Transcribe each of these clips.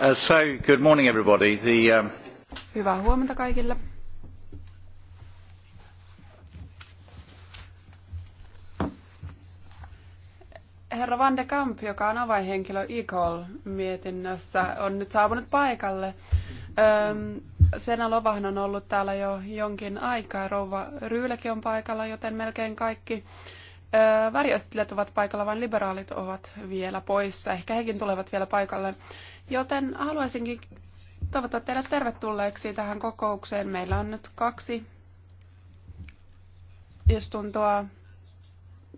Uh, um, Hyvää huomenta kaikille. Herra Van de Kamp, joka on avainhenkilö ICOL-mietinnössä, on nyt saapunut paikalle. Sena Lovahan on ollut täällä jo jonkin aikaa, Rouva Ryyläkin on paikalla, joten melkein kaikki Värjöstilet ovat paikalla, vain liberaalit ovat vielä poissa. Ehkä hekin tulevat vielä paikalle. Joten haluaisinkin toivottaa teidät tervetulleeksi tähän kokoukseen. Meillä on nyt kaksi istuntoa,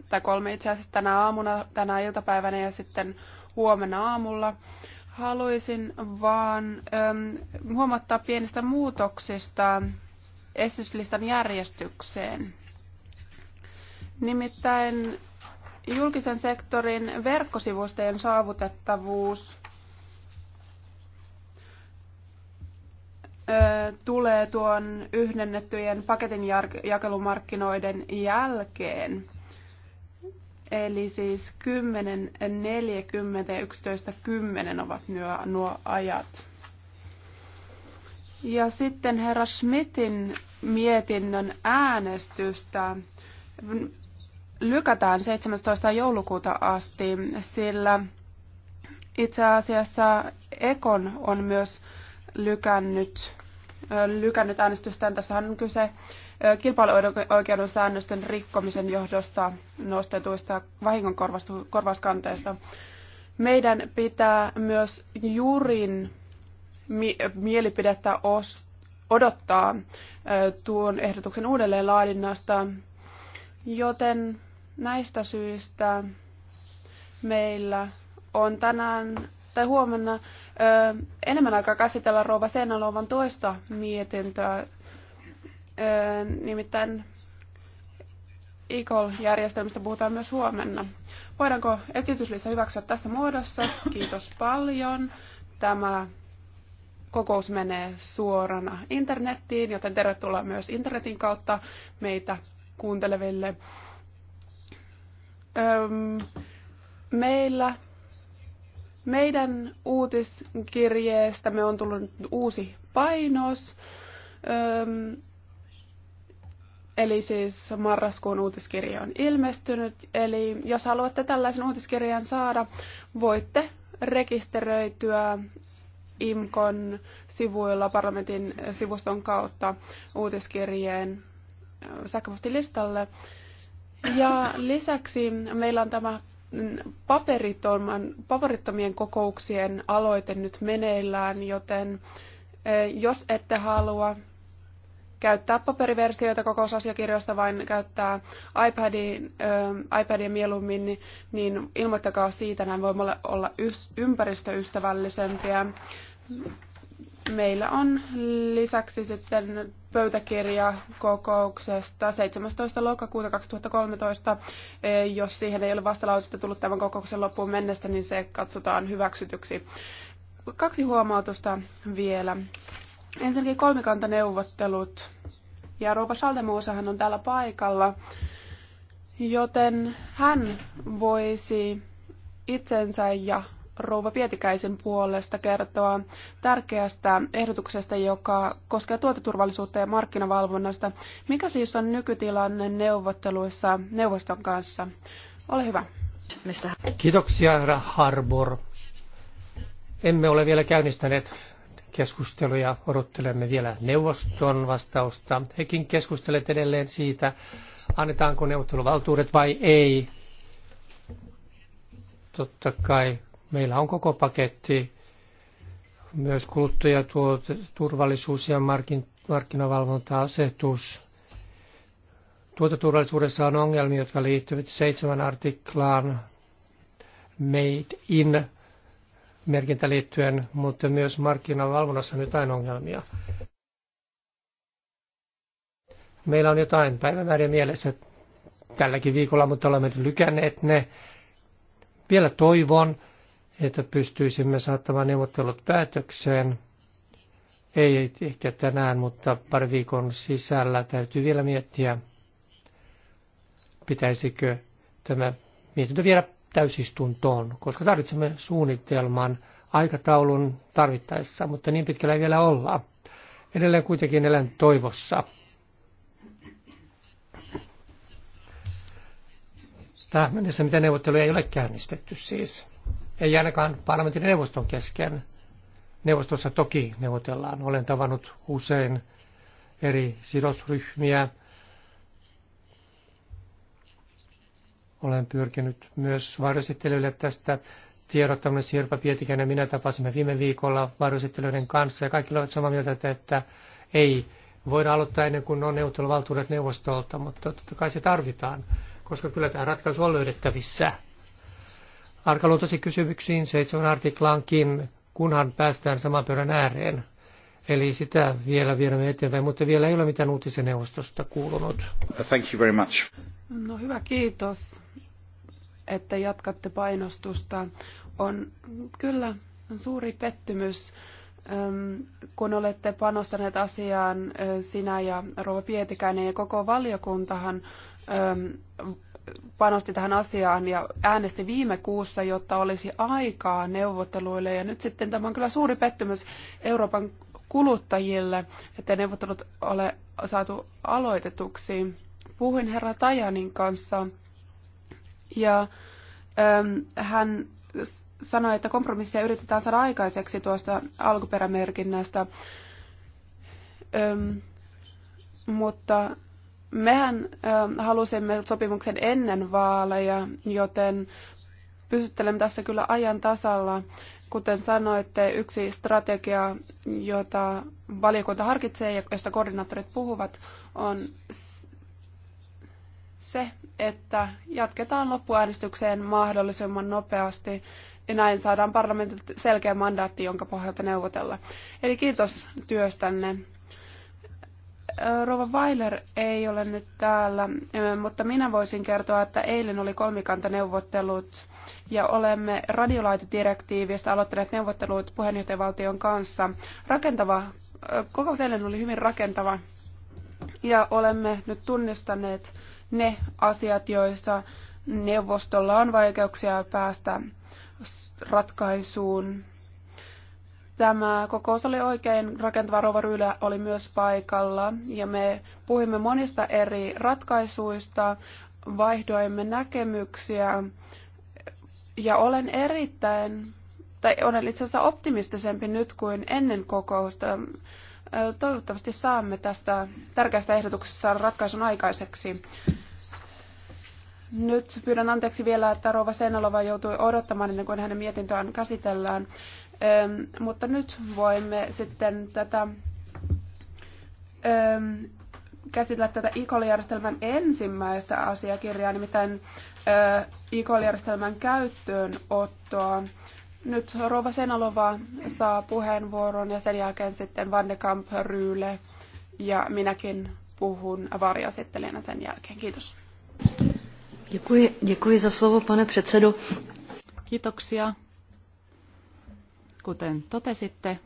tai kolme itse asiassa tänä aamuna, tänä iltapäivänä ja sitten huomenna aamulla. Haluaisin vaan äm, huomattaa pienistä muutoksista esityslistan järjestykseen. Nimittäin julkisen sektorin verkkosivustojen saavutettavuus tulee tuon yhdennettyjen paketin jakelumarkkinoiden jälkeen. Eli siis 10, 40 ja 11, 10 ovat nuo, nuo ajat. Ja sitten herra Schmidtin mietinnön äänestystä lykätään 17. joulukuuta asti, sillä itse asiassa Ekon on myös lykännyt, lykännyt äänestystään. Tässä on kyse kilpailuoikeuden säännösten rikkomisen johdosta nostetuista vahingonkorvauskanteista. Meidän pitää myös jurin mi- mielipidettä odottaa tuon ehdotuksen uudelleen laadinnasta, joten Näistä syistä meillä on tänään tai huomenna ö, enemmän aikaa käsitellä Rouva Seinalovan toista mietintöä, ö, nimittäin icol järjestelmistä puhutaan myös huomenna. Voidaanko esityslista hyväksyä tässä muodossa? Kiitos paljon. Tämä kokous menee suorana internettiin, joten tervetuloa myös internetin kautta meitä kuunteleville meillä meidän uutiskirjeestä me on tullut uusi painos. Öm, eli siis marraskuun uutiskirja on ilmestynyt. Eli jos haluatte tällaisen uutiskirjan saada, voitte rekisteröityä IMKON sivuilla parlamentin sivuston kautta uutiskirjeen sähköpostilistalle. listalle ja lisäksi meillä on tämä mm, paperittomien kokouksien aloite nyt meneillään, joten e, jos ette halua käyttää paperiversioita kokousasiakirjoista, vaan käyttää iPadin, e, iPadia mieluummin, niin, niin ilmoittakaa siitä, näin voimme olla ympäristöystävällisempiä meillä on lisäksi sitten pöytäkirja kokouksesta 17. lokakuuta 2013. Eh, jos siihen ei ole vastalausetta tullut tämän kokouksen loppuun mennessä, niin se katsotaan hyväksytyksi. Kaksi huomautusta vielä. Ensinnäkin kolmikantaneuvottelut. Ja Rouva Saldemuusahan on täällä paikalla, joten hän voisi itsensä ja rouva Pietikäisen puolesta kertoa tärkeästä ehdotuksesta, joka koskee tuoteturvallisuutta ja markkinavalvonnasta. Mikä siis on nykytilanne neuvotteluissa neuvoston kanssa? Ole hyvä. Kiitoksia, herra Harbor. Emme ole vielä käynnistäneet keskusteluja. Odottelemme vielä neuvoston vastausta. Hekin keskustelevat edelleen siitä, annetaanko neuvotteluvaltuudet vai ei. Totta kai Meillä on koko paketti, myös kuluttajatuote, turvallisuus ja markin, markkinavalvonta-asetus. Tuotaturvallisuudessa on ongelmia, jotka liittyvät seitsemän artiklaan Made in merkintä liittyen, mutta myös markkinavalvonnassa on jotain ongelmia. Meillä on jotain päivämääriä mielessä tälläkin viikolla, mutta olemme lykänneet ne. Vielä toivon, että pystyisimme saattamaan neuvottelut päätökseen. Ei ehkä tänään, mutta pari viikon sisällä täytyy vielä miettiä, pitäisikö tämä mietintö viedä täysistuntoon, koska tarvitsemme suunnitelman aikataulun tarvittaessa, mutta niin pitkällä ei vielä olla. Edelleen kuitenkin elän toivossa. Tähän mennessä mitä neuvotteluja ei ole käynnistetty siis ei ainakaan parlamentin ja neuvoston kesken. Neuvostossa toki neuvotellaan. Olen tavannut usein eri sidosryhmiä. Olen pyrkinyt myös varjosittelijöille tästä tiedottaminen Sirpa Pietikäinen minä tapasimme viime viikolla varjosittelijöiden kanssa ja kaikki olivat samaa mieltä, että ei voida aloittaa ennen kuin on neuvotteluvaltuudet neuvostolta, mutta totta kai se tarvitaan, koska kyllä tämä ratkaisu on löydettävissä luotasi kysymyksiin seitsemän artiklaankin, kunhan päästään saman pöydän ääreen. Eli sitä vielä viedämme eteenpäin, mutta vielä ei ole mitään uutisen neuvostosta kuulunut. Thank you very much. No hyvä, kiitos, että jatkatte painostusta. On kyllä on suuri pettymys, ähm, kun olette panostaneet asiaan äh, sinä ja Rova Pietikäinen ja koko valiokuntahan ähm, panosti tähän asiaan ja äänesti viime kuussa, jotta olisi aikaa neuvotteluille. Ja nyt sitten tämä on kyllä suuri pettymys Euroopan kuluttajille, että neuvottelut ole saatu aloitetuksi. Puhuin herra Tajanin kanssa ja äm, hän sanoi, että kompromissia yritetään saada aikaiseksi tuosta alkuperämerkinnästä. Öm, mutta Mehän halusimme sopimuksen ennen vaaleja, joten pysyttelemme tässä kyllä ajan tasalla. Kuten sanoitte, yksi strategia, jota valiokunta harkitsee ja josta koordinaattorit puhuvat, on se, että jatketaan loppuäänestykseen mahdollisimman nopeasti ja näin saadaan parlamentille selkeä mandaatti, jonka pohjalta neuvotella. Eli kiitos työstänne. Rova Weiler ei ole nyt täällä, mutta minä voisin kertoa, että eilen oli kolmikantaneuvottelut ja olemme radiolaitodirektiivistä aloittaneet neuvottelut puheenjohtajavaltion kanssa. Rakentava, kokous eilen oli hyvin rakentava ja olemme nyt tunnistaneet ne asiat, joissa neuvostolla on vaikeuksia päästä ratkaisuun Tämä kokous oli oikein rakentava. Rova Rylä oli myös paikalla ja me puhuimme monista eri ratkaisuista, vaihdoimme näkemyksiä ja olen erittäin, tai olen itse asiassa optimistisempi nyt kuin ennen kokousta. Toivottavasti saamme tästä tärkeästä ehdotuksesta ratkaisun aikaiseksi. Nyt pyydän anteeksi vielä, että Rova Seinalova joutui odottamaan ennen kuin hänen mietintöään käsitellään mutta nyt voimme sitten tätä käsitellä tätä ICOL-järjestelmän ensimmäistä asiakirjaa, nimittäin ICOL-järjestelmän käyttöönottoa. Nyt Rova Senalova saa puheenvuoron ja sen jälkeen sitten Van de Kamp, Ryyle ja minäkin puhun varjaesittelijänä sen jälkeen. Kiitos. Děkuji, děkuji za slovo, pane předsedo. Kiitoksia Kuten totesitte,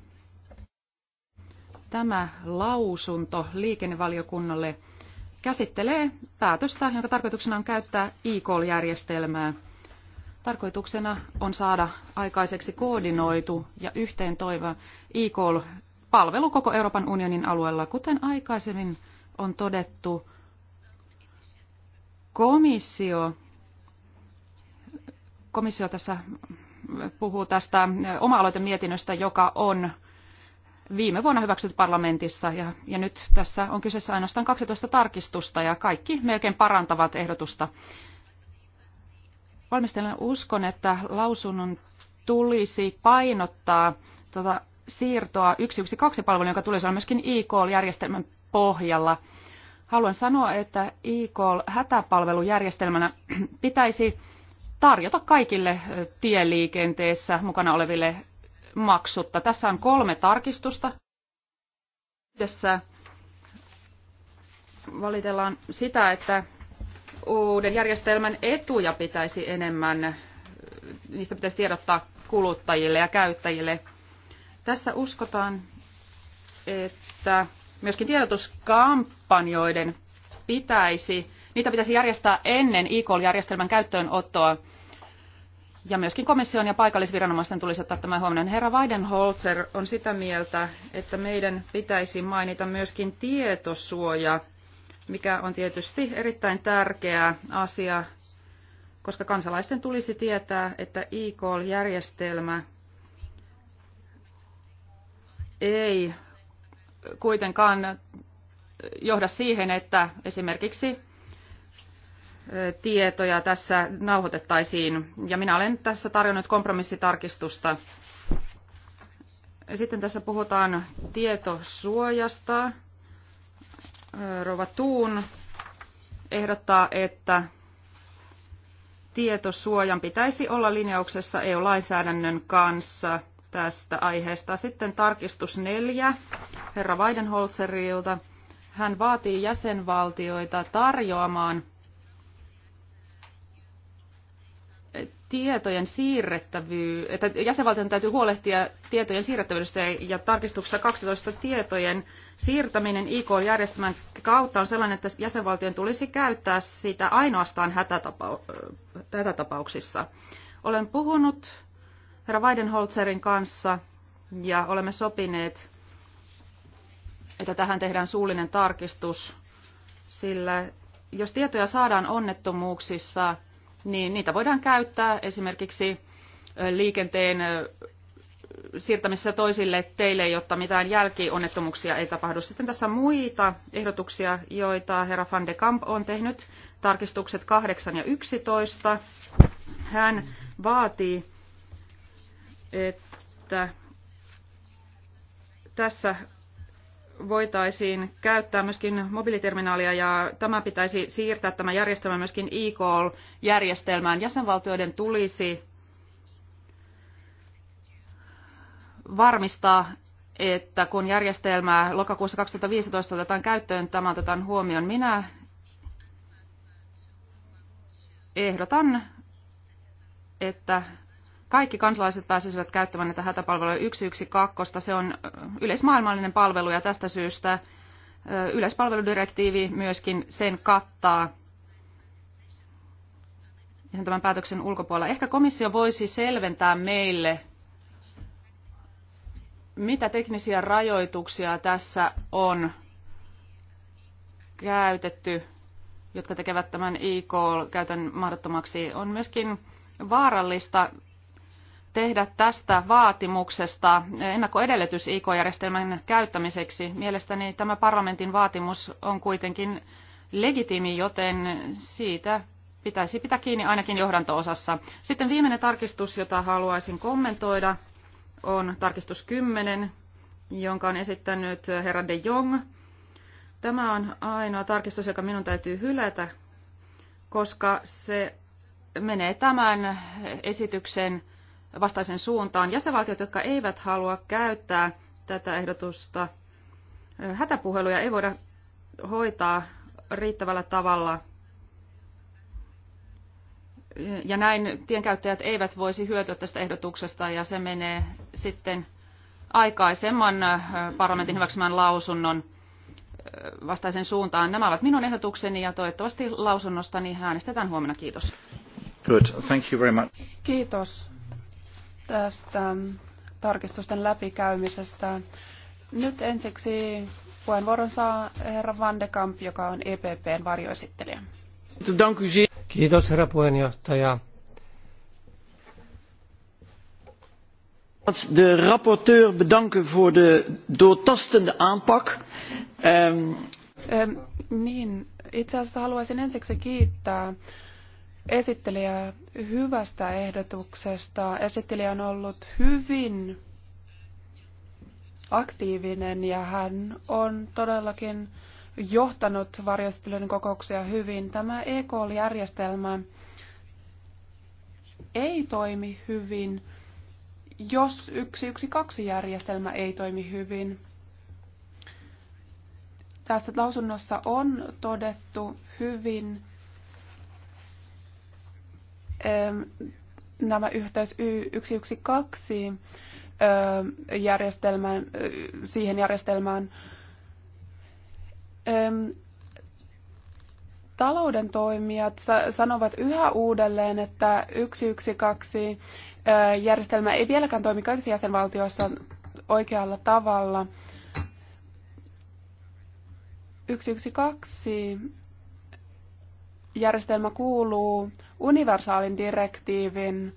tämä lausunto liikennevaliokunnalle käsittelee päätöstä, jonka tarkoituksena on käyttää e-call-järjestelmää. Tarkoituksena on saada aikaiseksi koordinoitu ja yhteen toiva e-call-palvelu koko Euroopan unionin alueella. Kuten aikaisemmin on todettu, komissio, komissio tässä puhuu tästä oma-aloitemietinnöstä, joka on viime vuonna hyväksytty parlamentissa ja, ja nyt tässä on kyseessä ainoastaan 12 tarkistusta ja kaikki melkein parantavat ehdotusta. Valmistelen uskon, että lausunnon tulisi painottaa tuota siirtoa 112-palveluun, joka tulisi olla myöskin e-call-järjestelmän pohjalla. Haluan sanoa, että e-call-hätäpalvelujärjestelmänä pitäisi tarjota kaikille tieliikenteessä mukana oleville maksutta. Tässä on kolme tarkistusta. Yhdessä valitellaan sitä, että uuden järjestelmän etuja pitäisi enemmän, niistä pitäisi tiedottaa kuluttajille ja käyttäjille. Tässä uskotaan, että myöskin tiedotuskampanjoiden pitäisi Niitä pitäisi järjestää ennen e-call-järjestelmän käyttöönottoa. Ja myöskin komission ja paikallisviranomaisten tulisi ottaa tämä huomioon. Herra Weidenholzer on sitä mieltä, että meidän pitäisi mainita myöskin tietosuoja, mikä on tietysti erittäin tärkeä asia, koska kansalaisten tulisi tietää, että e-call-järjestelmä ei kuitenkaan johda siihen, että esimerkiksi tietoja tässä nauhoitettaisiin. Ja minä olen tässä tarjonnut kompromissitarkistusta. Sitten tässä puhutaan tietosuojasta. Rova Tuun ehdottaa, että tietosuojan pitäisi olla linjauksessa EU-lainsäädännön kanssa tästä aiheesta. Sitten tarkistus neljä herra Weidenholzerilta. Hän vaatii jäsenvaltioita tarjoamaan tietojen siirrettävyys, että jäsenvaltion täytyy huolehtia tietojen siirrettävyydestä ja tarkistuksessa 12 tietojen siirtäminen IK-järjestelmän kautta on sellainen, että jäsenvaltion tulisi käyttää sitä ainoastaan hätätapau- hätätapauksissa. Olen puhunut herra Weidenholzerin kanssa ja olemme sopineet, että tähän tehdään suullinen tarkistus, sillä jos tietoja saadaan onnettomuuksissa, niin niitä voidaan käyttää esimerkiksi liikenteen siirtämisessä toisille teille, jotta mitään jälkionnettomuuksia ei tapahdu. Sitten tässä muita ehdotuksia, joita herra van de Kamp on tehnyt, tarkistukset 8 ja 11. Hän vaatii, että tässä voitaisiin käyttää myöskin mobiiliterminaalia ja tämä pitäisi siirtää tämä järjestelmä myöskin e-call-järjestelmään. Jäsenvaltioiden tulisi varmistaa, että kun järjestelmää lokakuussa 2015 otetaan käyttöön, tämä otetaan huomioon. Minä ehdotan, että kaikki kansalaiset pääsisivät käyttämään näitä hätäpalveluja 112. Se on yleismaailmallinen palvelu ja tästä syystä yleispalveludirektiivi myöskin sen kattaa tämän päätöksen ulkopuolella. Ehkä komissio voisi selventää meille, mitä teknisiä rajoituksia tässä on käytetty, jotka tekevät tämän e-call käytön mahdottomaksi. On myöskin vaarallista tehdä tästä vaatimuksesta ennakkoedellytys IK-järjestelmän käyttämiseksi. Mielestäni tämä parlamentin vaatimus on kuitenkin legitiimi, joten siitä pitäisi pitää kiinni ainakin johdanto-osassa. Sitten viimeinen tarkistus, jota haluaisin kommentoida, on tarkistus 10, jonka on esittänyt herra de Jong. Tämä on ainoa tarkistus, joka minun täytyy hylätä, koska se menee tämän esityksen vastaisen suuntaan. Jäsenvaltiot, jotka eivät halua käyttää tätä ehdotusta, hätäpuheluja ei voida hoitaa riittävällä tavalla. Ja näin tienkäyttäjät eivät voisi hyötyä tästä ehdotuksesta ja se menee sitten aikaisemman parlamentin hyväksymän lausunnon vastaisen suuntaan. Nämä ovat minun ehdotukseni ja toivottavasti lausunnostani niin äänestetään huomenna. Kiitos. Good. Thank you very much. Kiitos tästä tarkistusten läpikäymisestä. Nyt ensiksi puheenvuoron saa herra Van de Kamp, joka on EPPn varjoesittelijä. Kiitos herra puheenjohtaja. de rapporteur bedanken voor de doortastende aanpak. Um... Ähm, niin, itse asiassa haluaisin ensiksi kiittää Esittelijä hyvästä ehdotuksesta. Esittelijä on ollut hyvin aktiivinen ja hän on todellakin johtanut varjostelijoiden kokouksia hyvin. Tämä EK-järjestelmä ei toimi hyvin, jos yksi yksi kaksi järjestelmä ei toimi hyvin. Tässä lausunnossa on todettu hyvin nämä yhteys Y112 järjestelmään, siihen järjestelmään. Talouden toimijat sanovat yhä uudelleen, että 112 järjestelmä ei vieläkään toimi kaikissa jäsenvaltioissa oikealla tavalla. 112 järjestelmä kuuluu universaalin direktiivin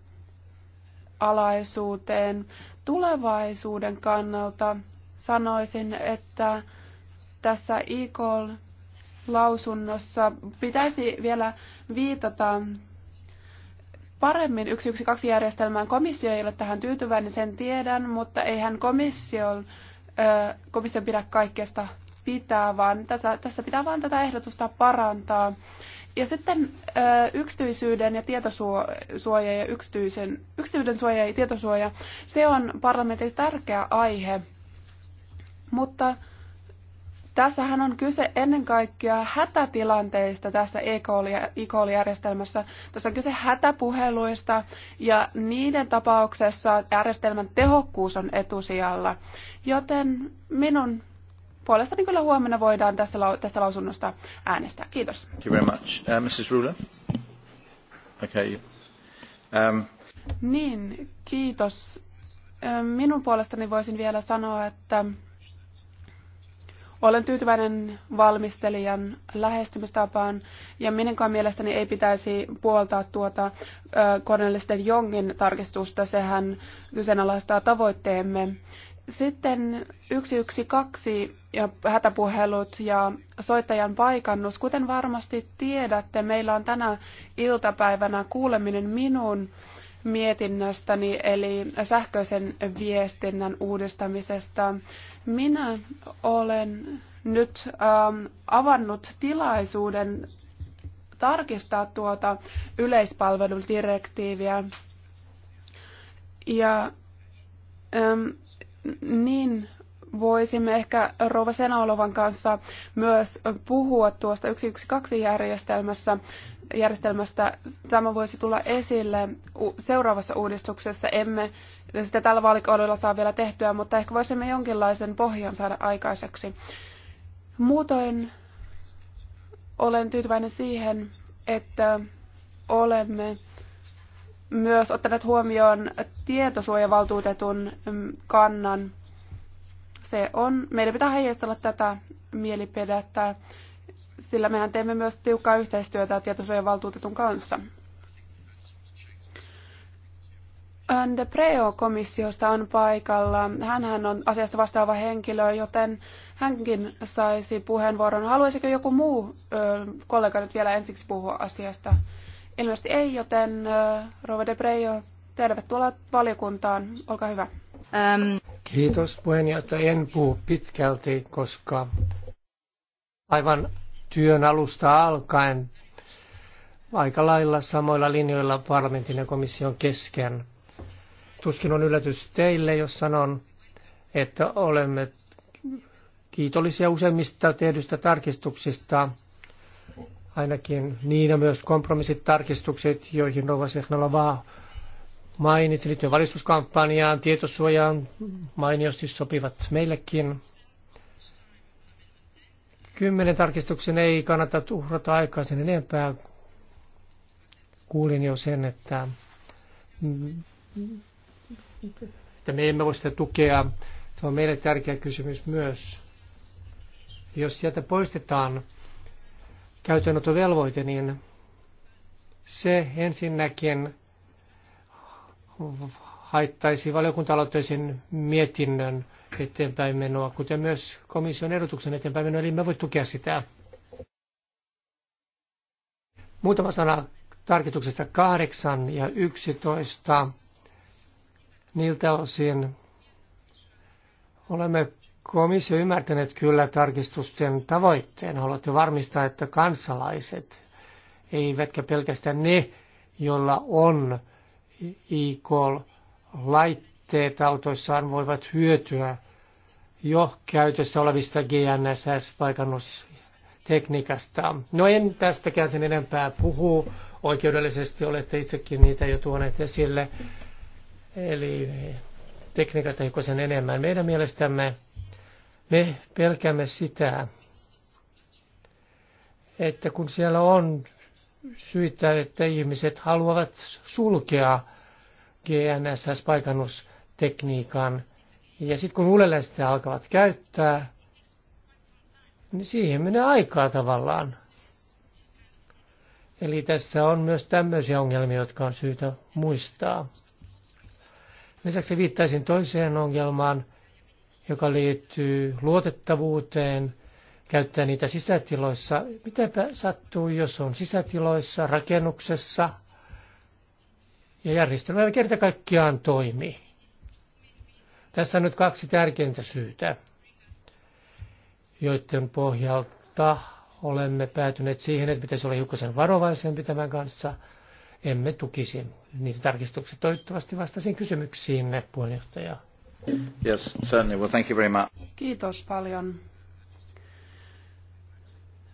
alaisuuteen. Tulevaisuuden kannalta sanoisin, että tässä IK-lausunnossa pitäisi vielä viitata paremmin 112-järjestelmään. Komissio ei ole tähän tyytyväinen, sen tiedän, mutta eihän komissio, komissio pidä kaikkesta pitää, vaan tätä, tässä pitää vain tätä ehdotusta parantaa. Ja sitten yksityisyyden ja tietosuoja ja yksityisen, yksityisyyden suoja ja tietosuoja, se on parlamentin tärkeä aihe, mutta tässähän on kyse ennen kaikkea hätätilanteista tässä e-call-järjestelmässä. Tässä on kyse hätäpuheluista ja niiden tapauksessa järjestelmän tehokkuus on etusijalla. Joten minun puolestani kyllä huomenna voidaan tästä, tästä lausunnosta äänestää. Kiitos. Thank you very much. Uh, Mrs. Ruler? Okay. Um. Niin, kiitos. Minun puolestani voisin vielä sanoa, että olen tyytyväinen valmistelijan lähestymistapaan ja minunkaan mielestäni ei pitäisi puoltaa tuota Cornelisten Jongin tarkistusta, sehän kyseenalaistaa tavoitteemme. Sitten 112 ja hätäpuhelut ja soittajan paikannus. Kuten varmasti tiedätte, meillä on tänä iltapäivänä kuuleminen minun mietinnöstäni, eli sähköisen viestinnän uudistamisesta. Minä olen nyt ähm, avannut tilaisuuden tarkistaa tuota yleispalveludirektiiviä. Ja ähm, niin voisimme ehkä Rouva Senaolovan kanssa myös puhua tuosta 112-järjestelmässä. Järjestelmästä. Tämä voisi tulla esille seuraavassa uudistuksessa. Emme sitä tällä vaalikaudella saa vielä tehtyä, mutta ehkä voisimme jonkinlaisen pohjan saada aikaiseksi. Muutoin olen tyytyväinen siihen, että olemme myös ottaneet huomioon tietosuojavaltuutetun mm, kannan. Se on, meidän pitää heijastella tätä mielipidettä, sillä mehän teemme myös tiukkaa yhteistyötä tietosuojavaltuutetun kanssa. De Preo-komissiosta on paikalla. Hänhän on asiasta vastaava henkilö, joten hänkin saisi puheenvuoron. Haluaisiko joku muu ö, kollega nyt vielä ensiksi puhua asiasta? Ilmeisesti ei, joten Rova de Brejo, tervetuloa valiokuntaan. Olkaa hyvä. Um. Kiitos puheenjohtaja. En puhu pitkälti, koska aivan työn alusta alkaen aika lailla samoilla linjoilla parlamentin ja komission kesken. Tuskin on yllätys teille, jos sanon, että olemme kiitollisia useimmista tehdyistä tarkistuksista, ainakin ja myös kompromissit, tarkistukset, joihin Rova Sehnalovaa mainitsi liittyen valistuskampanjaan, tietosuojaan mainiosti sopivat meillekin. Kymmenen tarkistuksen ei kannata uhrata aikaa sen enempää. Kuulin jo sen, että, että me emme voi sitä tukea. Se on meille tärkeä kysymys myös. Jos sieltä poistetaan käyttöönottovelvoite, niin se ensinnäkin haittaisi valiokunta-aloitteisen mietinnön eteenpäin menoa, kuten myös komission ehdotuksen eteenpäin menoa, eli me voi tukea sitä. Muutama sana tarkistuksesta 8 ja 11. Niiltä osin olemme komissio ymmärtänyt kyllä tarkistusten tavoitteen. Haluatte varmistaa, että kansalaiset, eivätkä pelkästään ne, joilla on e laitteet autoissaan, voivat hyötyä jo käytössä olevista GNSS-paikannustekniikasta. No en tästäkään sen enempää puhu. Oikeudellisesti olette itsekin niitä jo tuoneet esille. Eli tekniikasta hikosen enemmän. Meidän mielestämme me pelkäämme sitä, että kun siellä on syitä, että ihmiset haluavat sulkea GNSS-paikannustekniikan, ja sitten kun uudelleen sitä alkavat käyttää, niin siihen menee aikaa tavallaan. Eli tässä on myös tämmöisiä ongelmia, jotka on syytä muistaa. Lisäksi viittaisin toiseen ongelmaan – joka liittyy luotettavuuteen, käyttää niitä sisätiloissa. Mitäpä sattuu, jos on sisätiloissa, rakennuksessa ja järjestelmä ei kerta kaikkiaan toimi. Tässä on nyt kaksi tärkeintä syytä, joiden pohjalta olemme päätyneet siihen, että pitäisi olla hiukkasen varovaisempi tämän kanssa. Emme tukisi niitä tarkistuksia. Toivottavasti vastasin kysymyksiinne, puheenjohtaja. Yes, certainly. Well, thank you very much. Kiitos paljon.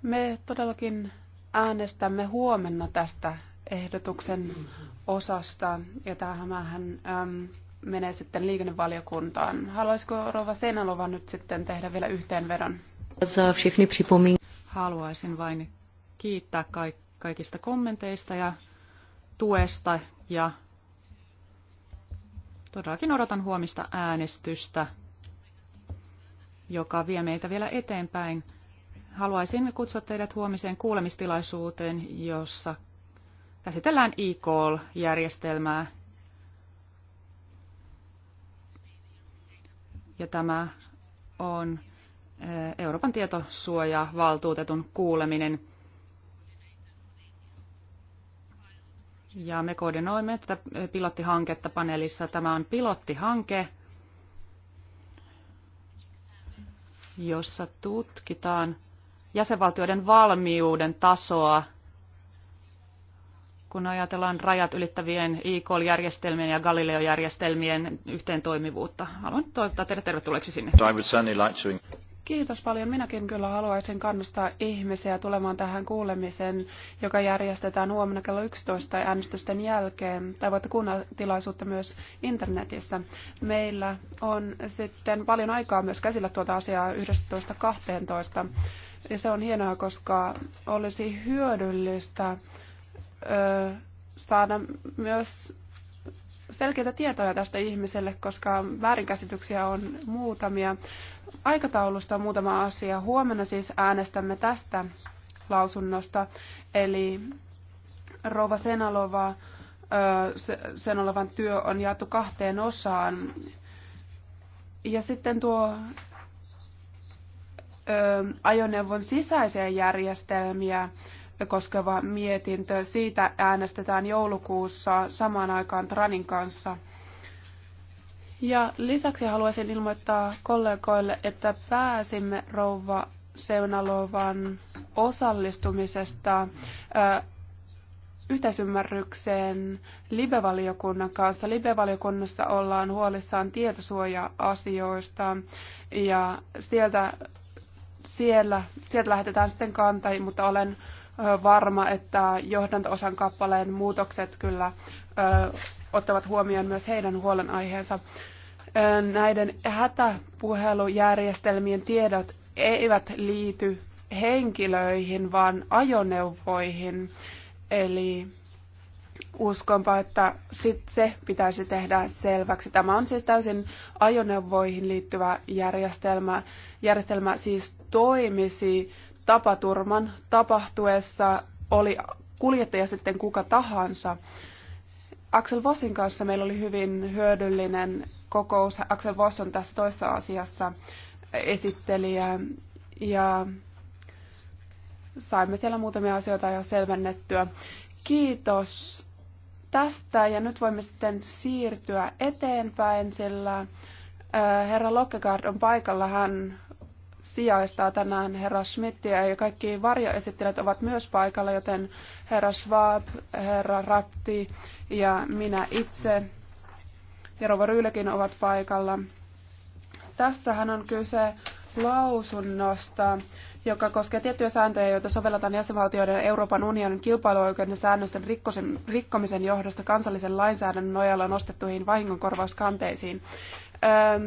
Me todellakin äänestämme huomenna tästä ehdotuksen osasta, ja tämähän ähm, menee sitten liikennevaliokuntaan. Haluaisiko Rova Seinalova nyt sitten tehdä vielä yhteenvedon? Haluaisin vain kiittää kaikista kommenteista ja tuesta ja Todellakin odotan huomista äänestystä, joka vie meitä vielä eteenpäin. Haluaisin kutsua teidät huomiseen kuulemistilaisuuteen, jossa käsitellään e-call-järjestelmää. Ja tämä on eh, Euroopan tietosuoja-valtuutetun kuuleminen. Ja me koordinoimme tätä pilottihanketta paneelissa. Tämä on pilottihanke, jossa tutkitaan jäsenvaltioiden valmiuden tasoa, kun ajatellaan rajat ylittävien IKL-järjestelmien ja Galileo-järjestelmien toimivuutta. Haluan toivottaa teidät tervetulleeksi sinne. Kiitos paljon. Minäkin kyllä haluaisin kannustaa ihmisiä tulemaan tähän kuulemiseen, joka järjestetään huomenna kello 11 äänestysten jälkeen. Tai voitte kuunnella tilaisuutta myös internetissä. Meillä on sitten paljon aikaa myös käsillä tuota asiaa 11.12. Ja se on hienoa, koska olisi hyödyllistä ö, saada myös selkeitä tietoja tästä ihmiselle, koska väärinkäsityksiä on muutamia. Aikataulusta muutama asia. Huomenna siis äänestämme tästä lausunnosta, eli Rova Senalova, Senalovan työ on jaettu kahteen osaan. Ja sitten tuo ajoneuvon sisäisiä järjestelmiä koskeva mietintö. Siitä äänestetään joulukuussa samaan aikaan Tranin kanssa. Ja lisäksi haluaisin ilmoittaa kollegoille, että pääsimme rouva Seunalovan osallistumisesta yhteisymmärrykseen Libevaliokunnan kanssa. Libevaliokunnassa ollaan huolissaan tietosuoja-asioista ja sieltä, siellä, sieltä lähetetään sitten kantai, mutta olen varma, että johdantoosan kappaleen muutokset kyllä ottavat huomioon myös heidän huolenaiheensa. Näiden hätäpuhelujärjestelmien tiedot eivät liity henkilöihin, vaan ajoneuvoihin. Eli uskonpa, että sit se pitäisi tehdä selväksi. Tämä on siis täysin ajoneuvoihin liittyvä järjestelmä. Järjestelmä siis toimisi tapaturman tapahtuessa oli kuljettaja sitten kuka tahansa. Axel Vossin kanssa meillä oli hyvin hyödyllinen kokous. Axel Voss on tässä toisessa asiassa esittelijä ja saimme siellä muutamia asioita jo selvennettyä. Kiitos tästä ja nyt voimme sitten siirtyä eteenpäin, sillä äh, herra Lokkegaard on paikalla. Hän sijaistaa tänään herra Schmidtiä ja kaikki varjoesittelijät ovat myös paikalla, joten herra Schwab, herra Rapti ja minä itse ja Rova Ryylekin ovat paikalla. Tässähän on kyse lausunnosta, joka koskee tiettyjä sääntöjä, joita sovelletaan jäsenvaltioiden Euroopan unionin kilpailuoikeuden säännösten rikkosen, rikkomisen johdosta kansallisen lainsäädännön nojalla nostettuihin vahingonkorvauskanteisiin. Öö,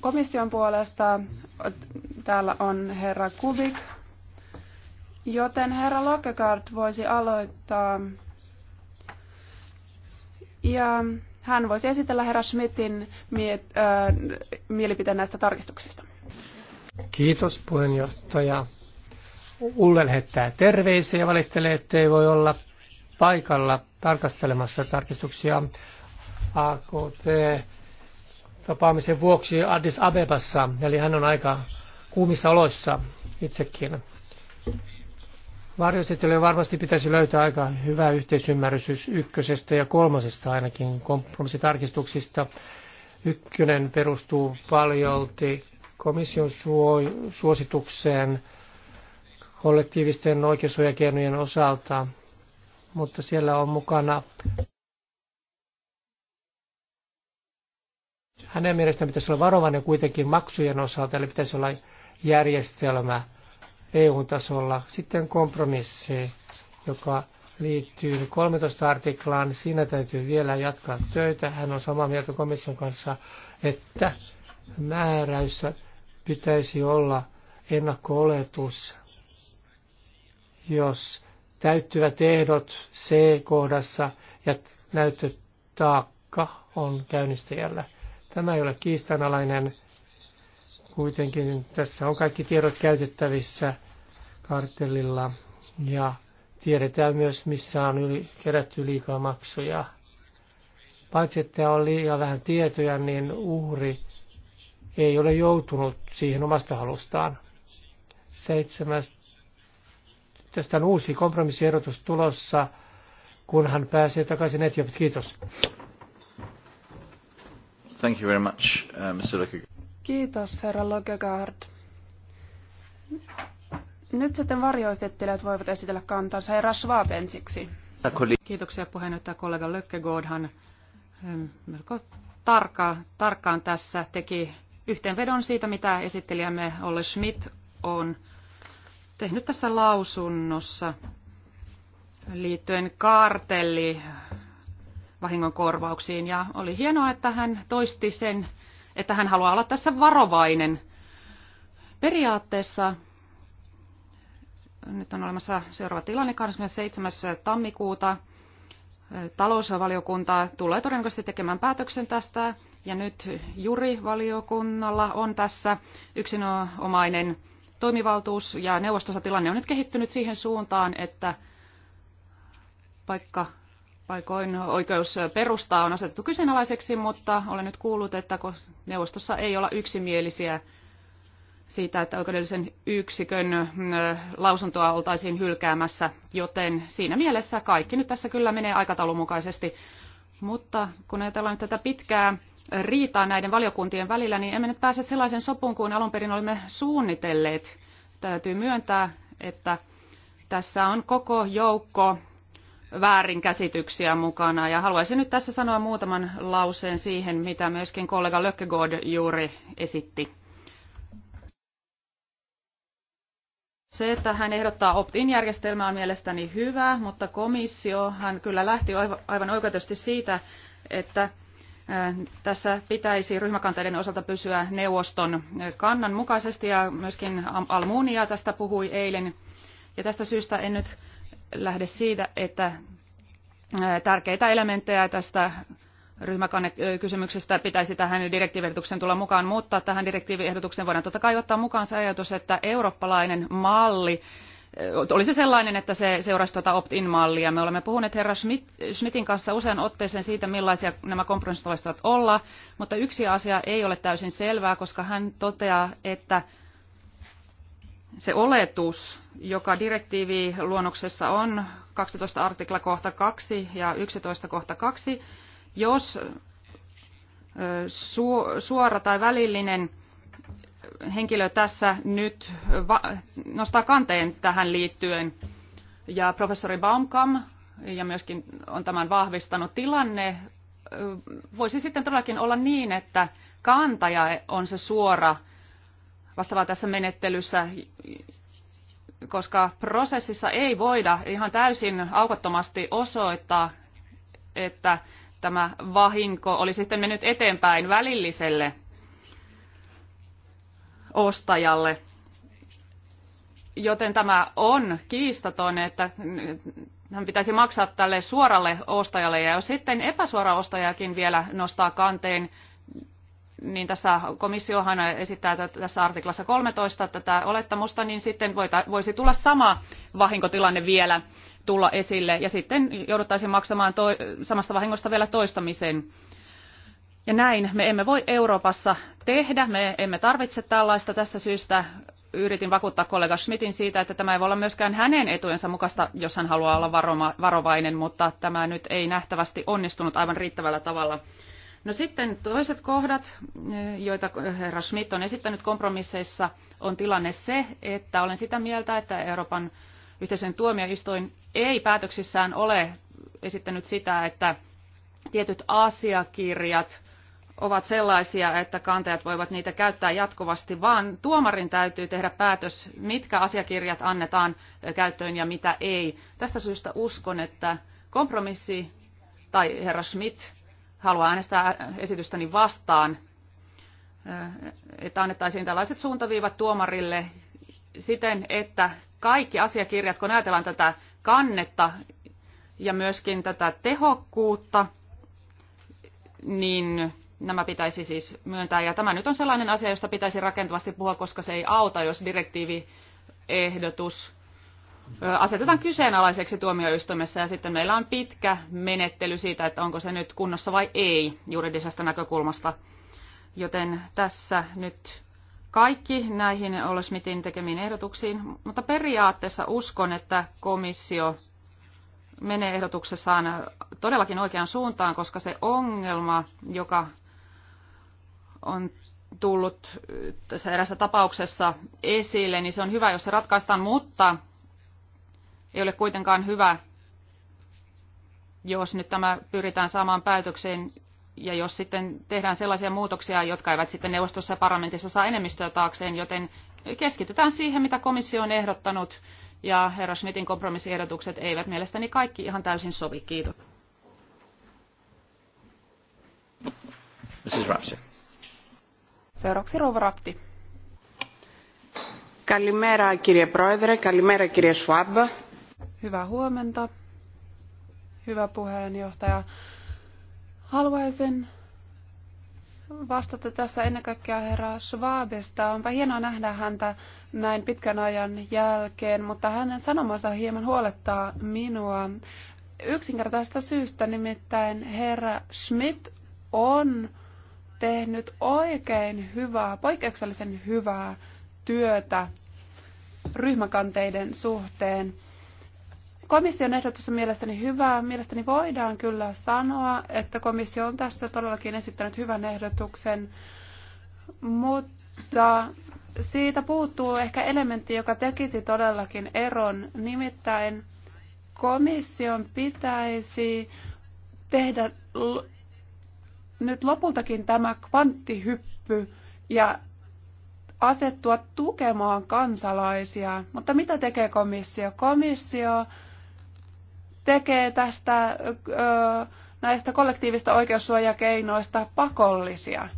Komission puolesta täällä on herra Kubik, joten herra Lokkegaard voisi aloittaa ja hän voisi esitellä herra Schmidtin miet, äh, mielipiteen näistä tarkistuksista. Kiitos puheenjohtaja. Ulle lähettää terveisiä ja valittelee, ei voi olla paikalla tarkastelemassa tarkistuksia AKT tapaamisen vuoksi Addis Abebassa, eli hän on aika kuumissa oloissa itsekin. Varjoesittelyyn varmasti pitäisi löytää aika hyvä yhteisymmärrys ykkösestä ja kolmosesta ainakin kompromissitarkistuksista. Ykkönen perustuu paljolti komission suositukseen kollektiivisten oikeusoikeinojen osalta, mutta siellä on mukana Hänen mielestään pitäisi olla varovainen kuitenkin maksujen osalta, eli pitäisi olla järjestelmä EU-tasolla. Sitten kompromissi, joka liittyy 13 artiklaan. Siinä täytyy vielä jatkaa töitä. Hän on samaa mieltä komission kanssa, että määräyssä pitäisi olla ennakko-oletus, jos täyttyvät ehdot C-kohdassa ja näyttötaakka on käynnistäjällä. Tämä ei ole kiistanalainen. Kuitenkin tässä on kaikki tiedot käytettävissä kartellilla ja tiedetään myös, missä on yli, kerätty liikaa maksuja. Paitsi, että on liian vähän tietoja, niin uhri ei ole joutunut siihen omasta halustaan. Seitsemäs. Tästä on uusi kompromissiehdotus tulossa, kunhan pääsee takaisin etiopit Kiitos. Thank you very much, uh, Mr. Kiitos, herra Lokegaard. Nyt sitten varjoistettelijat voivat esitellä kantansa. Herra Schwab ensiksi. Kiitoksia puheenjohtaja kollega Lökkegoodhan ähm, melko tarkka, tarkkaan tässä teki yhteenvedon siitä, mitä esittelijämme Olle Schmidt on tehnyt tässä lausunnossa liittyen kartelli vahingonkorvauksiin. Ja oli hienoa, että hän toisti sen, että hän haluaa olla tässä varovainen. Periaatteessa nyt on olemassa seuraava tilanne 27. tammikuuta. Talousvaliokunta tulee todennäköisesti tekemään päätöksen tästä ja nyt jurivaliokunnalla on tässä yksinomainen toimivaltuus ja neuvostossa tilanne on nyt kehittynyt siihen suuntaan, että vaikka paikoin oikeus perustaa on asetettu kyseenalaiseksi, mutta olen nyt kuullut, että neuvostossa ei olla yksimielisiä siitä, että oikeudellisen yksikön mm, lausuntoa oltaisiin hylkäämässä, joten siinä mielessä kaikki nyt tässä kyllä menee aikataulun mukaisesti. Mutta kun ajatellaan tätä pitkää riitaa näiden valiokuntien välillä, niin emme nyt pääse sellaisen sopuun kuin alun perin olimme suunnitelleet. Täytyy myöntää, että tässä on koko joukko väärinkäsityksiä mukana. Ja haluaisin nyt tässä sanoa muutaman lauseen siihen, mitä myöskin kollega Lökkegård juuri esitti. Se, että hän ehdottaa opt-in-järjestelmää on mielestäni hyvä, mutta komissio hän kyllä lähti aivan oikeutusti siitä, että tässä pitäisi ryhmäkanteiden osalta pysyä neuvoston kannan mukaisesti ja myöskin Almunia tästä puhui eilen. Ja tästä syystä en nyt lähde siitä, että tärkeitä elementtejä tästä ryhmäkannekysymyksestä pitäisi tähän direktiivehdotukseen tulla mukaan, mutta tähän direktiiviehdotukseen voidaan totta kai ottaa mukaan se ajatus, että eurooppalainen malli olisi sellainen, että se seuraisi tuota opt-in-mallia. Me olemme puhuneet herra Schmidt, Schmidtin kanssa usean otteeseen siitä, millaisia nämä kompromissit voisivat olla, mutta yksi asia ei ole täysin selvää, koska hän toteaa, että se oletus, joka direktiivi-luonnoksessa on 12 artikla kohta 2 ja 11 kohta 2, jos suora tai välillinen henkilö tässä nyt nostaa kanteen tähän liittyen. Ja professori Baumkam ja myöskin on tämän vahvistanut tilanne. Voisi sitten todellakin olla niin, että kantaja on se suora vastaavaa tässä menettelyssä, koska prosessissa ei voida ihan täysin aukottomasti osoittaa, että tämä vahinko oli sitten mennyt eteenpäin välilliselle ostajalle. Joten tämä on kiistaton, että hän pitäisi maksaa tälle suoralle ostajalle ja jos sitten epäsuora ostajakin vielä nostaa kanteen, niin tässä komissiohan esittää tässä artiklassa 13 tätä olettamusta, niin sitten voisi tulla sama vahinkotilanne vielä tulla esille ja sitten jouduttaisiin maksamaan to, samasta vahingosta vielä toistamisen. Ja näin me emme voi Euroopassa tehdä, me emme tarvitse tällaista tästä syystä. Yritin vakuuttaa kollega Schmidtin siitä, että tämä ei voi olla myöskään hänen etujensa mukaista, jos hän haluaa olla varoma, varovainen, mutta tämä nyt ei nähtävästi onnistunut aivan riittävällä tavalla. No sitten toiset kohdat, joita herra Schmidt on esittänyt kompromisseissa, on tilanne se, että olen sitä mieltä, että Euroopan yhteisön tuomioistuin ei päätöksissään ole esittänyt sitä, että tietyt asiakirjat ovat sellaisia, että kantajat voivat niitä käyttää jatkuvasti, vaan tuomarin täytyy tehdä päätös, mitkä asiakirjat annetaan käyttöön ja mitä ei. Tästä syystä uskon, että kompromissi tai herra Schmidt haluaa äänestää esitystäni vastaan, että annettaisiin tällaiset suuntaviivat tuomarille siten, että kaikki asiakirjat, kun ajatellaan tätä kannetta ja myöskin tätä tehokkuutta, niin nämä pitäisi siis myöntää. Ja tämä nyt on sellainen asia, josta pitäisi rakentavasti puhua, koska se ei auta, jos direktiiviehdotus asetetaan kyseenalaiseksi tuomioistuimessa ja sitten meillä on pitkä menettely siitä, että onko se nyt kunnossa vai ei juridisesta näkökulmasta. Joten tässä nyt kaikki näihin Olesmitin tekemiin ehdotuksiin, mutta periaatteessa uskon, että komissio menee ehdotuksessaan todellakin oikeaan suuntaan, koska se ongelma, joka on tullut tässä erässä tapauksessa esille, niin se on hyvä, jos se ratkaistaan, mutta ei ole kuitenkaan hyvä, jos nyt tämä pyritään saamaan päätökseen ja jos sitten tehdään sellaisia muutoksia, jotka eivät sitten neuvostossa ja parlamentissa saa enemmistöä taakseen, joten keskitytään siihen, mitä komissio on ehdottanut, ja herra Schmidtin kompromissiehdotukset eivät mielestäni kaikki ihan täysin sovi. Kiitos. Mrs. Rapsi. Seuraavaksi rouva Rapti. Kalimera, kirje Proedre, kalimera, kirje Schwab. Hyvää huomenta, hyvä puheenjohtaja. Haluaisin vastata tässä ennen kaikkea herra Schwabesta. Onpa hienoa nähdä häntä näin pitkän ajan jälkeen, mutta hänen sanomansa hieman huolettaa minua. Yksinkertaisesta syystä nimittäin herra Schmidt on tehnyt oikein hyvää, poikkeuksellisen hyvää työtä ryhmäkanteiden suhteen. Komission ehdotus on mielestäni hyvä. Mielestäni voidaan kyllä sanoa, että komissio on tässä todellakin esittänyt hyvän ehdotuksen, mutta siitä puuttuu ehkä elementti, joka tekisi todellakin eron. Nimittäin komission pitäisi tehdä nyt lopultakin tämä kvanttihyppy ja asettua tukemaan kansalaisia. Mutta mitä tekee komissio? Komissio tekee tästä näistä kollektiivista oikeussuojakeinoista pakollisia.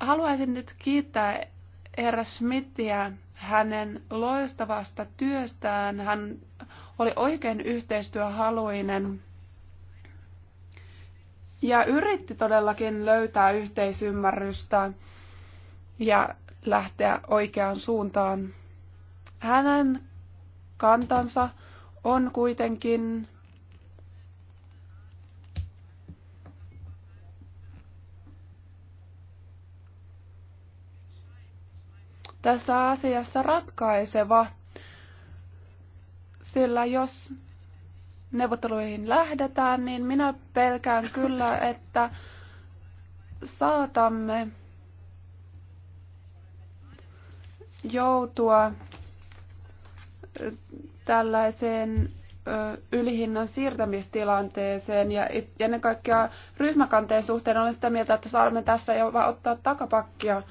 Haluaisin nyt kiittää herra Smithiä hänen loistavasta työstään. Hän oli oikein yhteistyöhaluinen ja yritti todellakin löytää yhteisymmärrystä ja lähteä oikeaan suuntaan. Hänen kantansa on kuitenkin tässä asiassa ratkaiseva, sillä jos neuvotteluihin lähdetään, niin minä pelkään kyllä, että saatamme joutua tällaiseen ylihinnan siirtämistilanteeseen ja ennen kaikkea ryhmäkanteen suhteen olen sitä mieltä, että saamme tässä jopa ottaa takapakkia.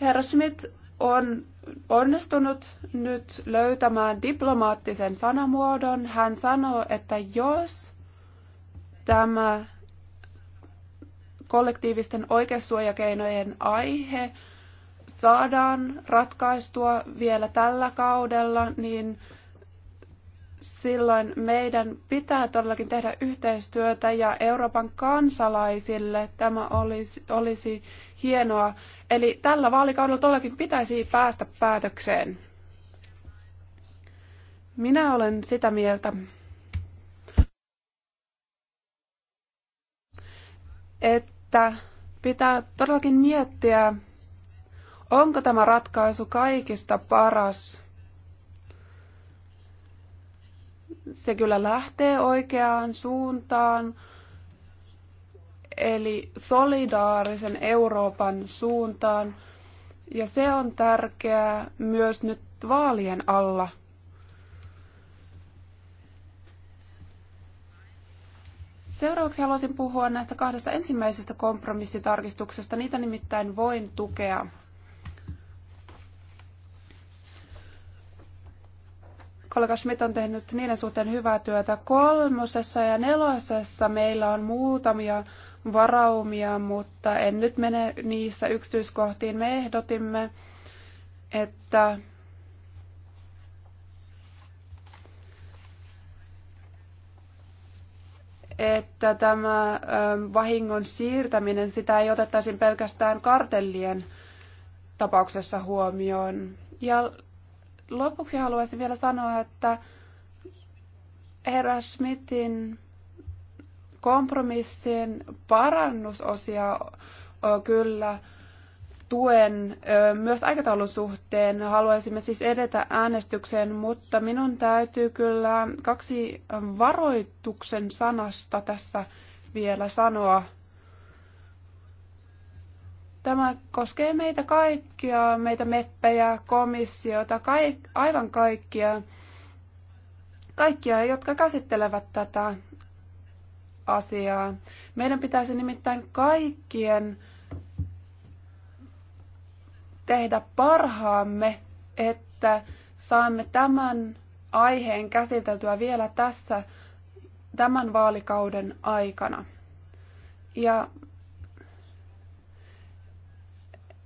Herra Schmidt on onnistunut nyt löytämään diplomaattisen sanamuodon. Hän sanoo, että jos tämä kollektiivisten oikeussuojakeinojen aihe saadaan ratkaistua vielä tällä kaudella, niin silloin meidän pitää todellakin tehdä yhteistyötä ja Euroopan kansalaisille tämä olisi, olisi hienoa. Eli tällä vaalikaudella todellakin pitäisi päästä päätökseen. Minä olen sitä mieltä, että pitää todellakin miettiä Onko tämä ratkaisu kaikista paras? Se kyllä lähtee oikeaan suuntaan, eli solidaarisen Euroopan suuntaan, ja se on tärkeää myös nyt vaalien alla. Seuraavaksi haluaisin puhua näistä kahdesta ensimmäisestä kompromissitarkistuksesta. Niitä nimittäin voin tukea. kollega Schmidt on tehnyt niiden suhteen hyvää työtä. Kolmosessa ja nelosessa meillä on muutamia varaumia, mutta en nyt mene niissä yksityiskohtiin. Me ehdotimme, että että tämä vahingon siirtäminen, sitä ei otettaisiin pelkästään kartellien tapauksessa huomioon. Ja Lopuksi haluaisin vielä sanoa, että herra Schmidtin kompromissien parannusosia kyllä tuen myös aikataulun suhteen. Haluaisimme siis edetä äänestykseen, mutta minun täytyy kyllä kaksi varoituksen sanasta tässä vielä sanoa. Tämä koskee meitä kaikkia, meitä meppejä, komissiota, kaik, aivan kaikkia, kaikkia, jotka käsittelevät tätä asiaa. Meidän pitäisi nimittäin kaikkien tehdä parhaamme, että saamme tämän aiheen käsiteltyä vielä tässä tämän vaalikauden aikana. Ja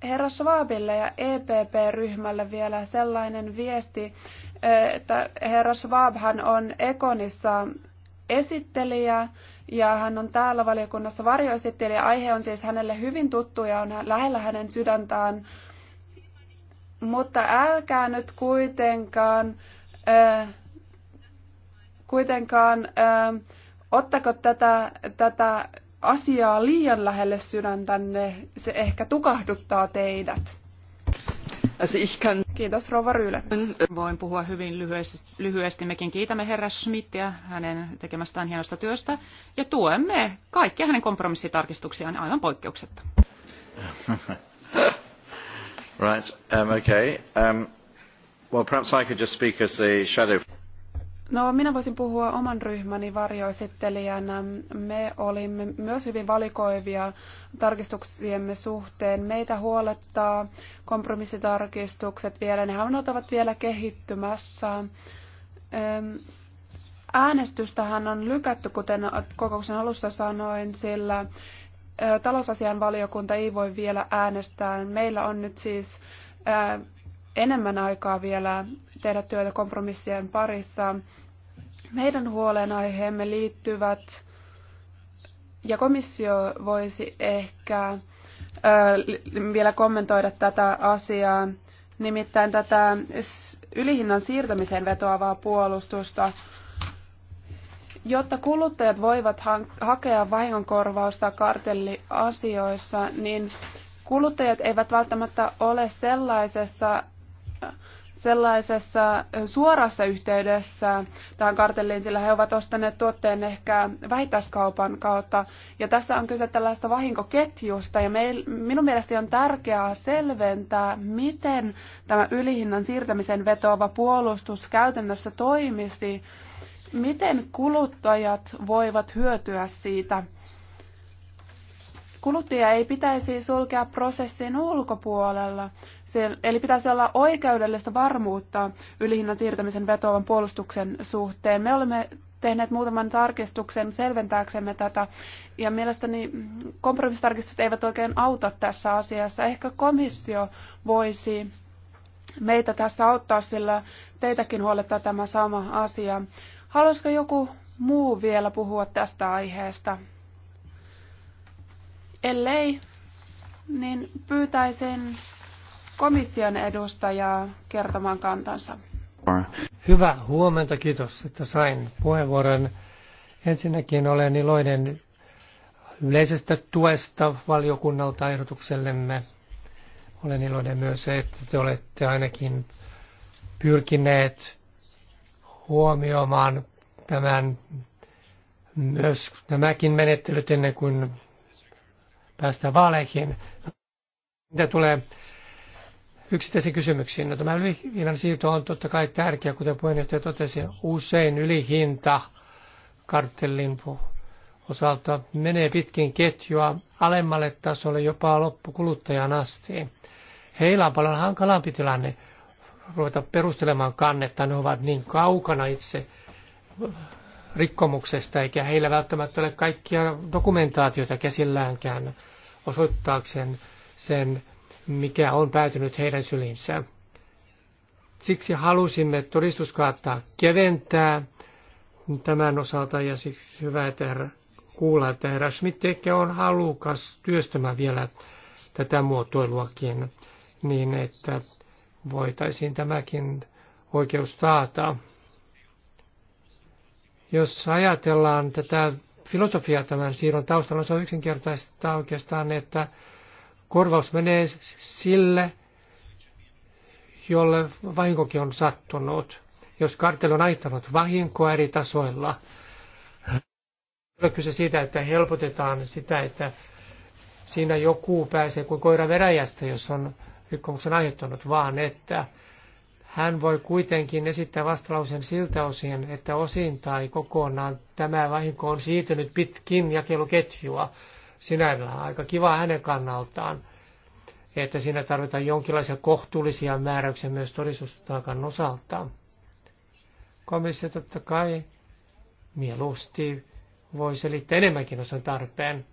herra Schwabille ja EPP-ryhmälle vielä sellainen viesti, että herra Schwabhan on Ekonissa esittelijä ja hän on täällä valiokunnassa varjoesittelijä. Aihe on siis hänelle hyvin tuttu ja on lähellä hänen sydäntään. Mutta älkää nyt kuitenkaan, äh, kuitenkaan äh, ottako tätä, tätä asiaa liian lähelle sydäntänne, se ehkä tukahduttaa teidät. Kiitos Rova Ryle. Voin puhua hyvin lyhyesti. lyhyesti. Mekin kiitämme herra Schmidtiä hänen tekemästään hienosta työstä ja tuemme kaikkia hänen kompromissitarkistuksiaan aivan poikkeuksetta. right, um, okay. Um, well, perhaps I could just speak as the shadow. No, minä voisin puhua oman ryhmäni varjoesittelijänä. Me olimme myös hyvin valikoivia tarkistuksiemme suhteen. Meitä huolettaa kompromissitarkistukset vielä. ne ovat vielä kehittymässä. Äänestystähän on lykätty, kuten kokouksen alussa sanoin, sillä talousasian valiokunta ei voi vielä äänestää. Meillä on nyt siis enemmän aikaa vielä tehdä työtä kompromissien parissa. Meidän huolenaiheemme liittyvät, ja komissio voisi ehkä vielä kommentoida tätä asiaa, nimittäin tätä ylihinnan siirtämiseen vetoavaa puolustusta. Jotta kuluttajat voivat hakea vahingonkorvausta kartelliasioissa, niin kuluttajat eivät välttämättä ole sellaisessa sellaisessa suorassa yhteydessä tähän kartelliin, sillä he ovat ostaneet tuotteen ehkä vähittäiskaupan kautta. Ja tässä on kyse tällaista vahinkoketjusta, ja meil, minun mielestäni on tärkeää selventää, miten tämä ylihinnan siirtämisen vetoava puolustus käytännössä toimisi, miten kuluttajat voivat hyötyä siitä. Kuluttaja ei pitäisi sulkea prosessin ulkopuolella. Eli pitäisi olla oikeudellista varmuutta ylihinnan siirtämisen vetoavan puolustuksen suhteen. Me olemme tehneet muutaman tarkistuksen selventääksemme tätä, ja mielestäni kompromissitarkistukset eivät oikein auta tässä asiassa. Ehkä komissio voisi meitä tässä auttaa, sillä teitäkin huolettaa tämä sama asia. Haluaisiko joku muu vielä puhua tästä aiheesta? Ellei, niin pyytäisin komission edustajaa kertomaan kantansa. Hyvää huomenta, kiitos, että sain puheenvuoron. Ensinnäkin olen iloinen yleisestä tuesta valiokunnalta ehdotuksellemme. Olen iloinen myös, se, että te olette ainakin pyrkineet huomioimaan tämän, myös nämäkin menettelyt ennen kuin päästään vaaleihin. Mitä tulee yksittäisiin kysymyksiin. No, tämä ylihinnan siirto on totta kai tärkeä, kuten puheenjohtaja totesi. Usein ylihinta kartellin osalta menee pitkin ketjua alemmalle tasolle jopa loppukuluttajan asti. Heillä on paljon hankalampi tilanne ruveta perustelemaan kannetta. Ne ovat niin kaukana itse rikkomuksesta, eikä heillä välttämättä ole kaikkia dokumentaatioita käsilläänkään osoittaakseen sen mikä on päätynyt heidän syliinsä. Siksi halusimme todistuskaatta keventää tämän osalta ja siksi hyvä, että herra, kuulla, että herra Schmidt ehkä on halukas työstämään vielä tätä muotoiluakin niin, että voitaisiin tämäkin oikeus taata. Jos ajatellaan tätä filosofiaa tämän siirron taustalla, se on yksinkertaista oikeastaan, että korvaus menee sille, jolle vahinkokin on sattunut. Jos karteli on aittanut vahinkoa eri tasoilla, kyse siitä, että helpotetaan sitä, että siinä joku pääsee kuin koira veräjästä, jos on rikkomuksen aiheuttanut, vaan että hän voi kuitenkin esittää vastalauseen siltä osin, että osin tai kokonaan tämä vahinko on siirtynyt pitkin jakeluketjua sinällään aika kiva hänen kannaltaan, että siinä tarvitaan jonkinlaisia kohtuullisia määräyksiä myös todistustaakan osalta. Komissio totta kai mieluusti voi selittää enemmänkin, jos on tarpeen.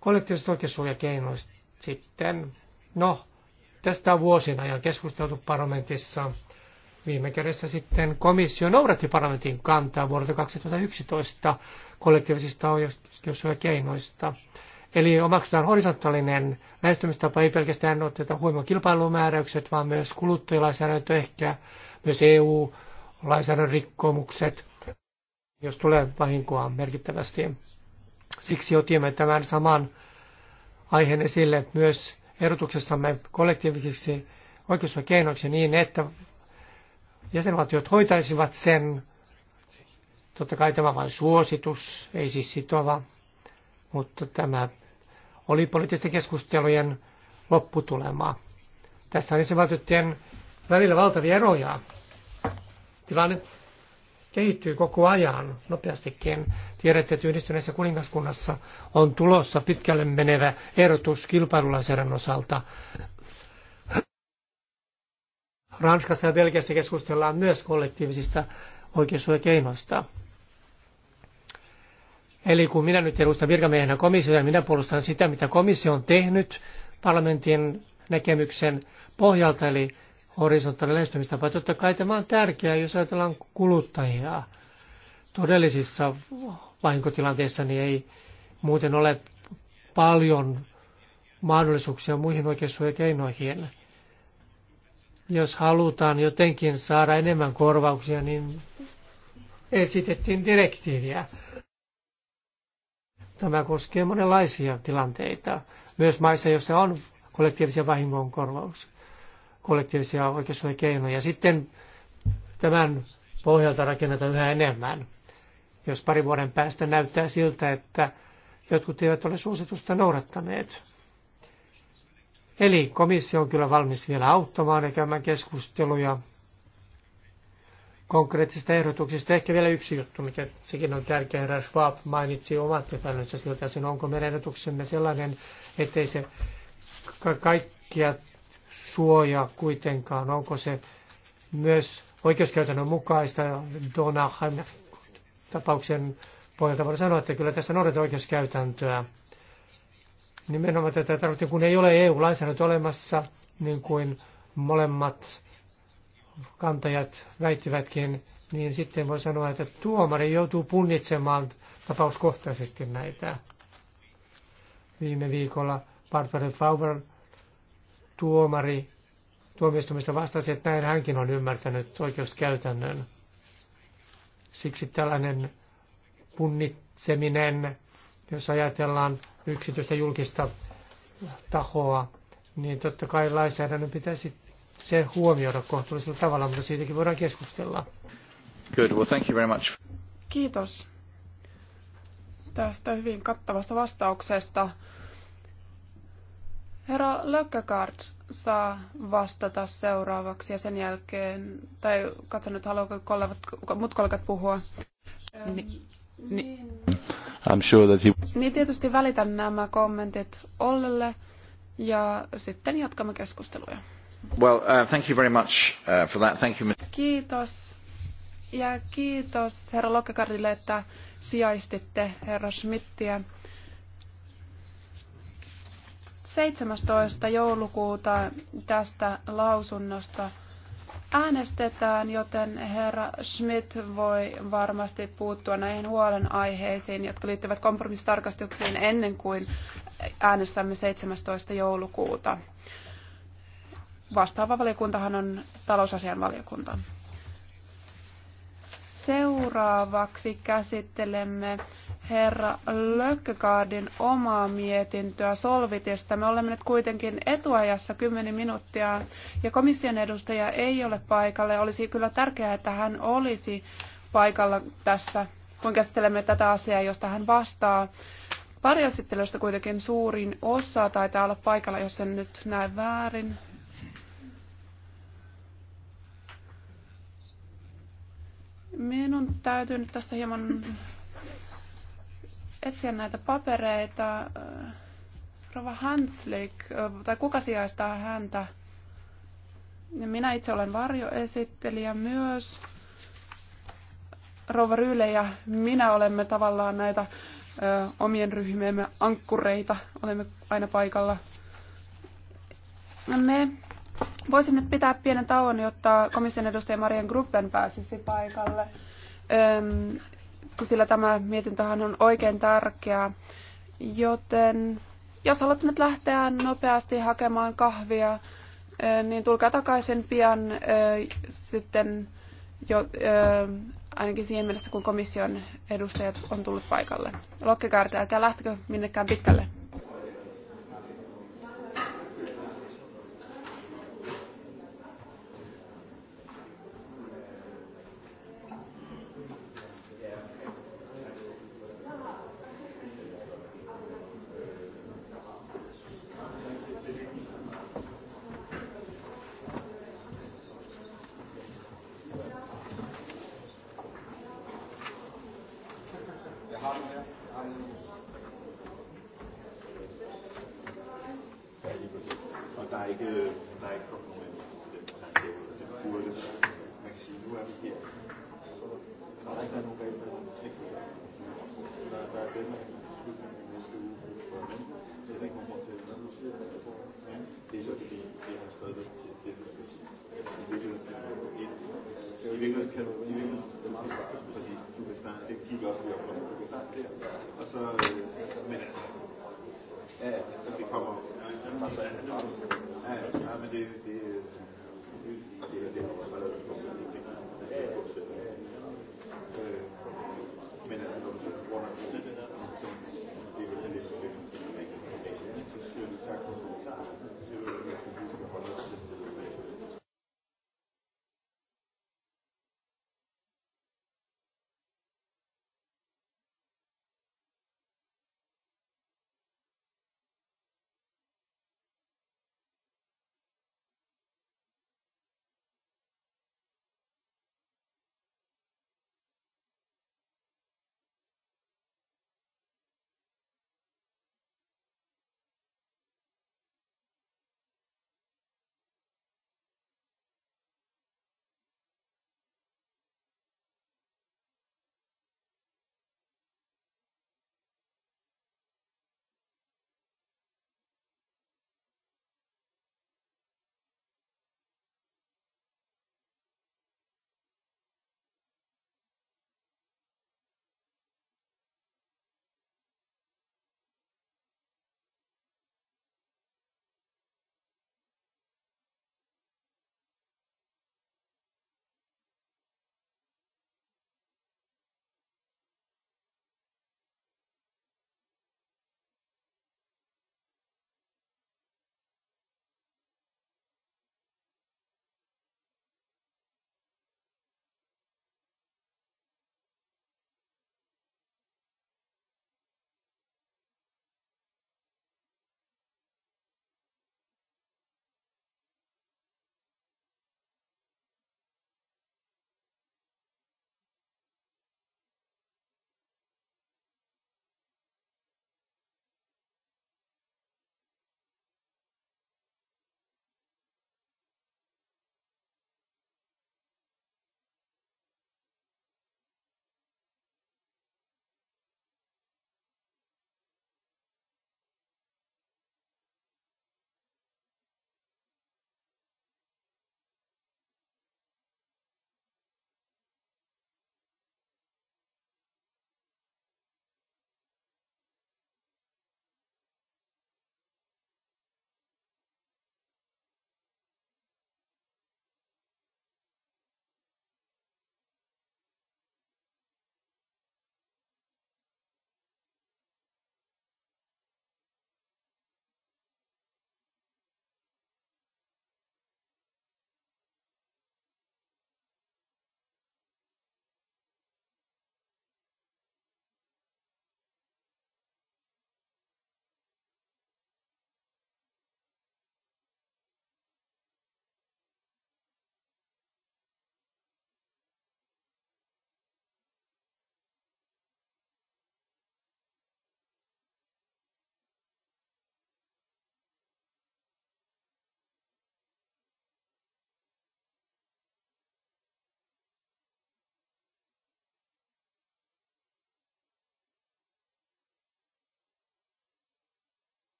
Kollektiiviset oikeussuojakeinoista sitten. No, tästä on vuosina ajan keskusteltu parlamentissa. Viime kädessä sitten komissio noudatti parlamentin kantaa vuodelta 2011 kollektiivisista oikeussuojakeinoista. Eli omaksutaan horisontaalinen lähestymistapa, ei pelkästään oteta huomioon kilpailumääräykset, vaan myös kuluttajalainsäädäntö ehkä, myös EU-lainsäädännön rikkomukset, jos tulee vahinkoa merkittävästi. Siksi otimme tämän saman aiheen esille myös erotuksessamme kollektiivisiksi oikeuskeinoiksi niin, että jäsenvaltiot hoitaisivat sen, totta kai tämä vain suositus, ei siis sitova, mutta tämä oli poliittisten keskustelujen lopputulema. Tässä on jäsenvaltioiden välillä valtavia eroja. Tilanne kehittyy koko ajan nopeastikin. Tiedätte, että yhdistyneessä kuningaskunnassa on tulossa pitkälle menevä erotus kilpailulainsäädännön osalta. Ranskassa ja Belgiassa keskustellaan myös kollektiivisista oikeusoikeinoista. keinoista. Eli kun minä nyt edustan virkamiehenä komissiota, minä puolustan sitä, mitä komissio on tehnyt parlamentin näkemyksen pohjalta, eli horisontaalinen lähestymistapa. Totta kai tämä on tärkeää, jos ajatellaan kuluttajia. Todellisissa vahinkotilanteissa niin ei muuten ole paljon mahdollisuuksia muihin oikeussuojakeinoihin. Jos halutaan jotenkin saada enemmän korvauksia, niin esitettiin direktiiviä. Tämä koskee monenlaisia tilanteita. Myös maissa, joissa on kollektiivisia vahingonkorvauksia, kollektiivisia oikeussuojakeinoja. Sitten tämän pohjalta rakennetaan yhä enemmän. Jos pari vuoden päästä näyttää siltä, että jotkut eivät ole suositusta noudattaneet. Eli komissio on kyllä valmis vielä auttamaan ja käymään keskusteluja konkreettisista ehdotuksista. Ehkä vielä yksi juttu, mikä sekin on tärkeä. Herra Schwab mainitsi omat epäilynsä siltä, että onko meidän ehdotuksemme sellainen, ettei se ka- kaikkia suojaa kuitenkaan. Onko se myös oikeuskäytännön mukaista Donahan tapauksen pohjalta voin sanoa, että kyllä tässä noudatetaan oikeuskäytäntöä. Nimenomaan tätä tarvittiin, kun ei ole EU-lainsäädäntö olemassa, niin kuin molemmat kantajat väittivätkin, niin sitten voi sanoa, että tuomari joutuu punnitsemaan tapauskohtaisesti näitä. Viime viikolla Barbara Fauber tuomari tuomioistumista vastasi, että näin hänkin on ymmärtänyt oikeuskäytännön. Siksi tällainen punnitseminen, jos ajatellaan yksityistä julkista tahoa, niin totta kai lainsäädännön pitäisi se huomioida kohtuullisella tavalla, mutta siitäkin voidaan keskustella. Good. Well, thank you very much. Kiitos tästä hyvin kattavasta vastauksesta. Herra Lökkäkart saa vastata seuraavaksi ja sen jälkeen, tai katso nyt, haluatko kollegat, muut kollegat puhua. Ähm, ni, ni, niin. I'm sure that he... Niin tietysti välitän nämä kommentit Ollelle ja sitten jatkamme keskusteluja. Well, uh, thank you very much uh, for that. Thank you. Kiitos. Ja kiitos herra Lokkakarille, että sijaistitte herra Schmidtiä. 17. joulukuuta tästä lausunnosta äänestetään, joten herra Schmidt voi varmasti puuttua näihin huolenaiheisiin, jotka liittyvät kompromissitarkastuksiin ennen kuin äänestämme 17. joulukuuta vastaava valiokuntahan on talousasian valiokunta. Seuraavaksi käsittelemme herra Lökkökaardin omaa mietintöä Solvitista. Me olemme nyt kuitenkin etuajassa 10 minuuttia ja komission edustaja ei ole paikalla. olisi kyllä tärkeää, että hän olisi paikalla tässä, kun käsittelemme tätä asiaa, josta hän vastaa. Pari kuitenkin suurin osa taitaa olla paikalla, jos en nyt näe väärin. Minun täytyy nyt tässä hieman etsiä näitä papereita. Rova Hanslik, tai kuka sijaistaa häntä? Minä itse olen varjoesittelijä myös. Rova Ryyle ja minä olemme tavallaan näitä ö, omien ryhmiemme ankkureita. Olemme aina paikalla. Me Voisin nyt pitää pienen tauon, jotta komission edustaja Marian Gruppen pääsisi paikalle, öm, sillä tämä mietintöhän on oikein tärkeä. Joten jos haluatte nyt lähteä nopeasti hakemaan kahvia, niin tulkaa takaisin pian sitten jo, ainakin siihen mennessä, kun komission edustajat on tullut paikalle. Lokkegaard, älkää lähtekö minnekään pitkälle.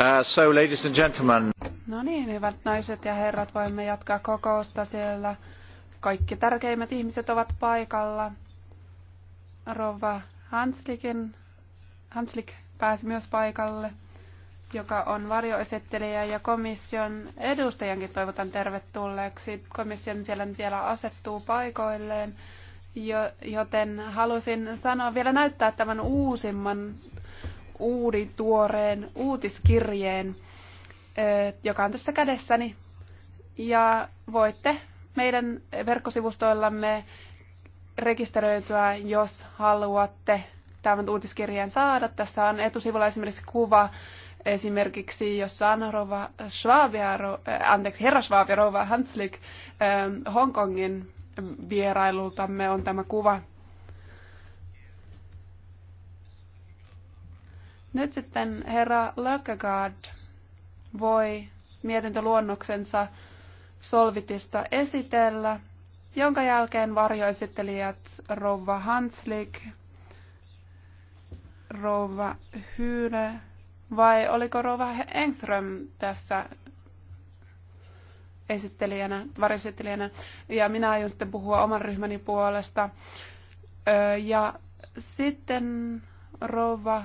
Uh, so, ladies and gentlemen. No niin, hyvät naiset ja herrat, voimme jatkaa kokousta siellä. Kaikki tärkeimmät ihmiset ovat paikalla. Rova Hanslikin, Hanslik pääsi myös paikalle, joka on varjoesittelijä ja komission edustajankin toivotan tervetulleeksi. Komission siellä nyt vielä asettuu paikoilleen, joten halusin sanoa vielä näyttää tämän uusimman uuden tuoreen uutiskirjeen, joka on tässä kädessäni. Ja voitte meidän verkkosivustoillamme rekisteröityä, jos haluatte tämän uutiskirjeen saada. Tässä on etusivulla esimerkiksi kuva esimerkiksi, jossa on Rova Schwabia, äh, anteeksi, herra Schwabia, ja Rova Hanslik ähm, Hongkongin vierailultamme on tämä kuva. Nyt sitten herra Lökegaard voi mietintöluonnoksensa solvitista esitellä, jonka jälkeen varjoesittelijät Rouva Hanslik, Rouva Hyyne vai oliko Rouva Engström tässä esittelijänä, varjoesittelijänä ja minä aion sitten puhua oman ryhmäni puolesta. Ja sitten Rouva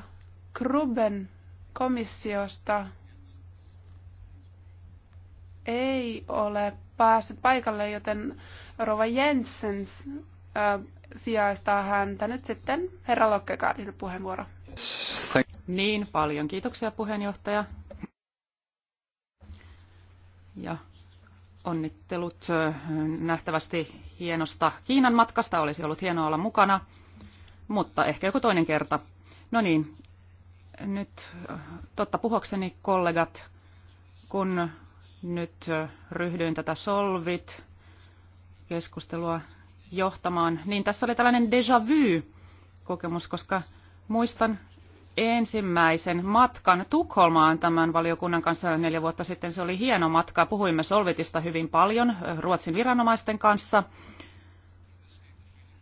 Gruben komissiosta ei ole päässyt paikalle, joten Rova Jensens äh, sijaistaa häntä. Nyt sitten herra Lokkekaardin puheenvuoro. Niin, paljon kiitoksia puheenjohtaja. Ja onnittelut nähtävästi hienosta Kiinan matkasta. Olisi ollut hienoa olla mukana, mutta ehkä joku toinen kerta. No niin, nyt totta puhokseni kollegat, kun nyt ryhdyin tätä solvit keskustelua johtamaan, niin tässä oli tällainen déjà vu kokemus, koska muistan ensimmäisen matkan Tukholmaan tämän valiokunnan kanssa neljä vuotta sitten. Se oli hieno matka. Puhuimme Solvitista hyvin paljon Ruotsin viranomaisten kanssa.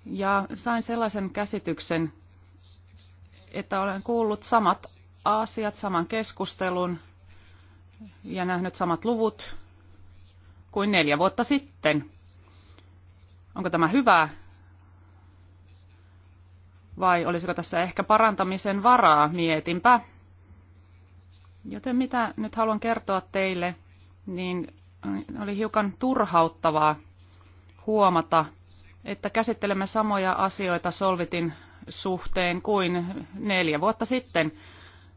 Ja sain sellaisen käsityksen, että olen kuullut samat asiat, saman keskustelun ja nähnyt samat luvut kuin neljä vuotta sitten. Onko tämä hyvä vai olisiko tässä ehkä parantamisen varaa, mietinpä. Joten mitä nyt haluan kertoa teille, niin oli hiukan turhauttavaa huomata, että käsittelemme samoja asioita Solvitin suhteen kuin neljä vuotta sitten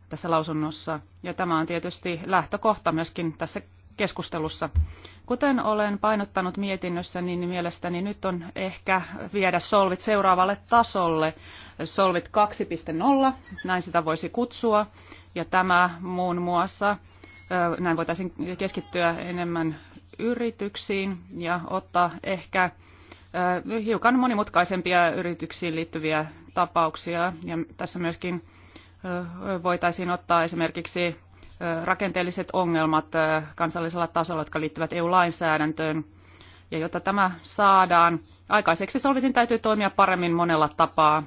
tässä lausunnossa. Ja tämä on tietysti lähtökohta myöskin tässä keskustelussa. Kuten olen painottanut mietinnössä, niin mielestäni nyt on ehkä viedä solvit seuraavalle tasolle. Solvit 2.0, näin sitä voisi kutsua. Ja tämä muun muassa, näin voitaisiin keskittyä enemmän yrityksiin ja ottaa ehkä hiukan monimutkaisempia yrityksiin liittyviä tapauksia. Ja tässä myöskin voitaisiin ottaa esimerkiksi rakenteelliset ongelmat kansallisella tasolla, jotka liittyvät EU-lainsäädäntöön. Ja jotta tämä saadaan aikaiseksi, Solvitin täytyy toimia paremmin monella tapaa.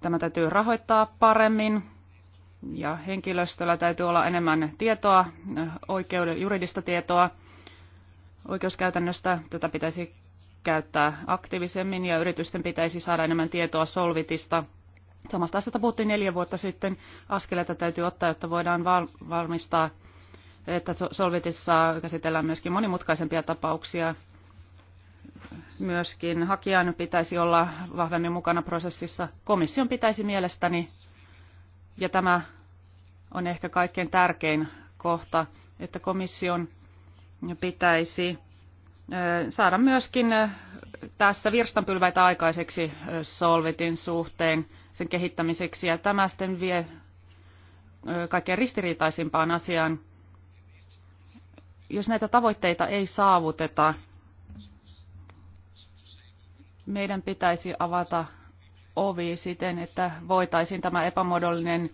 Tämä täytyy rahoittaa paremmin ja henkilöstöllä täytyy olla enemmän tietoa, oikeuden, juridista tietoa oikeuskäytännöstä. Tätä pitäisi käyttää aktiivisemmin ja yritysten pitäisi saada enemmän tietoa Solvitista. Samasta asiasta puhuttiin neljä vuotta sitten. Askeleita täytyy ottaa, jotta voidaan valmistaa, että Solvitissa käsitellään myöskin monimutkaisempia tapauksia. Myöskin hakijan pitäisi olla vahvemmin mukana prosessissa. Komission pitäisi mielestäni, ja tämä on ehkä kaikkein tärkein kohta, että komission pitäisi saada myöskin tässä virstanpylväitä aikaiseksi Solvitin suhteen sen kehittämiseksi. Ja tämä sitten vie kaikkein ristiriitaisimpaan asiaan. Jos näitä tavoitteita ei saavuteta, meidän pitäisi avata ovi siten, että voitaisiin tämä epämuodollinen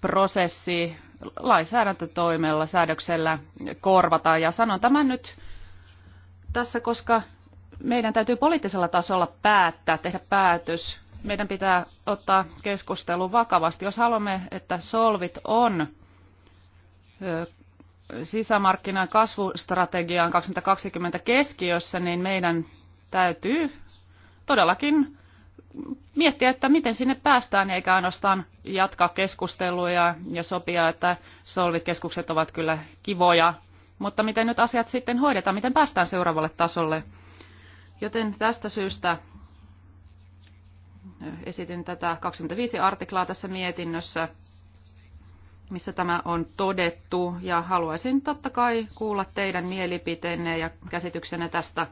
prosessi lainsäädäntötoimella, säädöksellä korvata. Ja sanon tämän nyt tässä, koska meidän täytyy poliittisella tasolla päättää, tehdä päätös. Meidän pitää ottaa keskustelu vakavasti. Jos haluamme, että solvit on sisämarkkinan kasvustrategiaan 2020 keskiössä, niin meidän täytyy todellakin miettiä, että miten sinne päästään, eikä ainoastaan jatkaa keskusteluja ja sopia, että solvit keskukset ovat kyllä kivoja mutta miten nyt asiat sitten hoidetaan, miten päästään seuraavalle tasolle? Joten tästä syystä esitin tätä 25 artiklaa tässä mietinnössä, missä tämä on todettu, ja haluaisin totta kai kuulla teidän mielipiteenne ja käsityksenne tästä.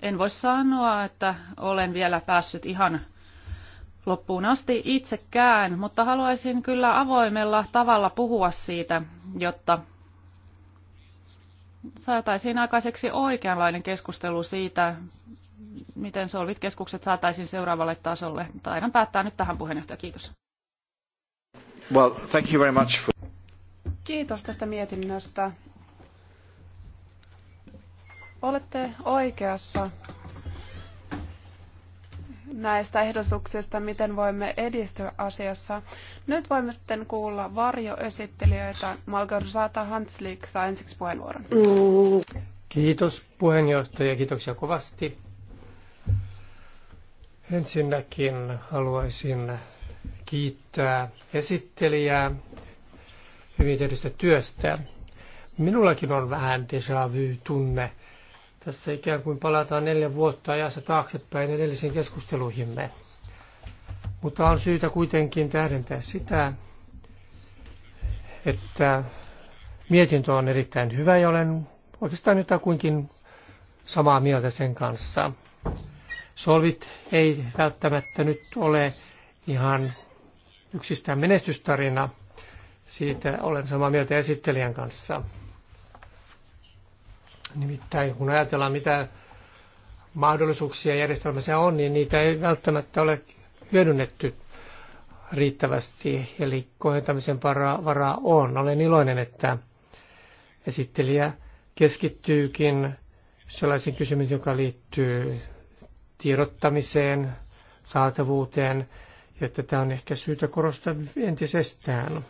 En voi sanoa, että olen vielä päässyt ihan loppuun asti itsekään, mutta haluaisin kyllä avoimella tavalla puhua siitä, jotta saataisiin aikaiseksi oikeanlainen keskustelu siitä, miten Solvit-keskukset saataisiin seuraavalle tasolle. Taidan päättää nyt tähän puheenjohtaja. Kiitos. Well, thank you very much for... Kiitos tästä mietinnöstä. Olette oikeassa näistä ehdotuksista, miten voimme edistyä asiassa. Nyt voimme sitten kuulla varjoesittelijöitä. Malgorzata Hanslik saa ensiksi puheenvuoron. Kiitos puheenjohtaja, kiitoksia kovasti. Ensinnäkin haluaisin kiittää esittelijää hyvin tehdystä työstä. Minullakin on vähän déjà vu-tunne tässä ikään kuin palataan neljä vuotta ajassa taaksepäin edellisiin keskusteluihimme. Mutta on syytä kuitenkin tähdentää sitä, että mietintö on erittäin hyvä ja olen oikeastaan jotakuinkin samaa mieltä sen kanssa. Solvit ei välttämättä nyt ole ihan yksistään menestystarina. Siitä olen samaa mieltä esittelijän kanssa. Nimittäin kun ajatellaan, mitä mahdollisuuksia järjestelmässä on, niin niitä ei välttämättä ole hyödynnetty riittävästi, eli kohentamisen varaa on. Olen iloinen, että esittelijä keskittyykin sellaisiin kysymyksiin, joka liittyy tiedottamiseen, saatavuuteen, ja tätä on ehkä syytä korostaa entisestään.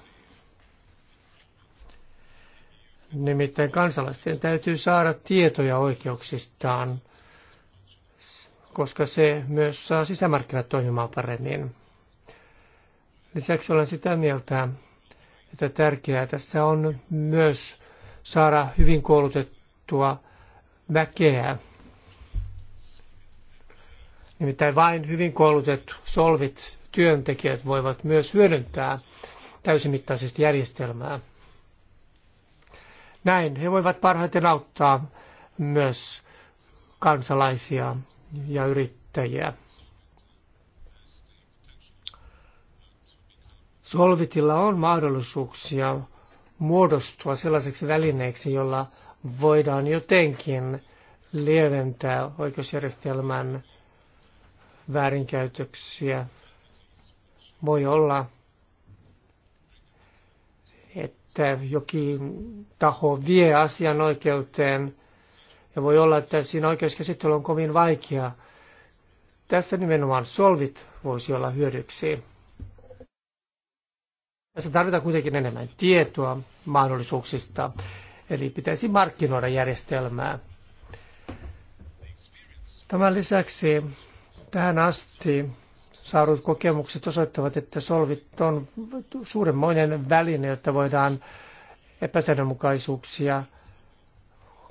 Nimittäin kansalaisten täytyy saada tietoja oikeuksistaan, koska se myös saa sisämarkkinat toimimaan paremmin. Lisäksi olen sitä mieltä, että tärkeää tässä on myös saada hyvin koulutettua väkeä. Nimittäin vain hyvin koulutettu solvit työntekijät voivat myös hyödyntää täysimittaisesti järjestelmää. Näin he voivat parhaiten auttaa myös kansalaisia ja yrittäjiä. Solvitilla on mahdollisuuksia muodostua sellaiseksi välineeksi, jolla voidaan jotenkin lieventää oikeusjärjestelmän väärinkäytöksiä. Voi olla, että jokin taho vie asian oikeuteen ja voi olla, että siinä oikeuskäsittely on kovin vaikea. Tässä nimenomaan solvit voisi olla hyödyksi. Tässä tarvitaan kuitenkin enemmän tietoa mahdollisuuksista, eli pitäisi markkinoida järjestelmää. Tämän lisäksi tähän asti saadut kokemukset osoittavat, että solvit on suurenmoinen väline, jotta voidaan epäsäännönmukaisuuksia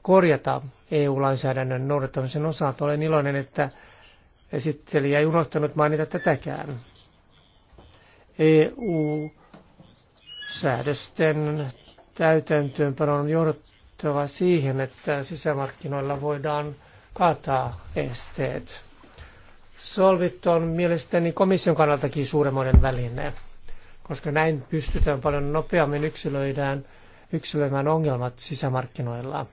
korjata EU-lainsäädännön noudattamisen osalta. Olen iloinen, että esittelijä ei unohtanut mainita tätäkään. EU-säädösten täytäntöönpano on johdattava siihen, että sisämarkkinoilla voidaan kaataa esteet solvit on mielestäni komission kannaltakin suuremmoinen väline, koska näin pystytään paljon nopeammin yksilöidään, yksilöimään ongelmat sisämarkkinoilla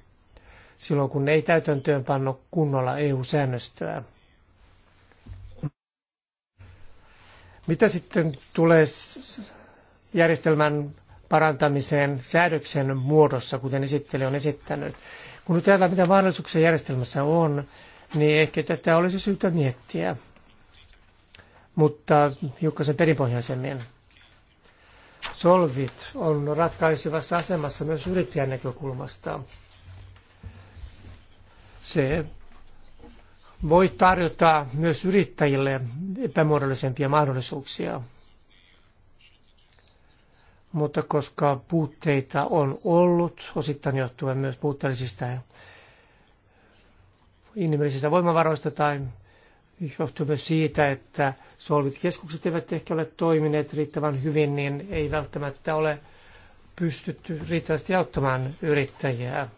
silloin, kun ei täytäntöön panno kunnolla EU-säännöstöä. Mitä sitten tulee järjestelmän parantamiseen säädöksen muodossa, kuten esittely on esittänyt? Kun nyt ajatellaan, mitä mahdollisuuksia järjestelmässä on, niin ehkä tätä olisi syytä miettiä, mutta hiukkasen perinpohjaisemmin. Solvit on ratkaisevassa asemassa myös yrittäjän näkökulmasta. Se voi tarjota myös yrittäjille epämuodollisempia mahdollisuuksia. Mutta koska puutteita on ollut, osittain johtuen myös puutteellisista inhimillisistä voimavaroista tai johtuu myös siitä, että solvit keskukset eivät ehkä ole toimineet riittävän hyvin, niin ei välttämättä ole pystytty riittävästi auttamaan yrittäjiä.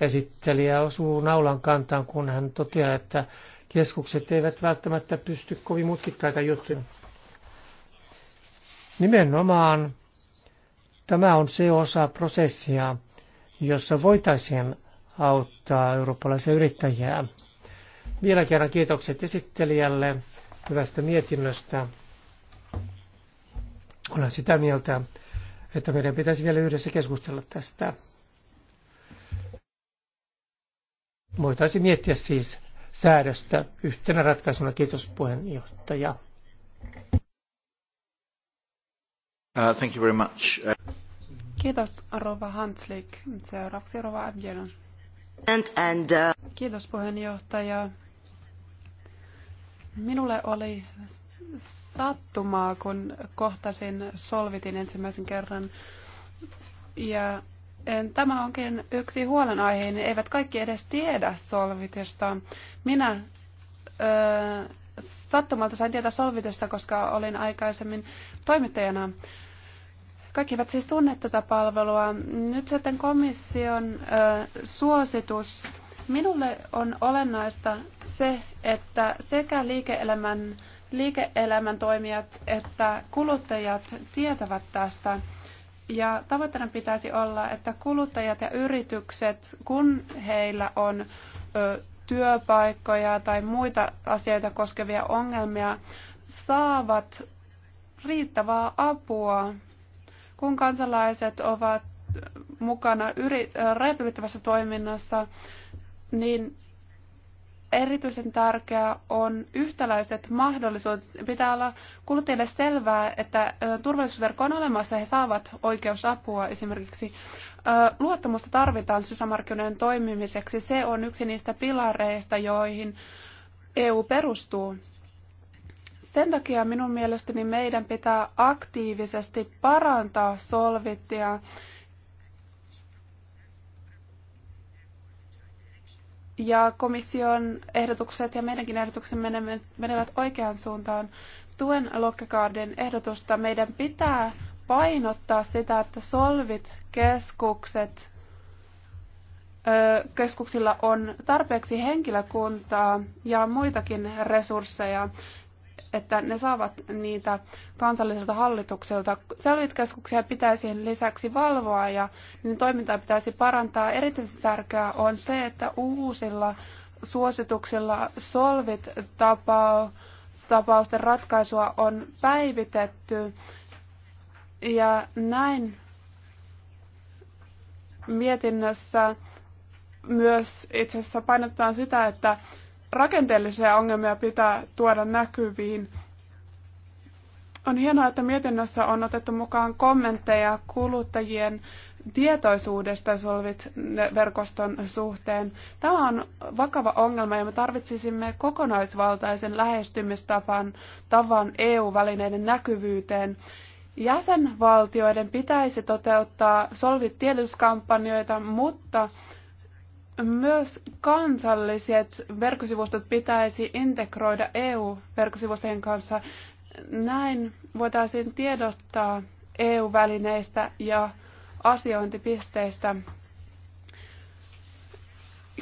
Esittelijä osuu naulan kantaan, kun hän toteaa, että keskukset eivät välttämättä pysty kovin mutkikkaita juttuja. Nimenomaan tämä on se osa prosessia, jossa voitaisiin auttaa eurooppalaisia yrittäjiä. Vielä kerran kiitokset esittelijälle hyvästä mietinnöstä. Olen sitä mieltä, että meidän pitäisi vielä yhdessä keskustella tästä. Voitaisiin miettiä siis säädöstä yhtenä ratkaisuna. Kiitos puheenjohtaja. Uh, thank you very much. Kiitos Rova Hanslik. Seuraavaksi Rova Abjelon. Uh, Kiitos puheenjohtaja. Minulle oli sattumaa, kun kohtasin Solvitin ensimmäisen kerran. Ja en, tämä onkin yksi niin Eivät kaikki edes tiedä Solvitista. Minä ö, sattumalta sain tietää Solvitista, koska olin aikaisemmin toimittajana kaikki eivät siis tunne tätä palvelua. Nyt sitten komission ö, suositus. Minulle on olennaista se, että sekä liike-elämän, liike-elämän toimijat että kuluttajat tietävät tästä. Ja tavoitteena pitäisi olla, että kuluttajat ja yritykset, kun heillä on ö, työpaikkoja tai muita asioita koskevia ongelmia, saavat riittävää apua kun kansalaiset ovat mukana yri, rajat ylittävässä toiminnassa, niin erityisen tärkeää on yhtäläiset mahdollisuudet. Pitää olla kuluttajille selvää, että turvallisuusverkko on olemassa ja he saavat oikeusapua esimerkiksi. Luottamusta tarvitaan sisämarkkinoiden toimimiseksi. Se on yksi niistä pilareista, joihin EU perustuu. Sen takia minun mielestäni meidän pitää aktiivisesti parantaa solvittia ja komission ehdotukset ja meidänkin ehdotuksemme menevät oikeaan suuntaan. Tuen Lokkekaardin ehdotusta. Meidän pitää painottaa sitä, että solvit keskukset keskuksilla on tarpeeksi henkilökuntaa ja muitakin resursseja että ne saavat niitä kansalliselta hallitukselta. Selvityskeskuksia pitäisi lisäksi valvoa ja niin toimintaa pitäisi parantaa. Erityisen tärkeää on se, että uusilla suosituksilla Solvit-tapausten ratkaisua on päivitetty ja näin mietinnössä myös itse asiassa painotetaan sitä, että rakenteellisia ongelmia pitää tuoda näkyviin. On hienoa, että mietinnössä on otettu mukaan kommentteja kuluttajien tietoisuudesta Solvit-verkoston suhteen. Tämä on vakava ongelma ja me tarvitsisimme kokonaisvaltaisen lähestymistapan tavan EU-välineiden näkyvyyteen. Jäsenvaltioiden pitäisi toteuttaa Solvit-tiedotuskampanjoita, mutta myös kansalliset verkkosivustot pitäisi integroida EU-verkkosivustojen kanssa. Näin voitaisiin tiedottaa EU-välineistä ja asiointipisteistä.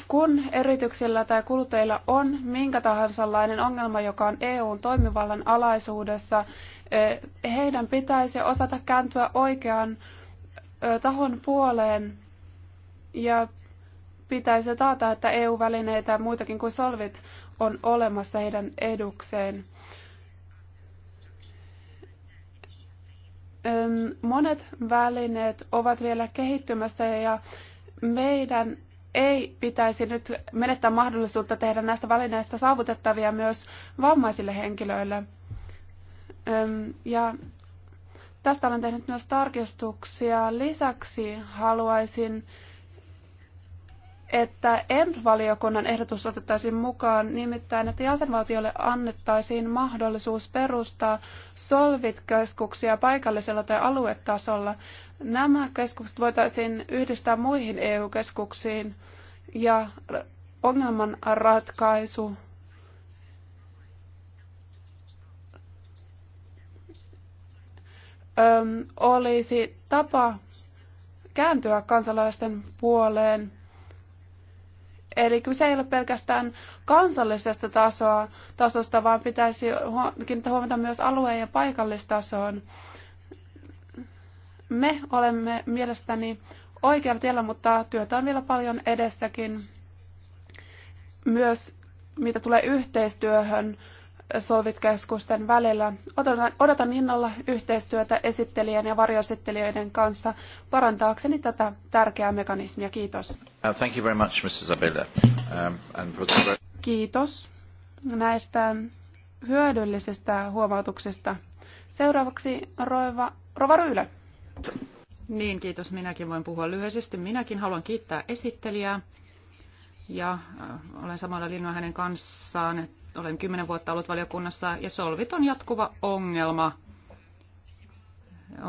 Kun yrityksillä tai kuluttajilla on minkä tahansa lainen ongelma, joka on EUn toimivallan alaisuudessa, e, heidän pitäisi osata kääntyä oikean e, tahon puoleen ja pitäisi taata, että EU-välineitä muitakin kuin solvit on olemassa heidän edukseen. Monet välineet ovat vielä kehittymässä ja meidän ei pitäisi nyt menettää mahdollisuutta tehdä näistä välineistä saavutettavia myös vammaisille henkilöille. Ja tästä olen tehnyt myös tarkistuksia. Lisäksi haluaisin että EMP-valiokunnan ehdotus otettaisiin mukaan, nimittäin, että jäsenvaltiolle annettaisiin mahdollisuus perustaa solvit-keskuksia paikallisella tai aluetasolla. Nämä keskukset voitaisiin yhdistää muihin EU-keskuksiin ja ongelman ratkaisu olisi tapa kääntyä kansalaisten puoleen – Eli kyse ei ole pelkästään kansallisesta tasoa, tasosta, vaan pitäisi kiinnittää huomiota myös alueen ja paikallistasoon. Me olemme mielestäni oikealla tiellä, mutta työtä on vielä paljon edessäkin. Myös mitä tulee yhteistyöhön, Solvit-keskusten välillä. Odotan, odotan innolla yhteistyötä esittelijän ja varjoesittelijöiden kanssa parantaakseni tätä tärkeää mekanismia. Kiitos. Uh, thank you very much, um, Kiitos näistä hyödyllisistä huomautuksista. Seuraavaksi Roiva, Rova Ryle. Niin, kiitos. Minäkin voin puhua lyhyesti. Minäkin haluan kiittää esittelijää ja äh, olen samalla linjoilla hänen kanssaan. Olen kymmenen vuotta ollut valiokunnassa ja solvit on jatkuva ongelma äh,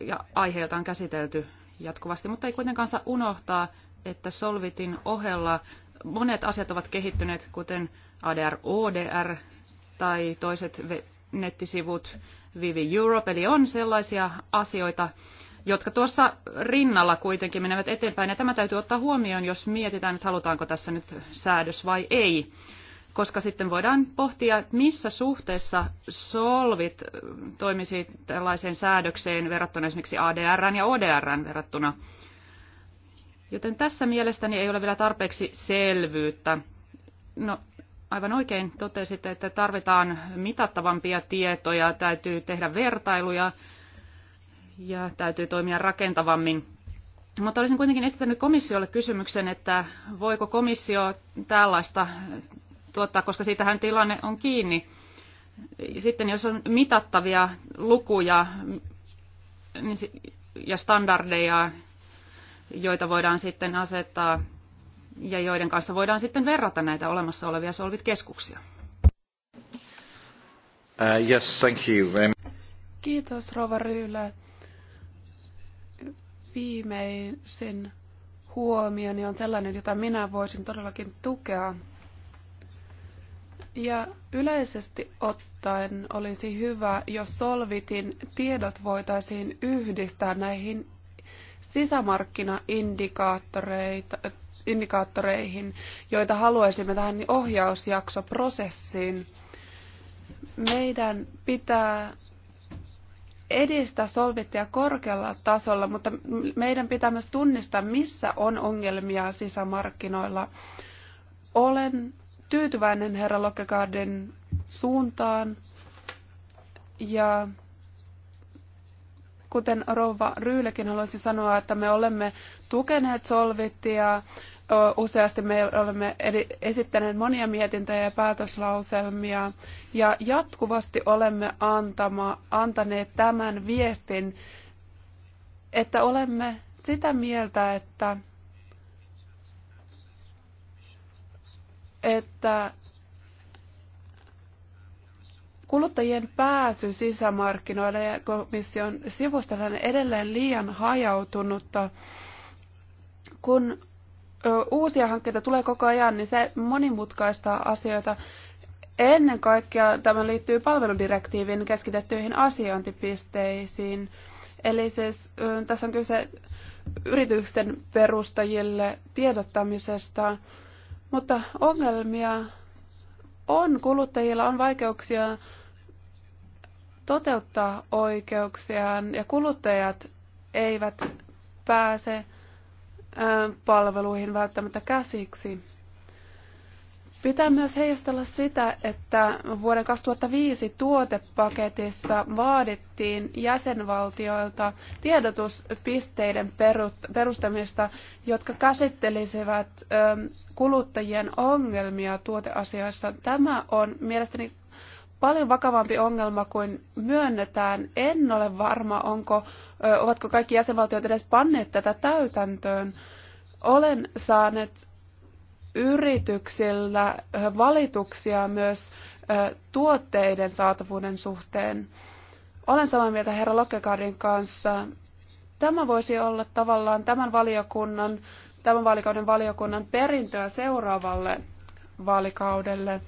ja aiheita on käsitelty jatkuvasti, mutta ei kuitenkaan saa unohtaa, että solvitin ohella monet asiat ovat kehittyneet, kuten ADR, ODR tai toiset nettisivut Vivi Europe, eli on sellaisia asioita, jotka tuossa rinnalla kuitenkin menevät eteenpäin. Ja tämä täytyy ottaa huomioon, jos mietitään, että halutaanko tässä nyt säädös vai ei. Koska sitten voidaan pohtia, että missä suhteessa solvit toimisi tällaiseen säädökseen verrattuna esimerkiksi ADR ja ODR verrattuna. Joten tässä mielestäni ei ole vielä tarpeeksi selvyyttä. No, aivan oikein totesitte, että tarvitaan mitattavampia tietoja, täytyy tehdä vertailuja, ja täytyy toimia rakentavammin. Mutta olisin kuitenkin esittänyt komissiolle kysymyksen, että voiko komissio tällaista tuottaa, koska siitähän tilanne on kiinni. Sitten jos on mitattavia lukuja niin ja standardeja, joita voidaan sitten asettaa ja joiden kanssa voidaan sitten verrata näitä olemassa olevia solvit-keskuksia. Uh, yes, thank you. Um, Kiitos Rova Ryylä viimeisin huomioni niin on sellainen, jota minä voisin todellakin tukea. Ja yleisesti ottaen olisi hyvä, jos Solvitin tiedot voitaisiin yhdistää näihin sisämarkkinaindikaattoreihin, joita haluaisimme tähän ohjausjaksoprosessiin. Meidän pitää edistää solvittia korkealla tasolla, mutta meidän pitää myös tunnistaa, missä on ongelmia sisämarkkinoilla. Olen tyytyväinen herra Lokkegaardin suuntaan ja kuten rouva Ryylekin haluaisin sanoa, että me olemme tukeneet solvittia useasti me olemme esittäneet monia mietintöjä ja päätöslauselmia ja jatkuvasti olemme antama, antaneet tämän viestin, että olemme sitä mieltä, että, että kuluttajien pääsy sisämarkkinoille ja komission sivustolle on edelleen liian hajautunutta, kun uusia hankkeita tulee koko ajan, niin se monimutkaistaa asioita. Ennen kaikkea tämä liittyy palveludirektiivin keskitettyihin asiointipisteisiin. Eli siis tässä on kyse yritysten perustajille tiedottamisesta, mutta ongelmia on. Kuluttajilla on vaikeuksia toteuttaa oikeuksiaan ja kuluttajat eivät pääse palveluihin välttämättä käsiksi. Pitää myös heijastella sitä, että vuoden 2005 tuotepaketissa vaadittiin jäsenvaltioilta tiedotuspisteiden perustamista, jotka käsittelisivät kuluttajien ongelmia tuoteasioissa. Tämä on mielestäni paljon vakavampi ongelma kuin myönnetään. En ole varma, onko, ovatko kaikki jäsenvaltiot edes panneet tätä täytäntöön. Olen saanut yrityksillä valituksia myös tuotteiden saatavuuden suhteen. Olen samaa mieltä herra Lokkekardin kanssa. Tämä voisi olla tavallaan tämän valiokunnan, tämän vaalikauden valiokunnan perintöä seuraavalle vaalikaudelle.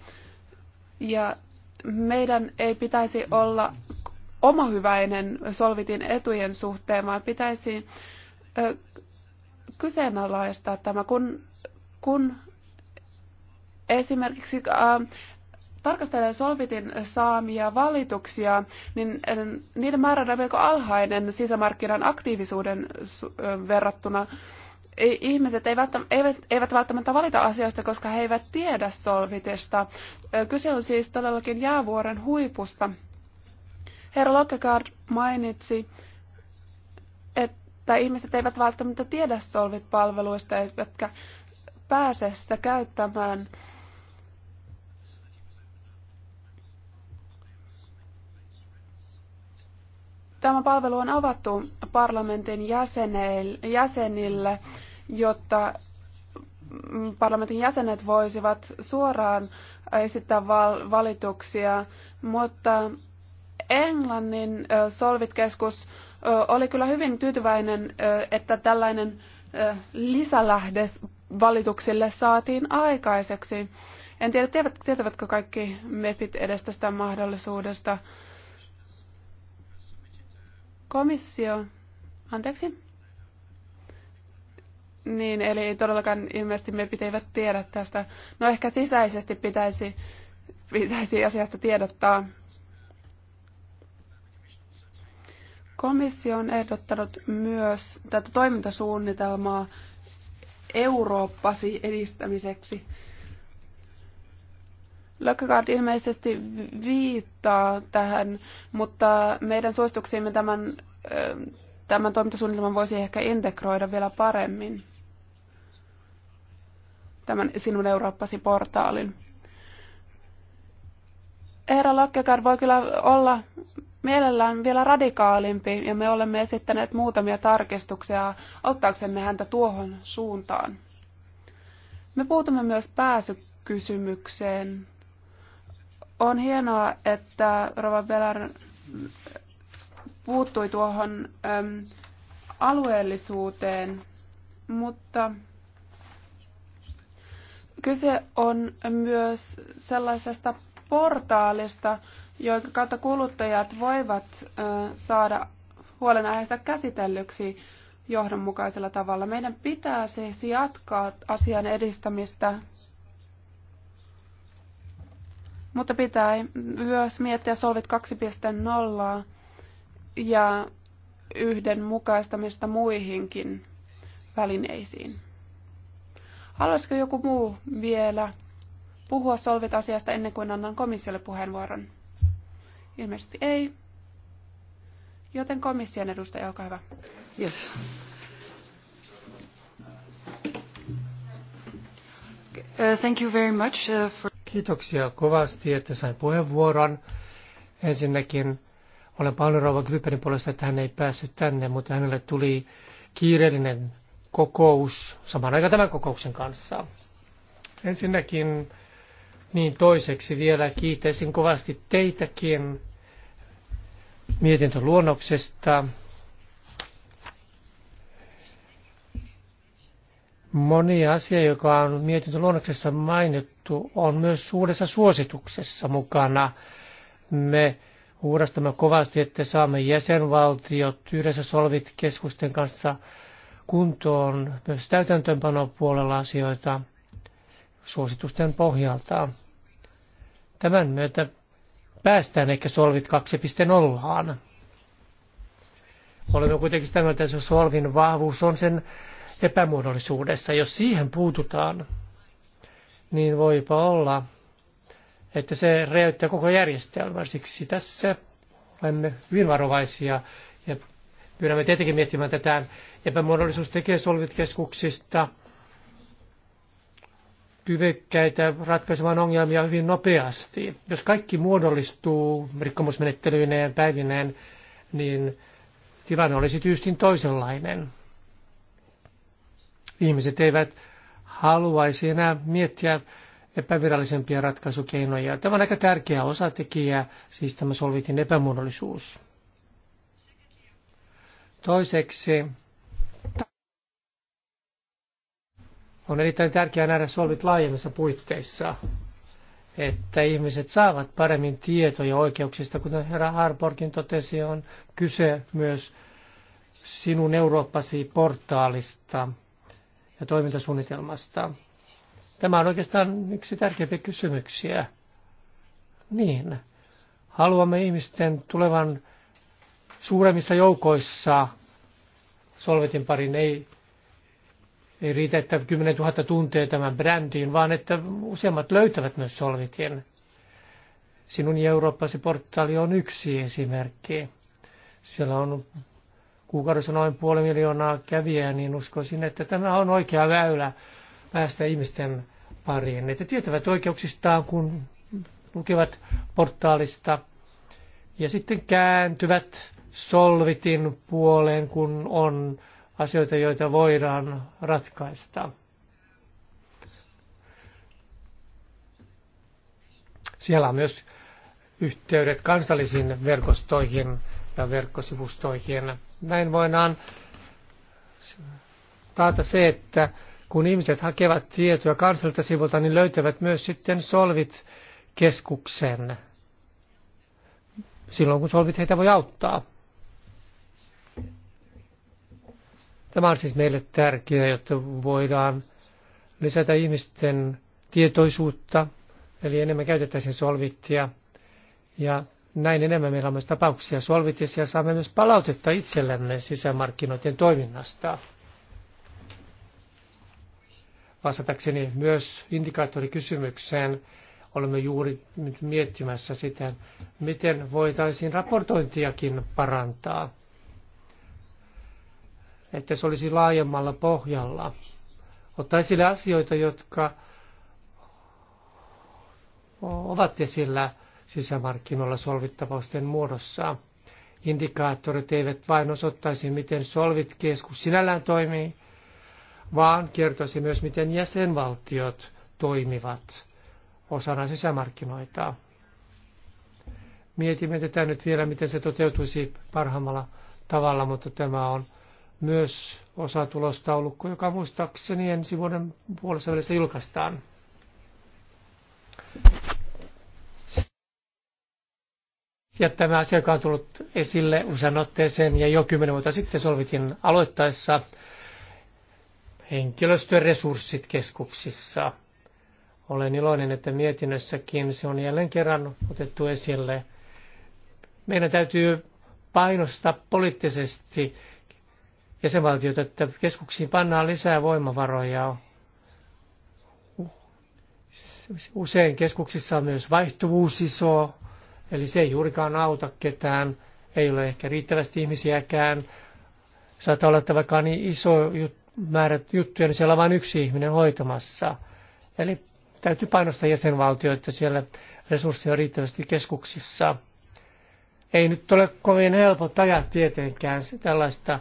Ja meidän ei pitäisi olla omahyväinen solvitin etujen suhteen, vaan pitäisi kyseenalaistaa tämä, kun, kun esimerkiksi äh, tarkastelee solvitin saamia valituksia, niin niiden määrä on melko alhainen sisämarkkinan aktiivisuuden verrattuna. Äh, ihmiset eivät, välttämättä valita asioista, koska he eivät tiedä solvitesta. Kyse on siis todellakin jäävuoren huipusta. Herra Lokkegaard mainitsi, että ihmiset eivät välttämättä tiedä solvit-palveluista, eivätkä pääse sitä käyttämään. Tämä palvelu on avattu parlamentin jäsenille, jotta parlamentin jäsenet voisivat suoraan esittää valituksia, mutta Englannin solvitkeskus oli kyllä hyvin tyytyväinen, että tällainen lisälähde valituksille saatiin aikaiseksi. En tiedä, tietävätkö kaikki MEPit edes tästä mahdollisuudesta. Komissio, anteeksi. Niin, eli todellakaan ilmeisesti me pitäivät tiedä tästä. No ehkä sisäisesti pitäisi, pitäisi asiasta tiedottaa. Komissio on ehdottanut myös tätä toimintasuunnitelmaa Eurooppasi edistämiseksi. Lökkägaard ilmeisesti viittaa tähän, mutta meidän suosituksiimme tämän, tämän toimintasuunnitelman voisi ehkä integroida vielä paremmin tämän Sinun Eurooppasi portaalin. Eera Lökkägaard voi kyllä olla mielellään vielä radikaalimpi ja me olemme esittäneet muutamia tarkistuksia ottaaksemme häntä tuohon suuntaan. Me puutumme myös pääsykysymykseen on hienoa, että Rova Belar puuttui tuohon äm, alueellisuuteen, mutta kyse on myös sellaisesta portaalista, jonka kautta kuluttajat voivat saada huolenaiheensa käsitellyksi johdonmukaisella tavalla. Meidän pitää siis jatkaa asian edistämistä mutta pitää myös miettiä Solvit 2.0 ja yhdenmukaistamista muihinkin välineisiin. Haluaisiko joku muu vielä puhua Solvit-asiasta ennen kuin annan komissiolle puheenvuoron? Ilmeisesti ei. Joten komission edustaja, olkaa hyvä. Yes. Uh, thank you very much uh, for... Kiitoksia kovasti, että sain puheenvuoron. Ensinnäkin olen paljon rouva Grypenin puolesta, että hän ei päässyt tänne, mutta hänelle tuli kiireellinen kokous samaan aikaan tämän kokouksen kanssa. Ensinnäkin niin toiseksi vielä kiitäisin kovasti teitäkin mietintöluonnoksesta. Moni asia, joka on mietintöluonnoksessa mainittu, mainittu, on myös suuressa suosituksessa mukana. Me uurastamme kovasti, että saamme jäsenvaltiot yhdessä solvit keskusten kanssa kuntoon myös täytäntöönpanon puolella asioita suositusten pohjalta. Tämän myötä päästään ehkä solvit 2.0. Olemme kuitenkin sitä mieltä, että solvin vahvuus on sen epämuodollisuudessa. Jos siihen puututaan, niin voipa olla, että se räjäyttää koko järjestelmän. Siksi tässä olemme hyvin varovaisia ja pyydämme tietenkin miettimään tätä epämuodollisuustekijä solvitkeskuksista kyvykkäitä ratkaisemaan ongelmia hyvin nopeasti. Jos kaikki muodollistuu rikkomusmenettelyineen päivineen, niin tilanne olisi tyystin toisenlainen. Ihmiset eivät haluaisi enää miettiä epävirallisempia ratkaisukeinoja. Tämä on aika tärkeä osatekijä, siis tämä solvitin epämuodollisuus. Toiseksi on erittäin tärkeää nähdä solvit laajemmissa puitteissa, että ihmiset saavat paremmin tietoja oikeuksista, kuten herra Harborgin totesi, on kyse myös sinun Eurooppasi portaalista, ja toimintasuunnitelmasta. Tämä on oikeastaan yksi tärkeimpiä kysymyksiä. Niin, haluamme ihmisten tulevan suuremmissa joukoissa solvetin parin. Ei, ei riitä, että 10 000 tuntee tämän brändiin, vaan että useammat löytävät myös solvitin. Sinun ja Eurooppasi portaali on yksi esimerkki. Siellä on kuukaudessa noin puoli miljoonaa kävijää, niin uskoisin, että tämä on oikea väylä päästä ihmisten pariin. Että tietävät oikeuksistaan, kun lukevat portaalista ja sitten kääntyvät solvitin puoleen, kun on asioita, joita voidaan ratkaista. Siellä on myös yhteydet kansallisiin verkostoihin ja verkkosivustoihin näin voidaan taata se, että kun ihmiset hakevat tietoa kansalta sivulta, niin löytävät myös sitten Solvit-keskuksen silloin, kun Solvit heitä voi auttaa. Tämä on siis meille tärkeää, jotta voidaan lisätä ihmisten tietoisuutta, eli enemmän käytettäisiin solvittia. Ja näin enemmän meillä on myös tapauksia solvitissa ja saamme myös palautetta itsellemme sisämarkkinoiden toiminnasta. Vastatakseni myös indikaattorikysymykseen olemme juuri nyt miettimässä sitä, miten voitaisiin raportointiakin parantaa, että se olisi laajemmalla pohjalla. Ottaa esille asioita, jotka ovat esillä – sisämarkkinoilla solvittavausten muodossa. Indikaattorit eivät vain osoittaisi, miten solvit-keskus sinällään toimii, vaan kertoisi myös, miten jäsenvaltiot toimivat osana sisämarkkinoita. Mietimme tätä nyt vielä, miten se toteutuisi parhaimmalla tavalla, mutta tämä on myös osa tulostaulukko, joka muistaakseni ensi vuoden puolessa välissä julkaistaan. Ja tämä asia, joka on tullut esille usean otteeseen ja jo kymmenen vuotta sitten Solvitin aloittaessa resurssit keskuksissa. Olen iloinen, että mietinnössäkin se on jälleen kerran otettu esille. Meidän täytyy painostaa poliittisesti jäsenvaltiot, että keskuksiin pannaan lisää voimavaroja. Usein keskuksissa on myös vaihtuvuus iso, Eli se ei juurikaan auta ketään, ei ole ehkä riittävästi ihmisiäkään. Saattaa olla, että vaikka on niin iso jut, määrä juttuja, niin siellä on vain yksi ihminen hoitamassa. Eli täytyy painostaa jäsenvaltioita siellä resursseja riittävästi keskuksissa. Ei nyt ole kovin helppo ajat tietenkään tällaista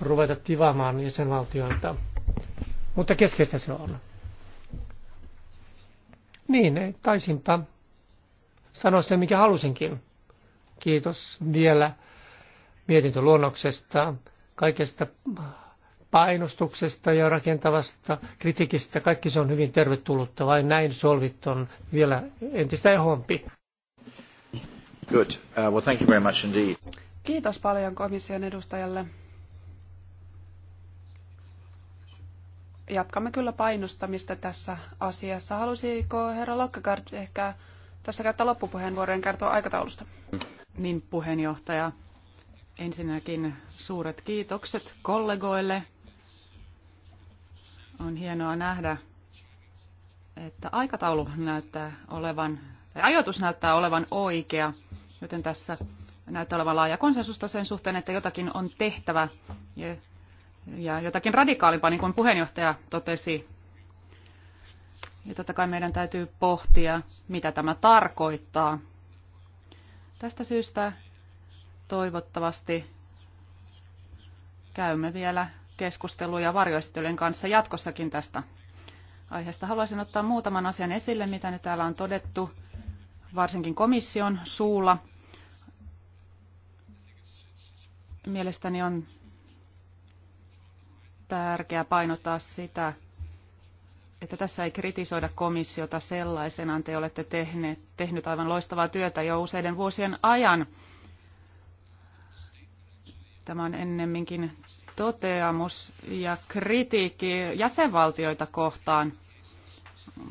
ruveta tivaamaan jäsenvaltioita, mutta keskeistä se on. Niin, taisinpa sanoa sen, mikä halusinkin. Kiitos vielä mietintöluonnoksesta, kaikesta painostuksesta ja rakentavasta kritiikistä. Kaikki se on hyvin tervetullutta, vain näin solvit on vielä entistä ehompi. Good. Uh, well, thank you very much indeed. Kiitos paljon komission edustajalle. Jatkamme kyllä painostamista tässä asiassa. Halusiko herra Lokkegaard ehkä tässä käyttää loppupuheenvuoron kertoa aikataulusta. Niin puheenjohtaja, ensinnäkin suuret kiitokset kollegoille. On hienoa nähdä, että aikataulu näyttää olevan, tai ajoitus näyttää olevan oikea, joten tässä näyttää olevan laaja konsensusta sen suhteen, että jotakin on tehtävä ja, ja jotakin radikaalimpaa, niin kuin puheenjohtaja totesi, ja totta kai meidän täytyy pohtia, mitä tämä tarkoittaa. Tästä syystä toivottavasti käymme vielä keskusteluja varjoistelujen kanssa jatkossakin tästä aiheesta. Haluaisin ottaa muutaman asian esille, mitä nyt täällä on todettu, varsinkin komission suulla. Mielestäni on tärkeää painottaa sitä, että tässä ei kritisoida komissiota sellaisenaan. Te olette tehneet, tehnyt aivan loistavaa työtä jo useiden vuosien ajan. Tämä on ennemminkin toteamus ja kritiikki jäsenvaltioita kohtaan.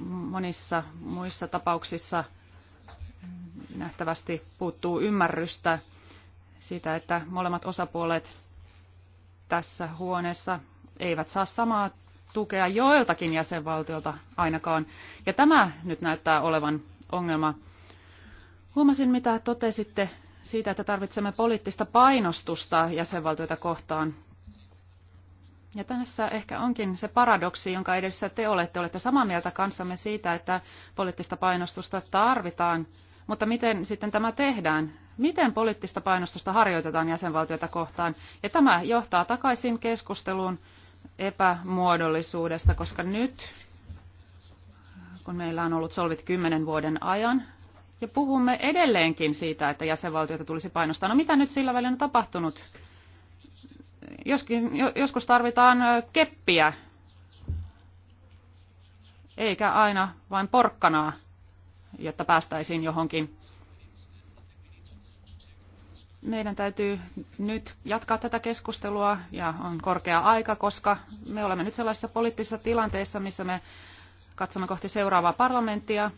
Monissa muissa tapauksissa nähtävästi puuttuu ymmärrystä siitä, että molemmat osapuolet tässä huoneessa eivät saa samaa tukea joiltakin jäsenvaltiolta ainakaan. Ja tämä nyt näyttää olevan ongelma. Huomasin, mitä totesitte siitä, että tarvitsemme poliittista painostusta jäsenvaltioita kohtaan. Ja tässä ehkä onkin se paradoksi, jonka edessä te olette. Olette samaa mieltä kanssamme siitä, että poliittista painostusta tarvitaan, mutta miten sitten tämä tehdään? Miten poliittista painostusta harjoitetaan jäsenvaltioita kohtaan? Ja tämä johtaa takaisin keskusteluun epämuodollisuudesta, koska nyt, kun meillä on ollut solvit kymmenen vuoden ajan, ja puhumme edelleenkin siitä, että jäsenvaltioita tulisi painostaa. No mitä nyt sillä välin on tapahtunut? Joskin, joskus tarvitaan keppiä, eikä aina vain porkkanaa, jotta päästäisiin johonkin meidän täytyy nyt jatkaa tätä keskustelua ja on korkea aika, koska me olemme nyt sellaisessa poliittisessa tilanteessa, missä me katsomme kohti seuraavaa parlamenttia.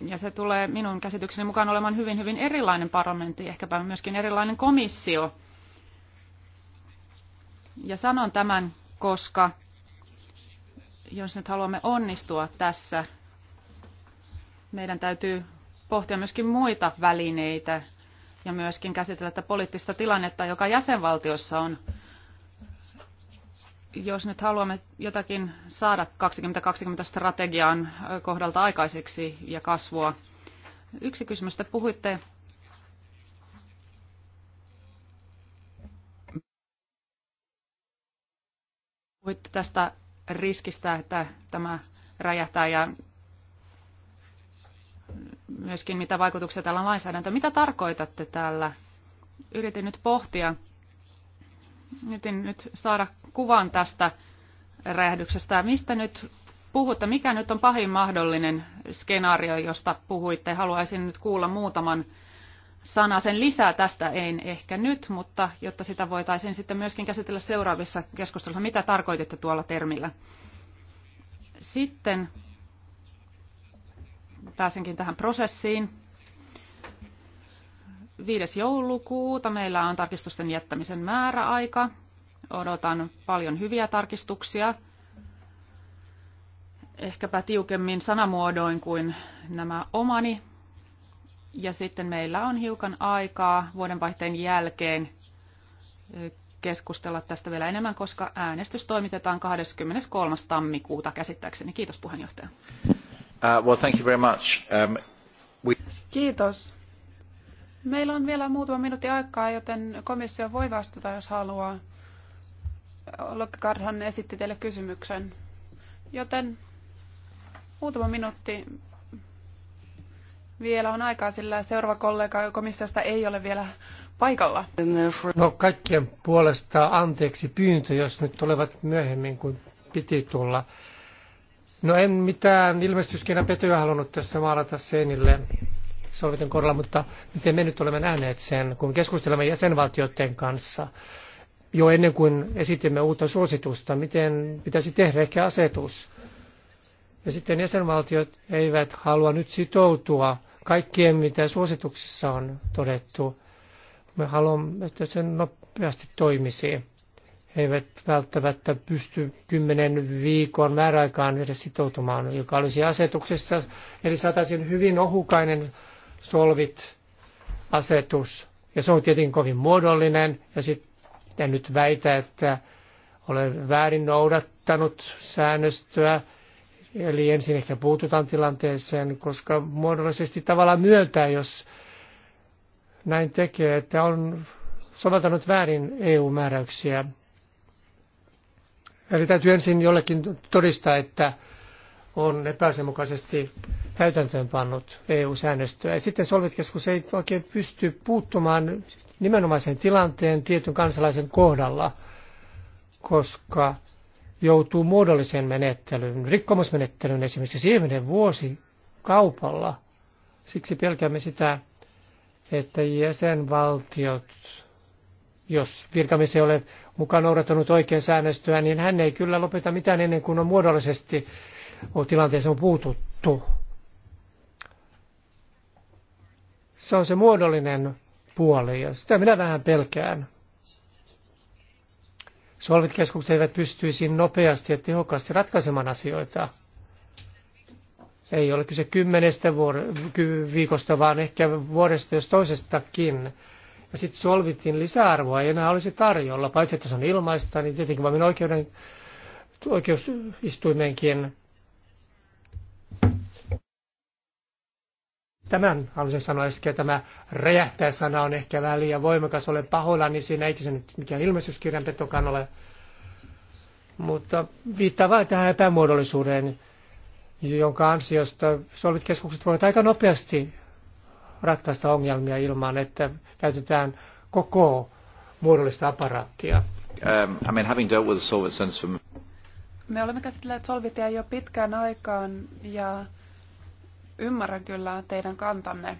Ja se tulee minun käsitykseni mukaan olemaan hyvin, hyvin erilainen parlamentti, ehkäpä myöskin erilainen komissio. Ja sanon tämän, koska jos nyt haluamme onnistua tässä, meidän täytyy pohtia myöskin muita välineitä, ja myöskin käsitellä tätä poliittista tilannetta, joka jäsenvaltiossa on. Jos nyt haluamme jotakin saada 2020-strategian kohdalta aikaiseksi ja kasvua. Yksi kysymys, te puhuitte puhuitte tästä riskistä, että tämä räjähtää ja myöskin, mitä vaikutuksia tällä on lainsäädäntö. Mitä tarkoitatte tällä? Yritin nyt pohtia, yritin nyt saada kuvan tästä räjähdyksestä. Mistä nyt puhutte? Mikä nyt on pahin mahdollinen skenaario, josta puhuitte? Haluaisin nyt kuulla muutaman sana sen lisää tästä en ehkä nyt, mutta jotta sitä voitaisiin sitten myöskin käsitellä seuraavissa keskustelussa, mitä tarkoititte tuolla termillä. Sitten pääsenkin tähän prosessiin. 5. joulukuuta meillä on tarkistusten jättämisen määräaika. Odotan paljon hyviä tarkistuksia. Ehkäpä tiukemmin sanamuodoin kuin nämä omani. Ja sitten meillä on hiukan aikaa vuodenvaihteen jälkeen keskustella tästä vielä enemmän, koska äänestys toimitetaan 23. tammikuuta käsittääkseni. Kiitos puheenjohtaja. Uh, well, thank you very much. Um, we... Kiitos. Meillä on vielä muutama minuutti aikaa, joten komissio voi vastata, jos haluaa. Lokkikarhan esitti teille kysymyksen. Joten muutama minuutti vielä on aikaa, sillä seuraava kollega komissiosta ei ole vielä paikalla. No kaikkien puolesta anteeksi pyyntö, jos nyt tulevat myöhemmin kuin piti tulla. No en mitään ilmestyskirjan petoja halunnut tässä maalata seinille sovitun korolla, mutta miten me nyt olemme nähneet sen, kun keskustelemme jäsenvaltioiden kanssa jo ennen kuin esitimme uutta suositusta, miten pitäisi tehdä ehkä asetus. Ja sitten jäsenvaltiot eivät halua nyt sitoutua kaikkeen, mitä suosituksissa on todettu. Me haluamme, että se nopeasti toimisi eivät välttämättä pysty kymmenen viikon määräaikaan edes sitoutumaan, joka olisi asetuksessa. Eli saataisiin hyvin ohukainen solvit-asetus, ja se on tietenkin kovin muodollinen, ja sitten nyt väitä, että olen väärin noudattanut säännöstöä, eli ensin ehkä puututaan tilanteeseen, koska muodollisesti tavallaan myöntää, jos näin tekee, että on soveltanut väärin EU-määräyksiä. Eli täytyy ensin jollekin todistaa, että on epäasianmukaisesti täytäntöön pannut EU-säännöstöä. Ja sitten Solvit-keskus ei oikein pysty puuttumaan nimenomaisen tilanteen tietyn kansalaisen kohdalla, koska joutuu muodollisen menettelyyn, rikkomusmenettelyyn esimerkiksi siihen vuosi kaupalla. Siksi pelkäämme sitä, että jäsenvaltiot jos virkamies ei ole mukaan noudattanut oikein säännöstöä, niin hän ei kyllä lopeta mitään ennen kuin on muodollisesti tilanteeseen on puututtu. Se on se muodollinen puoli ja sitä minä vähän pelkään. Solvit-keskukset eivät pystyisi nopeasti ja tehokkaasti ratkaisemaan asioita. Ei ole kyse kymmenestä vuor- viikosta, vaan ehkä vuodesta jos toisestakin ja sitten solvitin lisäarvoa ei enää olisi tarjolla, paitsi että se on ilmaista, niin tietenkin vain oikeuden, oikeusistuimenkin. Tämän haluaisin sanoa äsken, tämä räjähtää sana on ehkä vähän liian voimakas, olen pahoilla, niin siinä, eikä se nyt mikään ilmestyskirjanpetokan ole. Mutta viittaa vain tähän epämuodollisuuteen, jonka ansiosta solvit keskukset voivat aika nopeasti ratkaista ongelmia ilman, että käytetään koko muodollista aparaattia. Um, I mean, having dealt with the sense Me olemme käsitelleet solvitia jo pitkään aikaan ja ymmärrän kyllä teidän kantanne.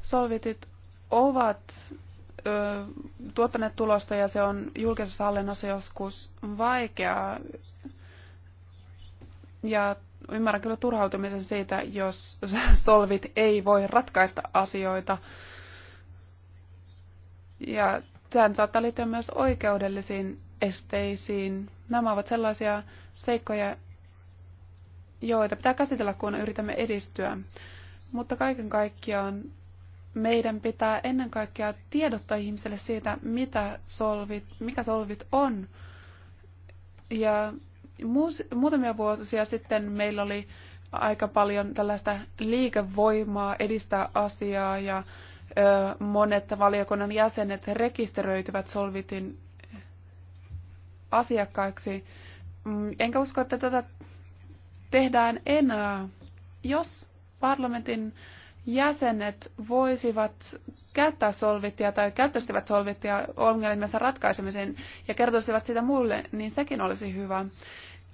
Solvitit ovat ö, tuottaneet tulosta ja se on julkisessa hallinnossa joskus vaikeaa. Ja ymmärrän kyllä turhautumisen siitä, jos solvit ei voi ratkaista asioita. Ja sehän saattaa liittyä myös oikeudellisiin esteisiin. Nämä ovat sellaisia seikkoja, joita pitää käsitellä, kun yritämme edistyä. Mutta kaiken kaikkiaan meidän pitää ennen kaikkea tiedottaa ihmiselle siitä, mitä solvit, mikä solvit on. Ja Muutamia vuosia sitten meillä oli aika paljon tällaista liikevoimaa edistää asiaa ja monet valiokunnan jäsenet rekisteröityvät Solvitin asiakkaiksi. Mm, enkä usko, että tätä tehdään enää. Jos parlamentin jäsenet voisivat käyttää solvittia tai käyttäisivät solvittia ongelmiensa ratkaisemiseen ja kertoisivat sitä mulle, niin sekin olisi hyvä.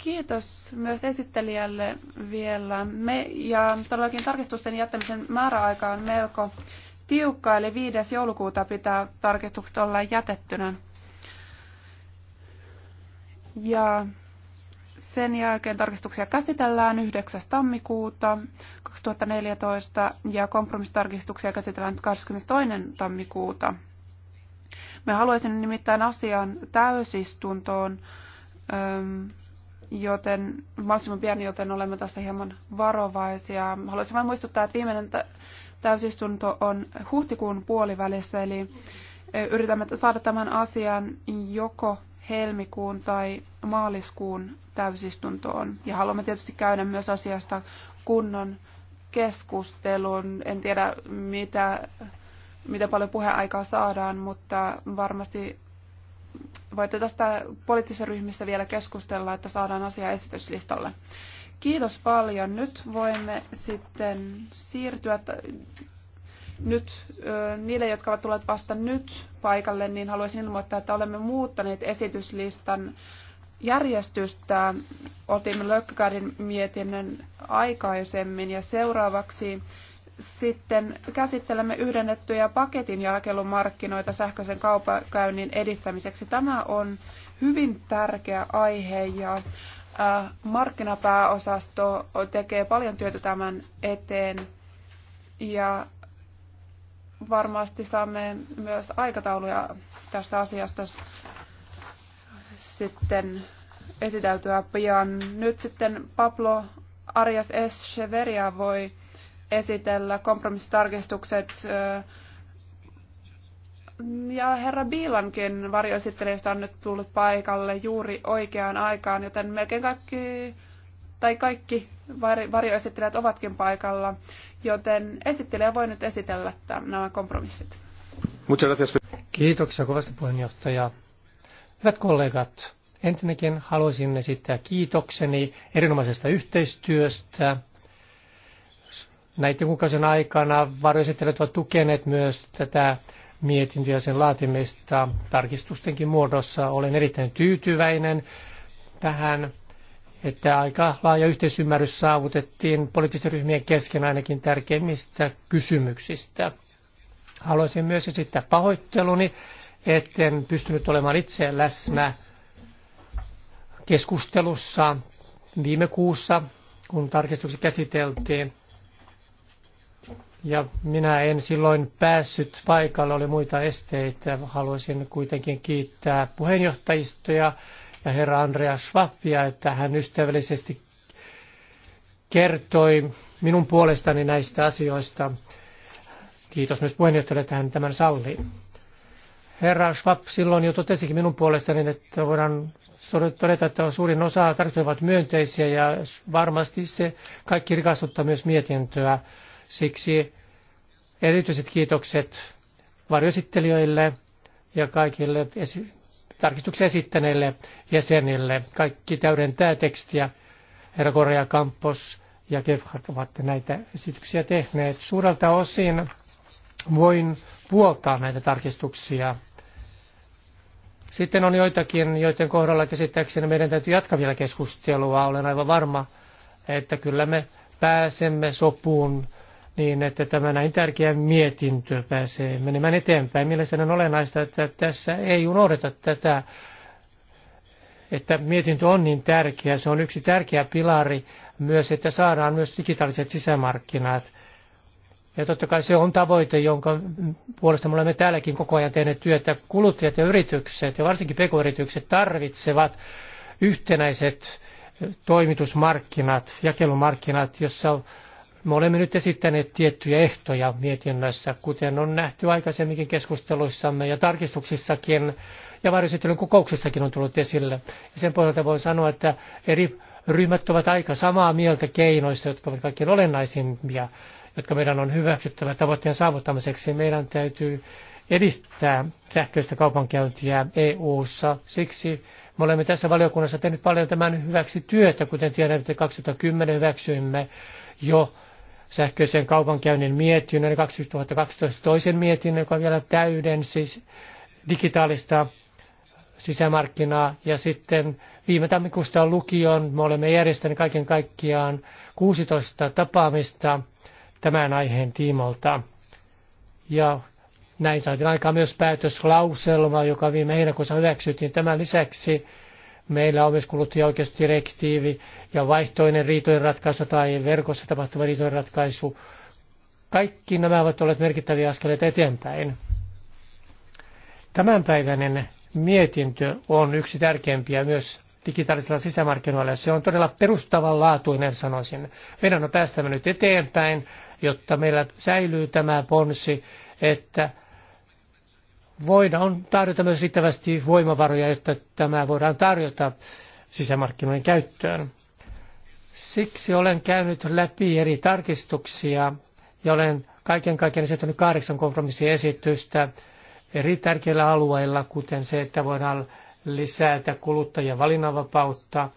Kiitos myös esittelijälle vielä. Me, ja todellakin tarkistusten jättämisen määräaika on melko tiukka, eli 5. joulukuuta pitää tarkistukset olla jätettynä. Ja sen jälkeen tarkistuksia käsitellään 9. tammikuuta 2014 ja kompromissitarkistuksia käsitellään 22. tammikuuta. Me haluaisin nimittäin asian täysistuntoon joten mahdollisimman pieni, joten olemme tässä hieman varovaisia. Haluaisin vain muistuttaa, että viimeinen täysistunto on huhtikuun puolivälissä, eli e, yritämme saada tämän asian joko helmikuun tai maaliskuun täysistuntoon. Ja haluamme tietysti käydä myös asiasta kunnon keskustelun. En tiedä, mitä, mitä paljon puheaikaa saadaan, mutta varmasti voitte tästä poliittisessa ryhmissä vielä keskustella, että saadaan asia esityslistalle. Kiitos paljon. Nyt voimme sitten siirtyä nyt niille, jotka ovat tulleet vasta nyt paikalle, niin haluaisin ilmoittaa, että olemme muuttaneet esityslistan järjestystä. Otimme Lökkäkärin mietinnön aikaisemmin ja seuraavaksi sitten käsittelemme yhdennettyjä paketin jakelumarkkinoita sähköisen kaupankäynnin edistämiseksi. Tämä on hyvin tärkeä aihe ja markkinapääosasto tekee paljon työtä tämän eteen ja varmasti saamme myös aikatauluja tästä asiasta sitten esiteltyä pian. Nyt sitten Pablo Arias Escheveria voi esitellä kompromissitarkistukset ja herra Biilankin varjoesittelijöistä on nyt tullut paikalle juuri oikeaan aikaan, joten melkein kaikki, tai kaikki varjoesittelijät ovatkin paikalla, joten esittelijä voi nyt esitellä tämän, nämä kompromissit. Kiitoksia kovasti puheenjohtaja. Hyvät kollegat, ensinnäkin haluaisin esittää kiitokseni erinomaisesta yhteistyöstä Näiden kuukausien aikana varjoesittelijät ovat tukeneet myös tätä mietintöä sen laatimista tarkistustenkin muodossa. Olen erittäin tyytyväinen tähän, että aika laaja yhteisymmärrys saavutettiin poliittisten ryhmien kesken ainakin tärkeimmistä kysymyksistä. Haluaisin myös esittää pahoitteluni, etten pystynyt olemaan itse läsnä keskustelussa viime kuussa, kun tarkistukset käsiteltiin ja minä en silloin päässyt paikalle, oli muita esteitä. Haluaisin kuitenkin kiittää puheenjohtajistoja ja herra Andrea Schwappia että hän ystävällisesti kertoi minun puolestani näistä asioista. Kiitos myös puheenjohtajalle, että hän tämän sallii. Herra Schwab silloin jo totesikin minun puolestani, että voidaan todeta, että suurin osa tarkoittavat myönteisiä ja varmasti se kaikki rikastuttaa myös mietintöä. Siksi erityiset kiitokset varjoesittelijöille ja kaikille esi- tarkistuksen esittäneille jäsenille. Kaikki täydentää tekstiä. Herra Korea Kampos ja Gebhardt ovat näitä esityksiä tehneet. Suurelta osin voin puoltaa näitä tarkistuksia. Sitten on joitakin, joiden kohdalla käsittääkseni meidän täytyy jatkaa vielä keskustelua. Olen aivan varma, että kyllä me pääsemme sopuun niin että tämä näin tärkeä mietintö pääsee menemään eteenpäin. Mielestäni on olennaista, että tässä ei unohdeta tätä, että mietintö on niin tärkeä. Se on yksi tärkeä pilari myös, että saadaan myös digitaaliset sisämarkkinat. Ja totta kai se on tavoite, jonka puolesta me olemme täälläkin koko ajan tehneet työtä. Kuluttajat ja yritykset ja varsinkin pk tarvitsevat yhtenäiset toimitusmarkkinat, jakelumarkkinat, jossa me olemme nyt esittäneet tiettyjä ehtoja mietinnössä, kuten on nähty aikaisemminkin keskusteluissamme ja tarkistuksissakin ja varjoesittelyn kokouksissakin on tullut esille. Ja sen pohjalta voin sanoa, että eri ryhmät ovat aika samaa mieltä keinoista, jotka ovat kaikkein olennaisimpia, jotka meidän on hyväksyttävä tavoitteen saavuttamiseksi. Meidän täytyy edistää sähköistä kaupankäyntiä EU-ssa. Siksi me olemme tässä valiokunnassa tehneet paljon tämän hyväksi työtä, kuten tiedämme, että 2010 hyväksyimme jo sähköisen kaupankäynnin mietinnön 2012 toisen mietinnön, joka vielä täyden siis digitaalista sisämarkkinaa. Ja sitten viime tammikuusta lukion me olemme järjestäneet kaiken kaikkiaan 16 tapaamista tämän aiheen tiimolta. Ja näin saatiin aikaan myös päätöslauselma, joka viime heinäkuussa hyväksyttiin. Tämän lisäksi Meillä on myös kuluttajaoikeusdirektiivi ja vaihtoinen riitojen ratkaisu tai verkossa tapahtuva riitojen ratkaisu. Kaikki nämä ovat olleet merkittäviä askeleita eteenpäin. Tämänpäiväinen mietintö on yksi tärkeimpiä myös digitaalisella sisämarkkinoilla. Se on todella perustavanlaatuinen, sanoisin. Meidän on päästävä nyt eteenpäin, jotta meillä säilyy tämä ponsi, että voidaan tarjota myös riittävästi voimavaroja, jotta tämä voidaan tarjota sisämarkkinoiden käyttöön. Siksi olen käynyt läpi eri tarkistuksia ja olen kaiken kaikkiaan esittänyt kahdeksan kompromissiesitystä eri tärkeillä alueilla, kuten se, että voidaan lisätä kuluttajien valinnanvapautta,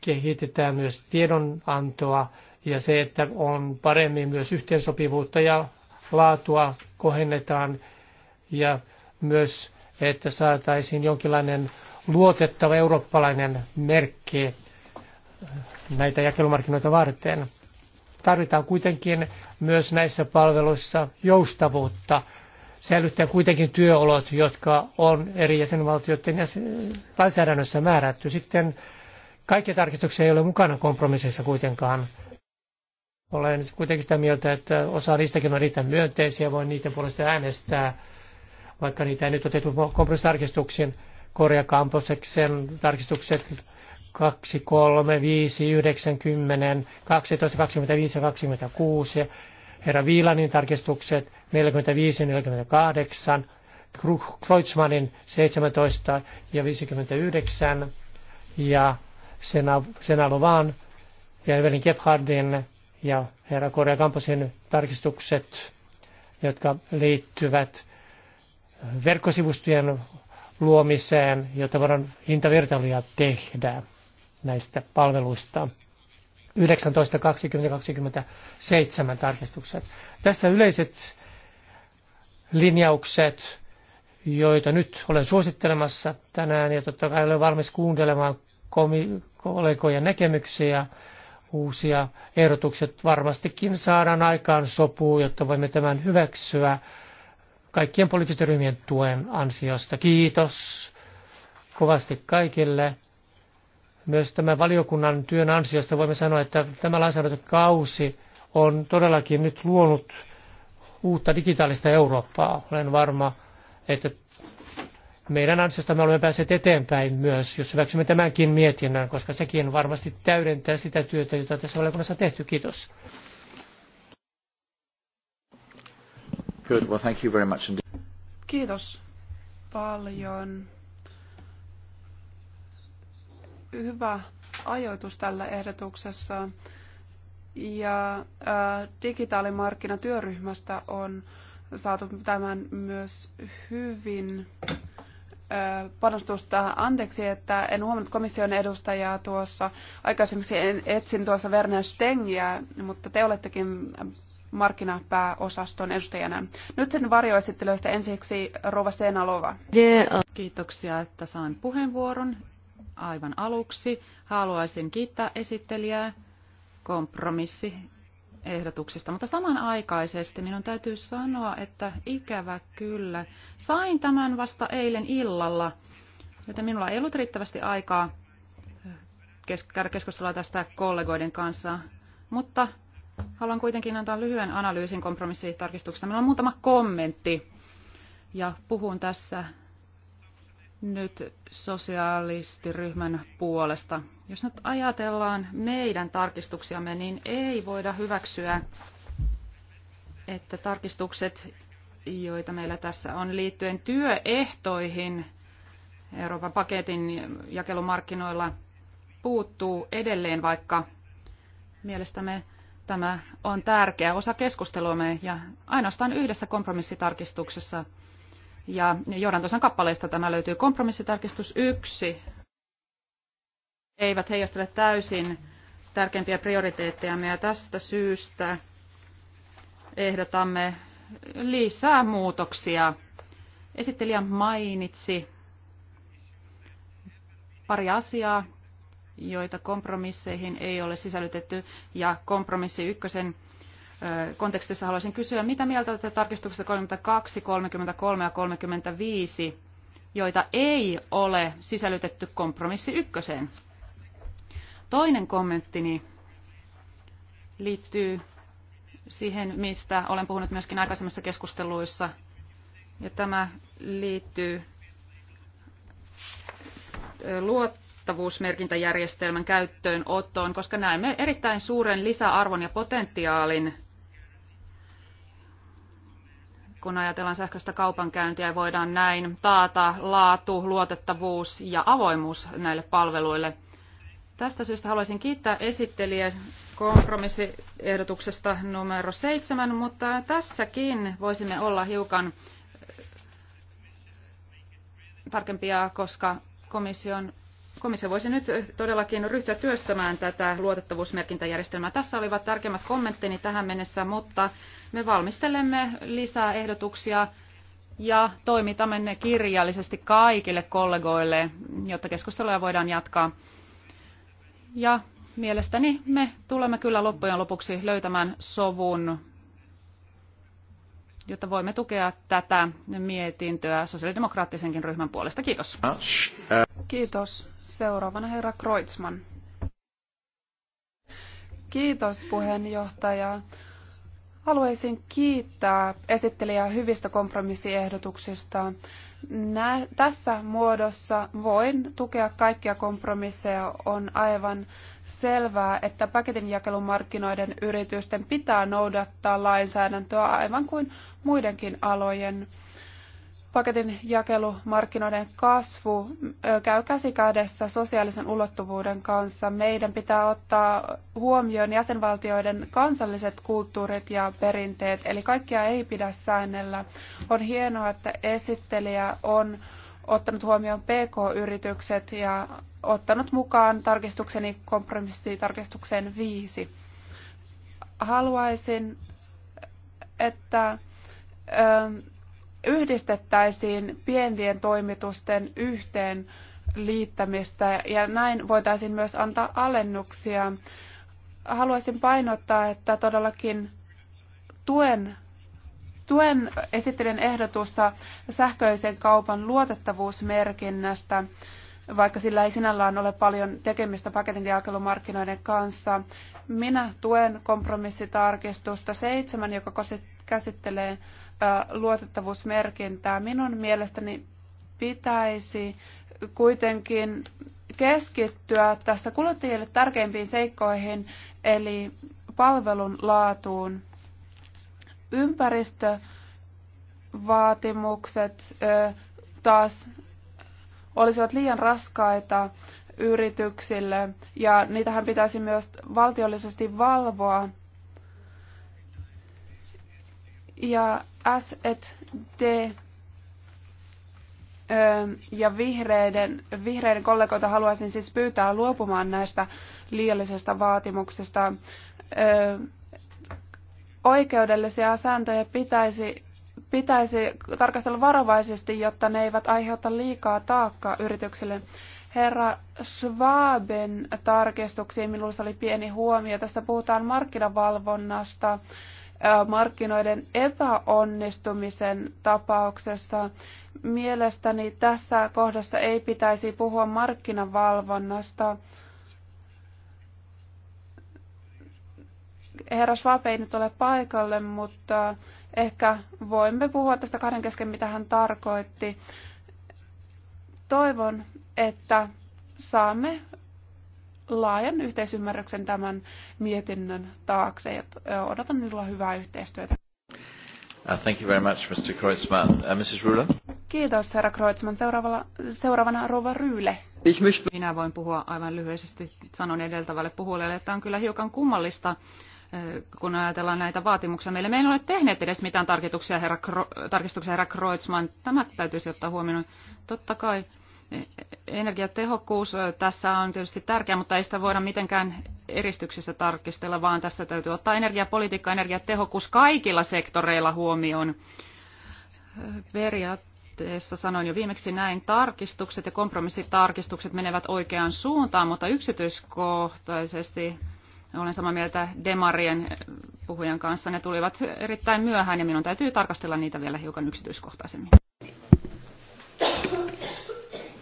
kehitetään myös tiedonantoa ja se, että on paremmin myös yhteensopivuutta ja laatua kohennetaan ja myös, että saataisiin jonkinlainen luotettava eurooppalainen merkki näitä jakelumarkkinoita varten. Tarvitaan kuitenkin myös näissä palveluissa joustavuutta, säilyttää kuitenkin työolot, jotka on eri jäsenvaltioiden ja lainsäädännössä määrätty. Sitten kaikki tarkistuksia ei ole mukana kompromisseissa kuitenkaan. Olen kuitenkin sitä mieltä, että osa niistäkin on riittävän myönteisiä, voin niiden puolesta äänestää vaikka niitä ei nyt otettu kompromissitarkistuksiin, Korea Kamposeksen tarkistukset 2, 3, 5, 9, 10, 12, 25 ja 26, herra Viilanin tarkistukset 45, 48, Kreutzmannin 17 ja 59 ja Senalovaan ja Evelin Gebhardin ja herra Korea Kamposin tarkistukset, jotka liittyvät verkkosivustojen luomiseen, jotta voidaan hintavertailuja tehdä näistä palveluista. 19, 20, 27 tarkistukset. Tässä yleiset linjaukset, joita nyt olen suosittelemassa tänään ja totta kai olen valmis kuuntelemaan kollegojen näkemyksiä. Uusia ehdotukset varmastikin saadaan aikaan sopuun, jotta voimme tämän hyväksyä kaikkien poliittisten ryhmien tuen ansiosta. Kiitos kovasti kaikille. Myös tämän valiokunnan työn ansiosta voimme sanoa, että tämä lainsäädäntökausi on todellakin nyt luonut uutta digitaalista Eurooppaa. Olen varma, että meidän ansiosta me olemme päässeet eteenpäin myös, jos hyväksymme tämänkin mietinnön, koska sekin varmasti täydentää sitä työtä, jota tässä valiokunnassa on tehty. Kiitos. Good. Well, thank you very much indeed. Kiitos paljon. Hyvä ajoitus tällä ehdotuksessa. Ja äh, digitaalimarkkinatyöryhmästä on saatu tämän myös hyvin panostusta. Anteeksi, että en huomannut komission edustajaa tuossa. Aikaisemmin etsin tuossa Werner Stengiä, mutta te olettekin markkinapääosaston edustajana. Nyt sen varjoesittelyistä ensiksi Rova Senalova. Kiitoksia, että saan puheenvuoron. Aivan aluksi haluaisin kiittää esittelijää kompromissi ehdotuksista, mutta samanaikaisesti minun täytyy sanoa, että ikävä kyllä. Sain tämän vasta eilen illalla, joten minulla ei ollut riittävästi aikaa käydä keskustelua tästä kollegoiden kanssa, mutta Haluan kuitenkin antaa lyhyen analyysin kompromissitarkistuksesta. Meillä on muutama kommentti ja puhun tässä nyt sosiaalistiryhmän puolesta. Jos nyt ajatellaan meidän tarkistuksiamme, niin ei voida hyväksyä, että tarkistukset, joita meillä tässä on liittyen työehtoihin Euroopan paketin jakelumarkkinoilla, puuttuu edelleen, vaikka mielestämme Tämä on tärkeä osa keskusteluamme ja ainoastaan yhdessä kompromissitarkistuksessa. Ja johdantosan kappaleista tämä löytyy kompromissitarkistus 1. Eivät heijastele täysin tärkeimpiä prioriteettejamme ja tästä syystä ehdotamme lisää muutoksia. Esittelijä mainitsi pari asiaa, joita kompromisseihin ei ole sisällytetty. Ja kompromissi ykkösen kontekstissa haluaisin kysyä, mitä mieltä olette tarkistuksesta 32, 33 ja 35, joita ei ole sisällytetty kompromissi ykköseen? Toinen kommenttini liittyy siihen, mistä olen puhunut myöskin aikaisemmissa keskusteluissa. Ja tämä liittyy luot, kattavuusmerkintäjärjestelmän käyttöönottoon, koska näemme erittäin suuren lisäarvon ja potentiaalin, kun ajatellaan sähköistä kaupankäyntiä, voidaan näin taata laatu, luotettavuus ja avoimuus näille palveluille. Tästä syystä haluaisin kiittää esittelijä kompromissiehdotuksesta numero seitsemän, mutta tässäkin voisimme olla hiukan eh, tarkempia, koska komission Komissio voisi nyt eh, todellakin ryhtyä työstämään tätä luotettavuusmerkintäjärjestelmää. Tässä olivat tarkemmat kommenttini tähän mennessä, mutta me valmistelemme lisää ehdotuksia ja toimitamme ne kirjallisesti kaikille kollegoille, jotta keskustelua voidaan jatkaa. Ja mielestäni me tulemme kyllä loppujen lopuksi löytämään sovun, jotta voimme tukea tätä mietintöä sosiaalidemokraattisenkin ryhmän puolesta. Kiitos. Kiitos. Seuraavana herra Kreutzmann. Kiitos puheenjohtaja. Haluaisin kiittää esittelijää hyvistä kompromissiehdotuksista. Nä, tässä muodossa voin tukea kaikkia kompromisseja. On aivan selvää, että paketin jakelumarkkinoiden yritysten pitää noudattaa lainsäädäntöä aivan kuin muidenkin alojen paketin jakelumarkkinoiden kasvu käy kädessä sosiaalisen ulottuvuuden kanssa. Meidän pitää ottaa huomioon jäsenvaltioiden kansalliset kulttuurit ja perinteet, eli kaikkia ei pidä säännellä. On hienoa, että esittelijä on ottanut huomioon PK-yritykset ja ottanut mukaan tarkistukseni kompromissitarkistukseen viisi. Haluaisin, että yhdistettäisiin pienien toimitusten yhteen liittämistä ja näin voitaisiin myös antaa alennuksia. Haluaisin painottaa, että todellakin tuen, tuen esittelen ehdotusta sähköisen kaupan luotettavuusmerkinnästä, vaikka sillä ei sinällään ole paljon tekemistä paketin kanssa. Minä tuen kompromissitarkistusta seitsemän, joka käsittelee luotettavuusmerkintää. Minun mielestäni pitäisi kuitenkin keskittyä tässä kuluttajille tärkeimpiin seikkoihin, eli palvelun laatuun. Ympäristövaatimukset taas olisivat liian raskaita yrityksille, ja niitähän pitäisi myös valtiollisesti valvoa ja S&D ähm, ja vihreiden, vihreiden kollegoita haluaisin siis pyytää luopumaan näistä liiallisesta vaatimuksesta. Ähm, oikeudellisia sääntöjä pitäisi, pitäisi tarkastella varovaisesti, jotta ne eivät aiheuta liikaa taakkaa yrityksille. Herra Schwaben tarkistuksiin minulla oli pieni huomio. Tässä puhutaan markkinavalvonnasta markkinoiden epäonnistumisen tapauksessa. Mielestäni tässä kohdassa ei pitäisi puhua markkinavalvonnasta. Herra Schwab ei nyt ole paikalle, mutta ehkä voimme puhua tästä kahden kesken, mitä hän tarkoitti. Toivon, että saamme laajan yhteisymmärryksen tämän mietinnön taakse. Ja odotan minulla hyvää yhteistyötä. Uh, thank you very much, Mr. Kreutzmann. Uh, Mrs. Rühle? Kiitos, herra Kreutzmann. Seuraavana, seuraavana rouva Ryyle. Minä voin puhua aivan lyhyesti. Sanon edeltävälle puhujalle, että on kyllä hiukan kummallista, kun ajatellaan näitä vaatimuksia meille. Me ei ole tehneet edes mitään tarkistuksia herra, Kro, tarkistuksia herra Kreutzmann. Tämä täytyisi ottaa huomioon. Totta kai energiatehokkuus tässä on tietysti tärkeä, mutta ei sitä voida mitenkään eristyksessä tarkistella, vaan tässä täytyy ottaa energiapolitiikka, energiatehokkuus kaikilla sektoreilla huomioon. Periaatteessa sanoin jo viimeksi näin, tarkistukset ja kompromissitarkistukset menevät oikeaan suuntaan, mutta yksityiskohtaisesti olen samaa mieltä Demarien puhujan kanssa. Ne tulivat erittäin myöhään ja minun täytyy tarkastella niitä vielä hiukan yksityiskohtaisemmin.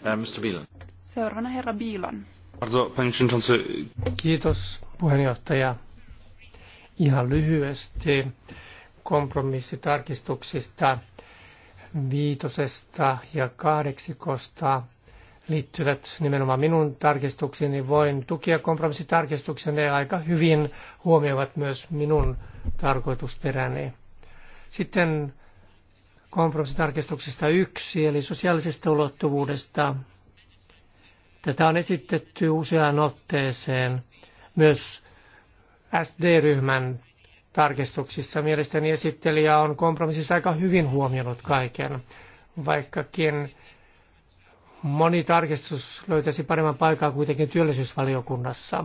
Uh, Mr. Seuraavana herra Biilan. Kiitos puheenjohtaja. Ihan lyhyesti kompromissitarkistuksista viitosesta ja kahdeksikosta liittyvät nimenomaan minun tarkistuksiini, niin voin tukea kompromissitarkistuksen ne aika hyvin huomioivat myös minun tarkoitusperäni. Sitten kompromissitarkistuksesta yksi, eli sosiaalisesta ulottuvuudesta. Tätä on esitetty useaan otteeseen myös SD-ryhmän tarkistuksissa. Mielestäni esittelijä on kompromississa aika hyvin huomioinut kaiken, vaikkakin moni tarkistus löytäisi paremman paikan kuitenkin työllisyysvaliokunnassa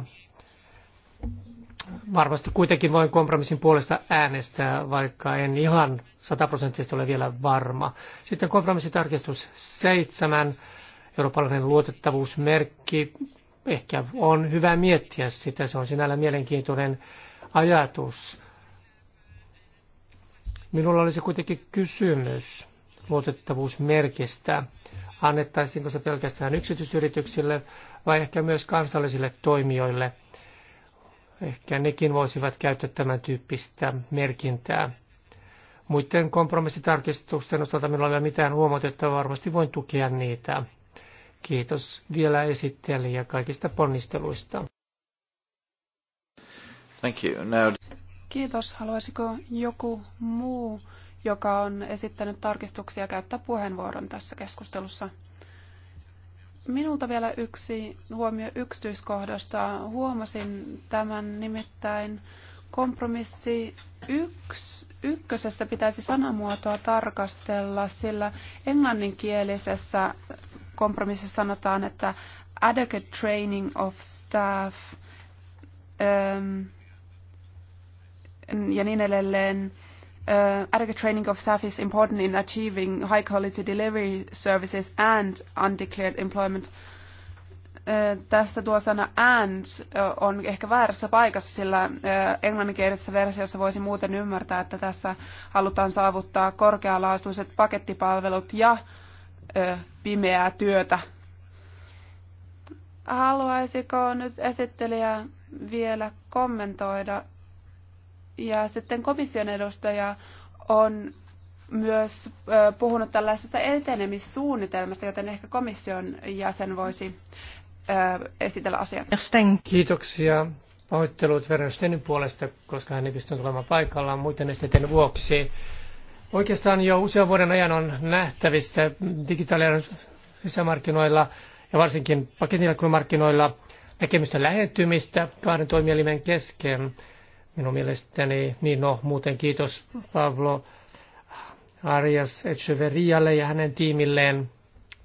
varmasti kuitenkin voin kompromissin puolesta äänestää, vaikka en ihan sataprosenttisesti ole vielä varma. Sitten kompromissitarkistus seitsemän, eurooppalainen luotettavuusmerkki. Ehkä on hyvä miettiä sitä, se on sinällä mielenkiintoinen ajatus. Minulla olisi kuitenkin kysymys luotettavuusmerkistä. Annettaisiinko se pelkästään yksityisyrityksille vai ehkä myös kansallisille toimijoille – Ehkä nekin voisivat käyttää tämän tyyppistä merkintää. Muiden kompromissitarkistusten osalta minulla ei ole mitään huomautettavaa, varmasti voin tukea niitä. Kiitos vielä esittelijä kaikista ponnisteluista. Thank you. Now... Kiitos. Haluaisiko joku muu, joka on esittänyt tarkistuksia, käyttää puheenvuoron tässä keskustelussa? Minulta vielä yksi huomio yksityiskohdasta. Huomasin tämän nimittäin kompromissi yks, ykkösessä pitäisi sanamuotoa tarkastella, sillä englanninkielisessä kompromississa sanotaan, että adequate training of staff ähm, ja niin edelleen. Uh, adequate training of staff is important in achieving high quality delivery services and undeclared employment. Uh, tässä tuo sana and uh, on ehkä väärässä paikassa, sillä englanninkielisessä versiossa voisi muuten ymmärtää, että tässä halutaan saavuttaa korkealaatuiset pakettipalvelut ja pimeää työtä. Haluaisiko nyt esittelijä vielä kommentoida ja sitten komission edustaja on myös puhunut tällaisesta etenemissuunnitelmasta, joten ehkä komission jäsen voisi esitellä asian. Kiitoksia. Pahoittelut Verenstenin puolesta, koska hän ei pystynyt olemaan paikallaan muiden esteiden vuoksi. Oikeastaan jo usean vuoden ajan on nähtävissä digitaalien sisämarkkinoilla ja varsinkin paketinjakelumarkkinoilla näkemysten lähentymistä kahden toimielimen kesken – Minun mielestäni, niin no muuten kiitos Pablo Arias Echeverialle ja hänen tiimilleen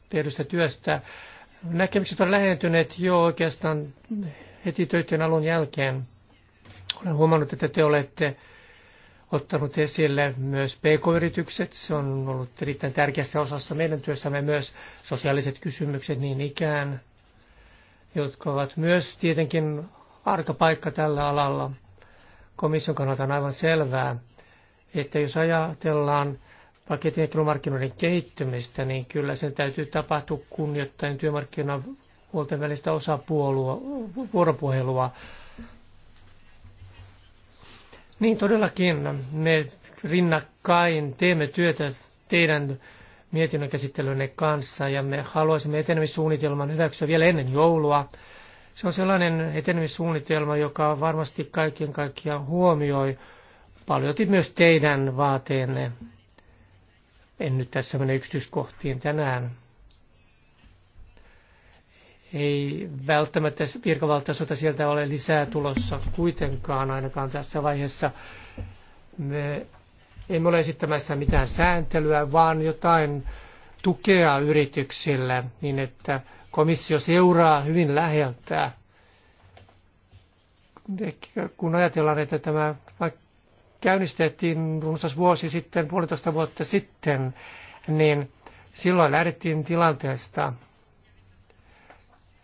tehdystä työstä. Näkemykset on lähentyneet jo oikeastaan heti töiden alun jälkeen. Olen huomannut, että te olette ottanut esille myös pk-yritykset. Se on ollut erittäin tärkeässä osassa meidän työssämme myös sosiaaliset kysymykset niin ikään, jotka ovat myös tietenkin arka paikka tällä alalla komission kannalta on aivan selvää, että jos ajatellaan paketin työmarkkinoiden kehittymistä, niin kyllä sen täytyy tapahtua kunnioittain työmarkkinapuolten välistä osapuolua, vuoropuhelua. Niin todellakin me rinnakkain teemme työtä teidän mietinnön käsittelynne kanssa ja me haluaisimme etenemissuunnitelman hyväksyä vielä ennen joulua. Se on sellainen etenemissuunnitelma, joka varmasti kaiken kaikkiaan huomioi paljon myös teidän vaateenne. En nyt tässä mene yksityiskohtiin tänään. Ei välttämättä virkavaltaisolta sieltä ole lisää tulossa kuitenkaan ainakaan tässä vaiheessa. Me emme ole esittämässä mitään sääntelyä, vaan jotain tukea yrityksille niin, että Komissio seuraa hyvin läheltä, kun ajatellaan, että tämä käynnistettiin runsas vuosi sitten, puolitoista vuotta sitten, niin silloin lähdettiin tilanteesta,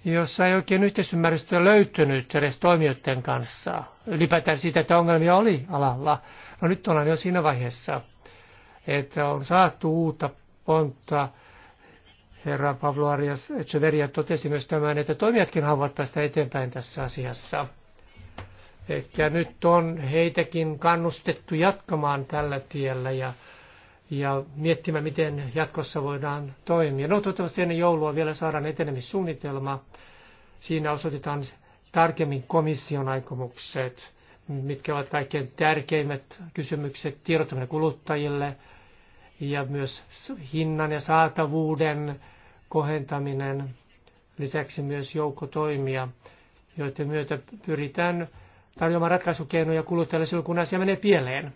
jossa ei oikein yhteisymmärrystä löytynyt edes toimijoiden kanssa. Ylipäätään siitä, että ongelmia oli alalla. No nyt ollaan jo siinä vaiheessa, että on saatu uutta pontta Herra Pablo Arias Echeveria totesi myös tämän, että toimijatkin haluavat päästä eteenpäin tässä asiassa. Ehkä nyt on heitäkin kannustettu jatkamaan tällä tiellä ja, ja miettimään, miten jatkossa voidaan toimia. No toivottavasti ennen joulua vielä saadaan etenemissuunnitelma. Siinä osoitetaan tarkemmin komission aikomukset, mitkä ovat kaikkein tärkeimmät kysymykset tiedottaminen kuluttajille ja myös hinnan ja saatavuuden kohentaminen, lisäksi myös joukkotoimia, joiden myötä pyritään tarjoamaan ratkaisukeinoja kuluttajalle silloin, kun asia menee pieleen,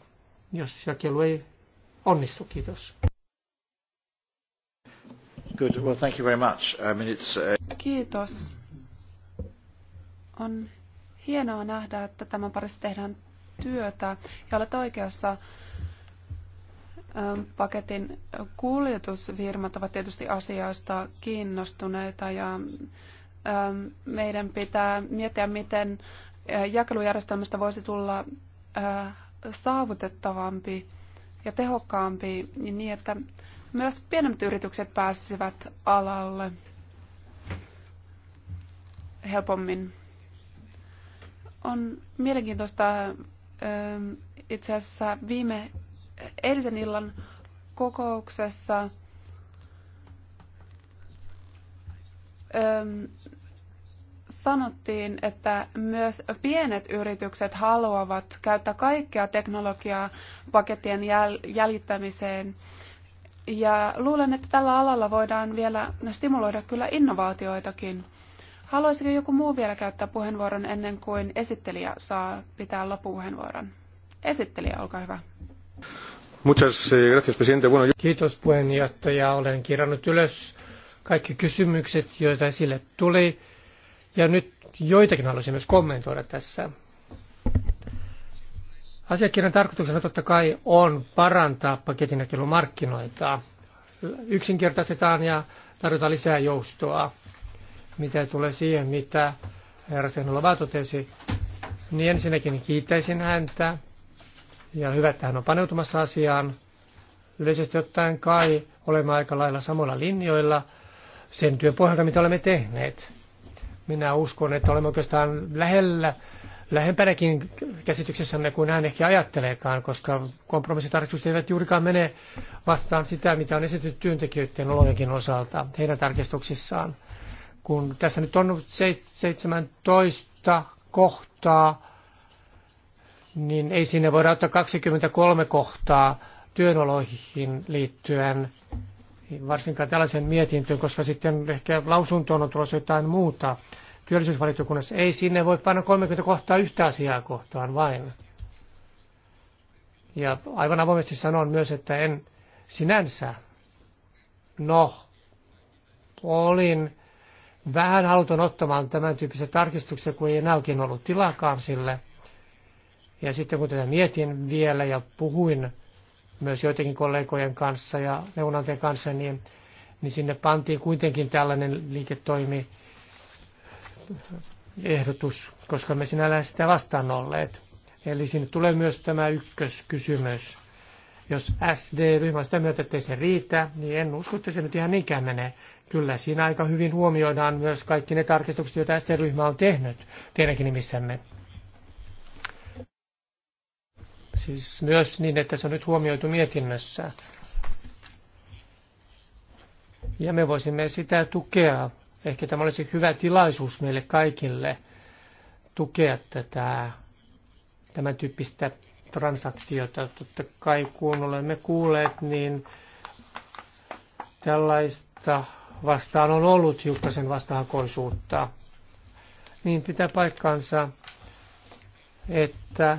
jos jakelu ei onnistu. Kiitos. Good. Well, thank you very much. I mean, it's, uh... Kiitos. On hienoa nähdä, että tämän parissa tehdään työtä ja olet oikeassa paketin kuljetusfirmat ovat tietysti asiasta kiinnostuneita ja meidän pitää miettiä, miten jakelujärjestelmästä voisi tulla saavutettavampi ja tehokkaampi niin, että myös pienemmät yritykset pääsisivät alalle helpommin. On mielenkiintoista itse asiassa viime eilisen illan kokouksessa öm, sanottiin, että myös pienet yritykset haluavat käyttää kaikkea teknologiaa pakettien jäl- jäljittämiseen. Ja luulen, että tällä alalla voidaan vielä stimuloida kyllä innovaatioitakin. Haluaisiko joku muu vielä käyttää puheenvuoron ennen kuin esittelijä saa pitää loppupuheenvuoron? Esittelijä, olkaa hyvä. Eh, Kiitos puheenjohtaja. Olen kirjannut ylös kaikki kysymykset, joita esille tuli. Ja nyt joitakin haluaisin myös kommentoida tässä. Asiakirjan tarkoituksena totta kai on parantaa paketinjakelumarkkinoita. Yksinkertaistetaan ja tarjotaan lisää joustoa. Mitä tulee siihen, mitä herra Senolova totesi, niin ensinnäkin kiittäisin häntä ja hyvä, että hän on paneutumassa asiaan. Yleisesti ottaen kai olemme aika lailla samoilla linjoilla sen työn pohjalta, mitä olemme tehneet. Minä uskon, että olemme oikeastaan lähellä, lähempänäkin käsityksessämme kuin hän ehkä ajatteleekaan, koska kompromissitarkistukset eivät juurikaan mene vastaan sitä, mitä on esitetty työntekijöiden olojenkin osalta heidän tarkistuksissaan. Kun tässä nyt on 17 kohtaa, niin ei sinne voida ottaa 23 kohtaa työnoloihin liittyen, varsinkaan tällaisen mietintöön, koska sitten ehkä lausuntoon on tulossa jotain muuta. Työllisyysvalitokunnassa ei sinne voi panna 30 kohtaa yhtä asiaa kohtaan vain. Ja aivan avoimesti sanon myös, että en sinänsä, no, olin vähän haluton ottamaan tämän tyyppisiä tarkistuksia, kun ei enääkin ollut tilakaan sille – ja sitten kun tätä mietin vielä ja puhuin myös joidenkin kollegojen kanssa ja neuvonantajien kanssa, niin, niin sinne pantiin kuitenkin tällainen liiketoimi ehdotus, koska me sinällään sitä vastaan olleet. Eli sinne tulee myös tämä ykköskysymys. Jos SD-ryhmä on sitä myötä, ettei se riitä, niin en usko, että se nyt ihan niinkään menee. Kyllä siinä aika hyvin huomioidaan myös kaikki ne tarkistukset, joita SD-ryhmä on tehnyt teidänkin nimissämme. Siis myös niin, että se on nyt huomioitu mietinnössä. Ja me voisimme sitä tukea. Ehkä tämä olisi hyvä tilaisuus meille kaikille tukea tätä, tämän tyyppistä transaktiota. Totta kai kun olemme kuulleet, niin tällaista vastaan on ollut hiukkasen vastahakoisuutta. Niin pitää paikkansa, että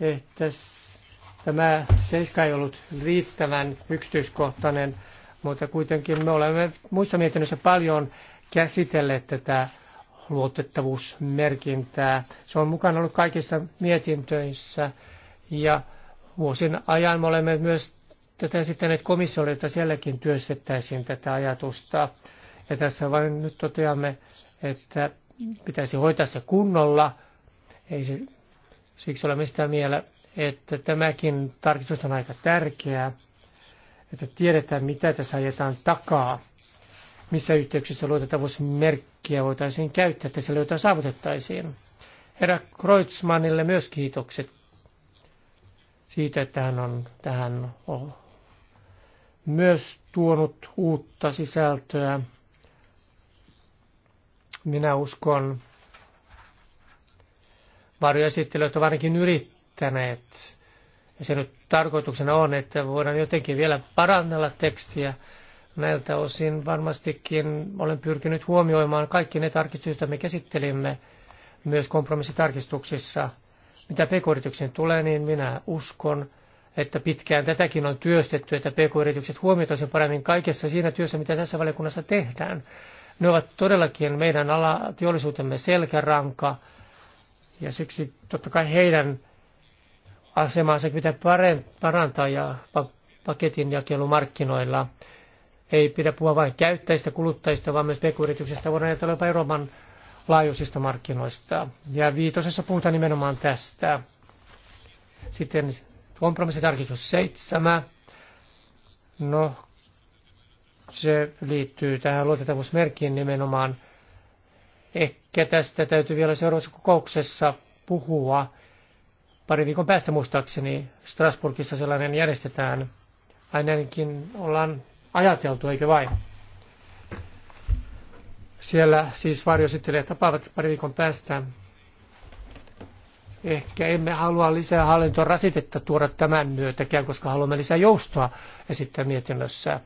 että tämä seiska ei ollut riittävän yksityiskohtainen, mutta kuitenkin me olemme muissa mietinnöissä paljon käsitelleet tätä luotettavuusmerkintää. Se on mukana ollut kaikissa mietintöissä ja vuosin ajan me olemme myös tätä esittäneet komissiolle, että sielläkin työstettäisiin tätä ajatusta. Ja tässä vain nyt toteamme, että pitäisi hoitaa se kunnolla. Ei se Siksi olemme sitä mieltä, että tämäkin tarkistus on aika tärkeää, että tiedetään, mitä tässä ajetaan takaa, missä yhteyksissä luotettavuusmerkkiä voitaisiin käyttää, että sillä jotain saavutettaisiin. Herra Kreutzmannille myös kiitokset siitä, että hän on tähän myös tuonut uutta sisältöä. Minä uskon, varjoesittelijät ovat ainakin yrittäneet. Ja se nyt tarkoituksena on, että voidaan jotenkin vielä parannella tekstiä. Näiltä osin varmastikin olen pyrkinyt huomioimaan kaikki ne tarkistukset, joita me käsittelimme myös kompromissitarkistuksissa. Mitä pk tulee, niin minä uskon, että pitkään tätäkin on työstetty, että pk-yritykset huomioitaisiin paremmin kaikessa siinä työssä, mitä tässä valiokunnassa tehdään. Ne ovat todellakin meidän ala, teollisuutemme selkäranka, ja siksi totta kai heidän asemansa pitää parantaa ja paketin jakelumarkkinoilla. Ei pidä puhua vain käyttäjistä, kuluttajista, vaan myös pekuyrityksistä. Voidaan ajatella jopa Euroopan laajuisista markkinoista. Ja viitosessa puhutaan nimenomaan tästä. Sitten kompromissitarkistus seitsemä No, se liittyy tähän luotettavuusmerkkiin nimenomaan – Ehkä tästä täytyy vielä seuraavassa kokouksessa puhua. Pari viikon päästä muistaakseni Strasburgissa sellainen järjestetään. Ainakin ollaan ajateltu, eikö vain? Siellä siis varjosittelijat tapaavat pari viikon päästä. Ehkä emme halua lisää hallintoa rasitetta tuoda tämän myötäkään, koska haluamme lisää joustoa esittää mietinnössä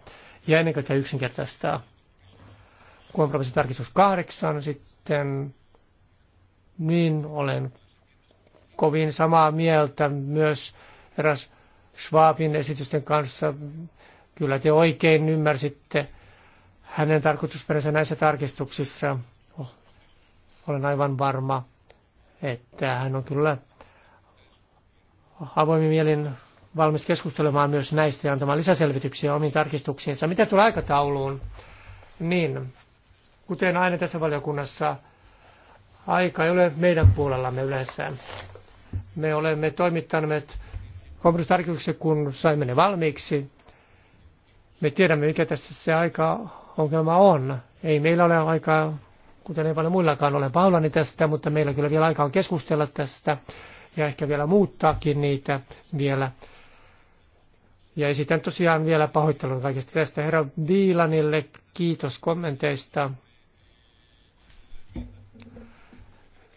ja ennen kaikkea yksinkertaistaa. Kompromissitarkistus kahdeksan sitten sitten niin olen kovin samaa mieltä myös eräs Schwabin esitysten kanssa. Kyllä te oikein ymmärsitte hänen tarkoitusperänsä näissä tarkistuksissa. Oh, olen aivan varma, että hän on kyllä avoimin mielin valmis keskustelemaan myös näistä ja antamaan lisäselvityksiä omiin tarkistuksiinsa. Mitä tulee aikatauluun? Niin, Kuten aina tässä valiokunnassa, aika ei ole meidän puolellamme yleensä. Me olemme toimittaneet kompromissitarkistuksen, kun saimme ne valmiiksi. Me tiedämme, mikä tässä se aika ongelma on. Ei meillä ole aikaa, kuten ei paljon muillakaan ole pahoillani tästä, mutta meillä kyllä vielä aikaa on keskustella tästä ja ehkä vielä muuttaakin niitä vielä. Ja esitän tosiaan vielä pahoittelun kaikesta tästä herra Viilanille. Kiitos kommenteista.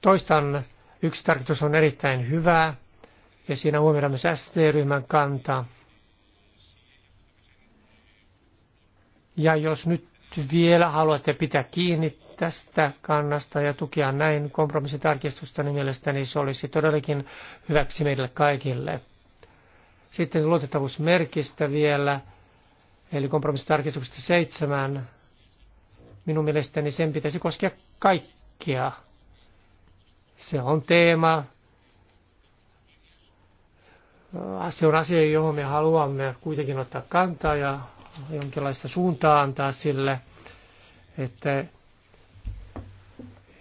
Toistan, yksi tarkoitus on erittäin hyvä ja siinä huomioidaan myös SD-ryhmän kanta. Ja jos nyt vielä haluatte pitää kiinni tästä kannasta ja tukea näin kompromissitarkistusta, niin mielestäni se olisi todellakin hyväksi meille kaikille. Sitten luotettavuusmerkistä vielä, eli kompromissitarkistuksesta seitsemän. Minun mielestäni sen pitäisi koskea kaikkia se on teema, se on asia, johon me haluamme kuitenkin ottaa kantaa ja jonkinlaista suuntaa antaa sille, että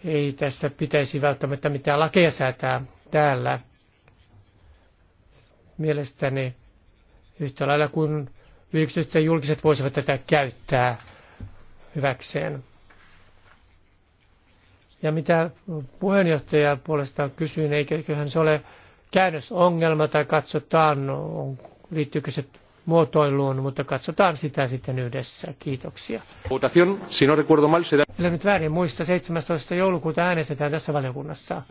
ei tässä pitäisi välttämättä mitään lakeja säätää täällä. Mielestäni yhtä lailla kuin yksityiset ja julkiset voisivat tätä käyttää hyväkseen. Ja mitä puheenjohtaja puolestaan kysyin, eiköhän se ole käännösongelma tai katsotaan, on, liittyykö se muotoiluun, mutta katsotaan sitä sitten yhdessä. Kiitoksia. Votación, si no recuerdo mal, será... Ellen nyt väärin muista, 17. joulukuuta äänestetään tässä valiokunnassa.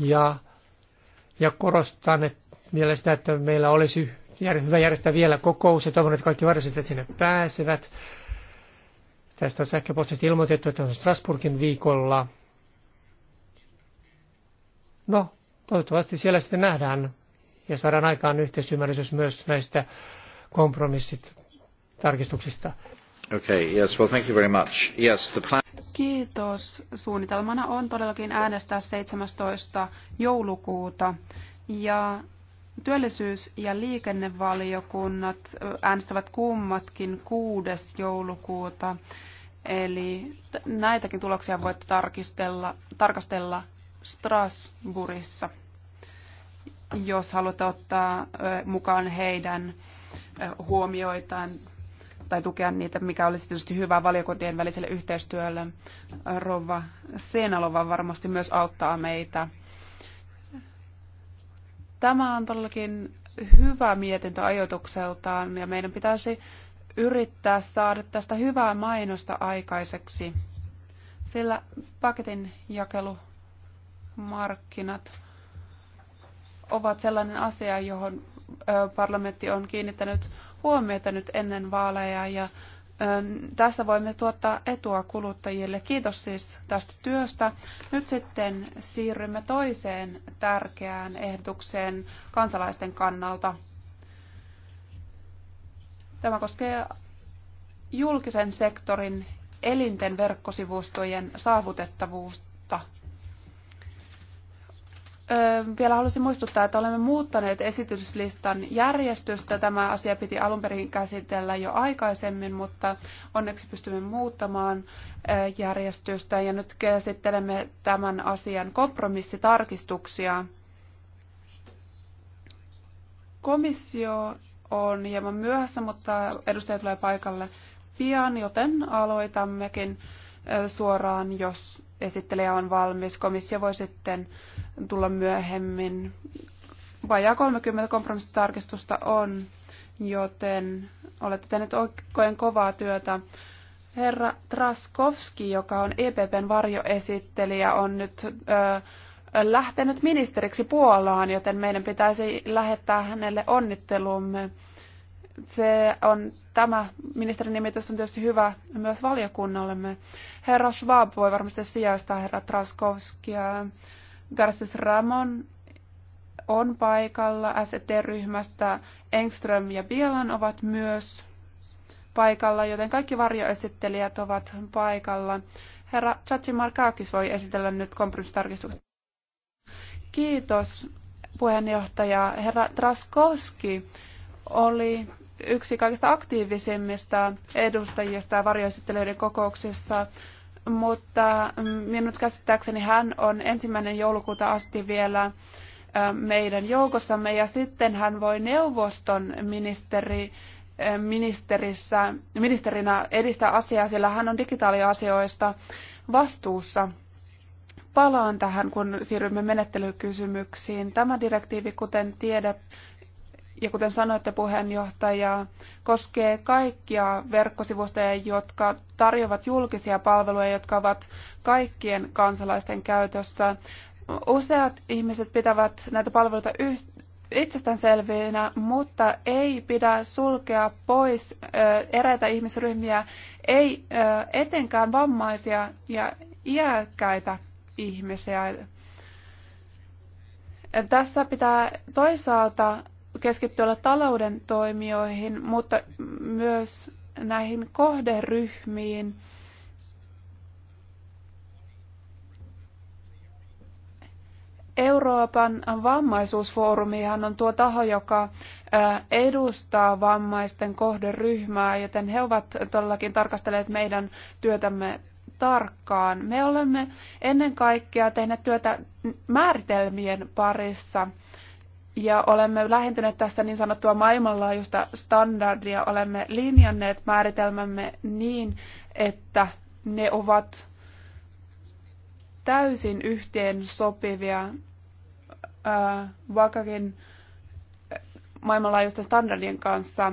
Ja, ja korostan että mielestäni että meillä olisi hyvä järjestää vielä kokous ja toivon, että kaikki varsinaiset sinne pääsevät. Tästä on sähköpostista ilmoitettu, että on Strasburgin viikolla. No, toivottavasti siellä sitten nähdään ja saadaan aikaan yhteisymmärrys myös näistä kompromissit tarkistuksista. Okay, yes, well, thank you very much. Yes, the plan... Kiitos. Suunnitelmana on todellakin äänestää 17. joulukuuta ja Työllisyys- ja liikennevaliokunnat äänestävät kummatkin 6. joulukuuta, eli näitäkin tuloksia voitte tarkistella, tarkastella Strasbourgissa, jos haluatte ottaa mukaan heidän huomioitaan tai tukea niitä, mikä olisi tietysti hyvä valiokuntien väliselle yhteistyölle. Rova Seenalova varmasti myös auttaa meitä Tämä on todellakin hyvä mietintö ajoitukseltaan ja meidän pitäisi yrittää saada tästä hyvää mainosta aikaiseksi, sillä paketin jakelumarkkinat ovat sellainen asia, johon parlamentti on kiinnittänyt huomiota nyt ennen vaaleja ja tässä voimme tuottaa etua kuluttajille. Kiitos siis tästä työstä. Nyt sitten siirrymme toiseen tärkeään ehdotukseen kansalaisten kannalta. Tämä koskee julkisen sektorin elinten verkkosivustojen saavutettavuutta vielä haluaisin muistuttaa, että olemme muuttaneet esityslistan järjestystä. Tämä asia piti alun perin käsitellä jo aikaisemmin, mutta onneksi pystymme muuttamaan järjestystä. Ja nyt käsittelemme tämän asian kompromissitarkistuksia. Komissio on hieman myöhässä, mutta edustaja tulee paikalle pian, joten aloitammekin suoraan, jos esittelijä on valmis. Komissio voi sitten tulla myöhemmin. Vajaa 30 kompromissitarkistusta on, joten olette tehneet oikein kovaa työtä. Herra Traskowski, joka on EPPn varjoesittelijä, on nyt ö, lähtenyt ministeriksi Puolaan, joten meidän pitäisi lähettää hänelle onnittelumme se on, tämä ministerin nimitys on tietysti hyvä myös valiokunnallemme. Herra Schwab voi varmasti sijaistaa herra Traskowski ja Garces Ramon on paikalla st ryhmästä Engström ja Bielan ovat myös paikalla, joten kaikki varjoesittelijät ovat paikalla. Herra Chachi Markakis voi esitellä nyt kompromissitarkistukset. Kiitos puheenjohtaja. Herra Traskowski oli yksi kaikista aktiivisimmista edustajista varjoesittelyiden kokouksissa, mutta mm, minun käsittääkseni hän on ensimmäinen joulukuuta asti vielä meidän joukossamme ja sitten hän voi neuvoston ministeri ministerissä, ministerinä edistää asiaa, sillä hän on digitaaliasioista vastuussa. Palaan tähän, kun siirrymme menettelykysymyksiin. Tämä direktiivi, kuten tiedät, ja kuten sanoitte puheenjohtaja, koskee kaikkia verkkosivustoja, jotka tarjoavat julkisia palveluja, jotka ovat kaikkien kansalaisten käytössä. Useat ihmiset pitävät näitä palveluita yh- itsestäänselvinä, mutta ei pidä sulkea pois ö, eräitä ihmisryhmiä, ei ö, etenkään vammaisia ja iäkkäitä ihmisiä. Tässä pitää toisaalta keskittyä talouden toimijoihin, mutta myös näihin kohderyhmiin. Euroopan vammaisuusfoorumihan on tuo taho, joka edustaa vammaisten kohderyhmää, joten he ovat todellakin tarkastelleet meidän työtämme tarkkaan. Me olemme ennen kaikkea tehneet työtä määritelmien parissa ja olemme lähentyneet tässä niin sanottua maailmanlaajuista standardia. Olemme linjanneet määritelmämme niin, että ne ovat täysin yhteen sopivia vakakin maailmanlaajuisten standardien kanssa.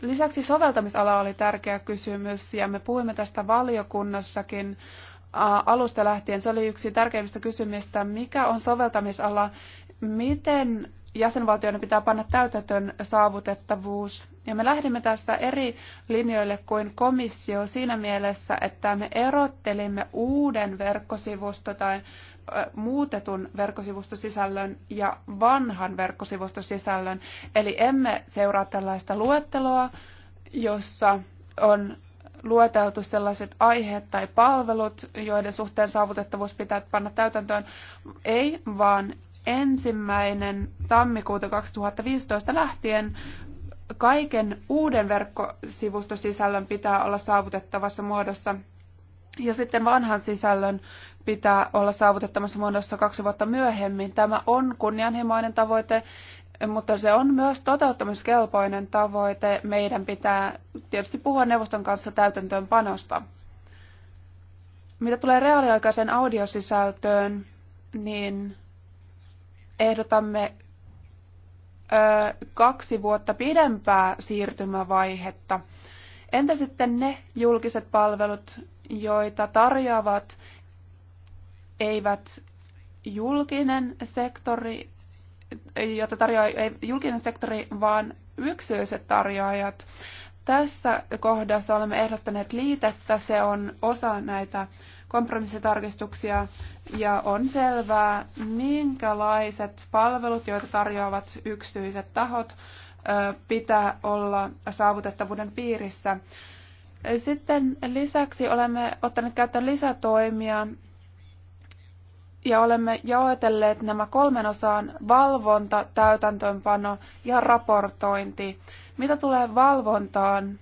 Lisäksi soveltamisala oli tärkeä kysymys ja me puhuimme tästä valiokunnassakin ää, alusta lähtien. Se oli yksi tärkeimmistä kysymistä, mikä on soveltamisala, miten jäsenvaltioiden pitää panna täytäntöön saavutettavuus. Ja me lähdimme tästä eri linjoille kuin komissio siinä mielessä, että me erottelimme uuden verkkosivusto tai muutetun verkkosivustosisällön ja vanhan verkkosivustosisällön. Eli emme seuraa tällaista luetteloa, jossa on lueteltu sellaiset aiheet tai palvelut, joiden suhteen saavutettavuus pitää panna täytäntöön. Ei, vaan ensimmäinen tammikuuta 2015 lähtien kaiken uuden verkkosivustosisällön pitää olla saavutettavassa muodossa ja sitten vanhan sisällön pitää olla saavutettavassa muodossa kaksi vuotta myöhemmin. Tämä on kunnianhimoinen tavoite, mutta se on myös toteuttamiskelpoinen tavoite. Meidän pitää tietysti puhua neuvoston kanssa täytäntöönpanosta. Mitä tulee reaaliaikaiseen audiosisältöön, niin ehdotamme ö, kaksi vuotta pidempää siirtymävaihetta. Entä sitten ne julkiset palvelut, joita tarjoavat eivät julkinen sektori, jota tarjoaa ei julkinen sektori, vaan yksityiset tarjoajat. Tässä kohdassa olemme ehdottaneet liitettä, se on osa näitä kompromissitarkistuksia ja on selvää, minkälaiset palvelut, joita tarjoavat yksityiset tahot, pitää olla saavutettavuuden piirissä. Sitten lisäksi olemme ottaneet käyttöön lisätoimia ja olemme jaotelleet nämä kolmen osaan valvonta, täytäntöönpano ja raportointi. Mitä tulee valvontaan,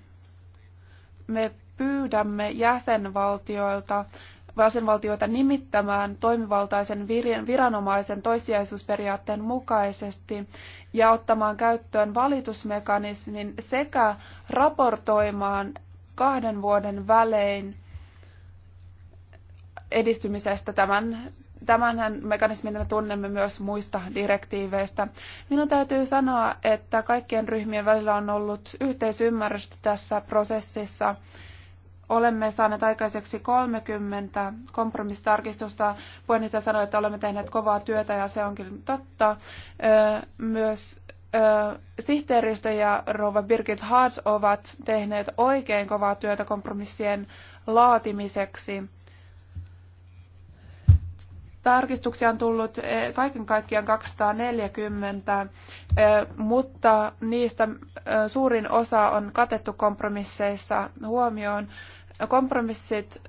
me pyydämme jäsenvaltioilta jäsenvaltioita nimittämään toimivaltaisen viranomaisen toissijaisuusperiaatteen mukaisesti ja ottamaan käyttöön valitusmekanismin sekä raportoimaan kahden vuoden välein edistymisestä tämän Tämän mekanismin me tunnemme myös muista direktiiveistä. Minun täytyy sanoa, että kaikkien ryhmien välillä on ollut yhteisymmärrystä tässä prosessissa. Olemme saaneet aikaiseksi 30 kompromissitarkistusta. Puheenjohtaja sanoi, että olemme tehneet kovaa työtä ja se onkin totta. Myös sihteeristö ja rouva Birgit Haas ovat tehneet oikein kovaa työtä kompromissien laatimiseksi. Tarkistuksia on tullut e, kaiken kaikkiaan 240, e, mutta niistä e, suurin osa on katettu kompromisseissa huomioon kompromissit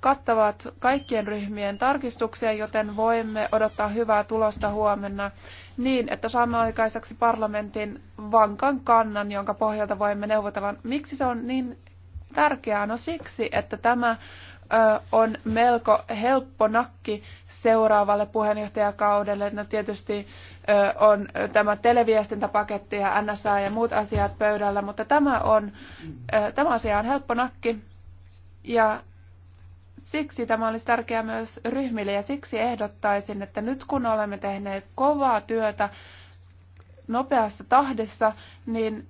kattavat kaikkien ryhmien tarkistuksia, joten voimme odottaa hyvää tulosta huomenna niin, että saamme aikaiseksi parlamentin vankan kannan, jonka pohjalta voimme neuvotella. Miksi se on niin tärkeää? No siksi, että tämä on melko helppo nakki seuraavalle puheenjohtajakaudelle. No tietysti on tämä televiestintäpaketti ja NSA ja muut asiat pöydällä, mutta tämä, on, tämä asia on helppo nakki ja siksi tämä olisi tärkeää myös ryhmille ja siksi ehdottaisin, että nyt kun olemme tehneet kovaa työtä nopeassa tahdissa, niin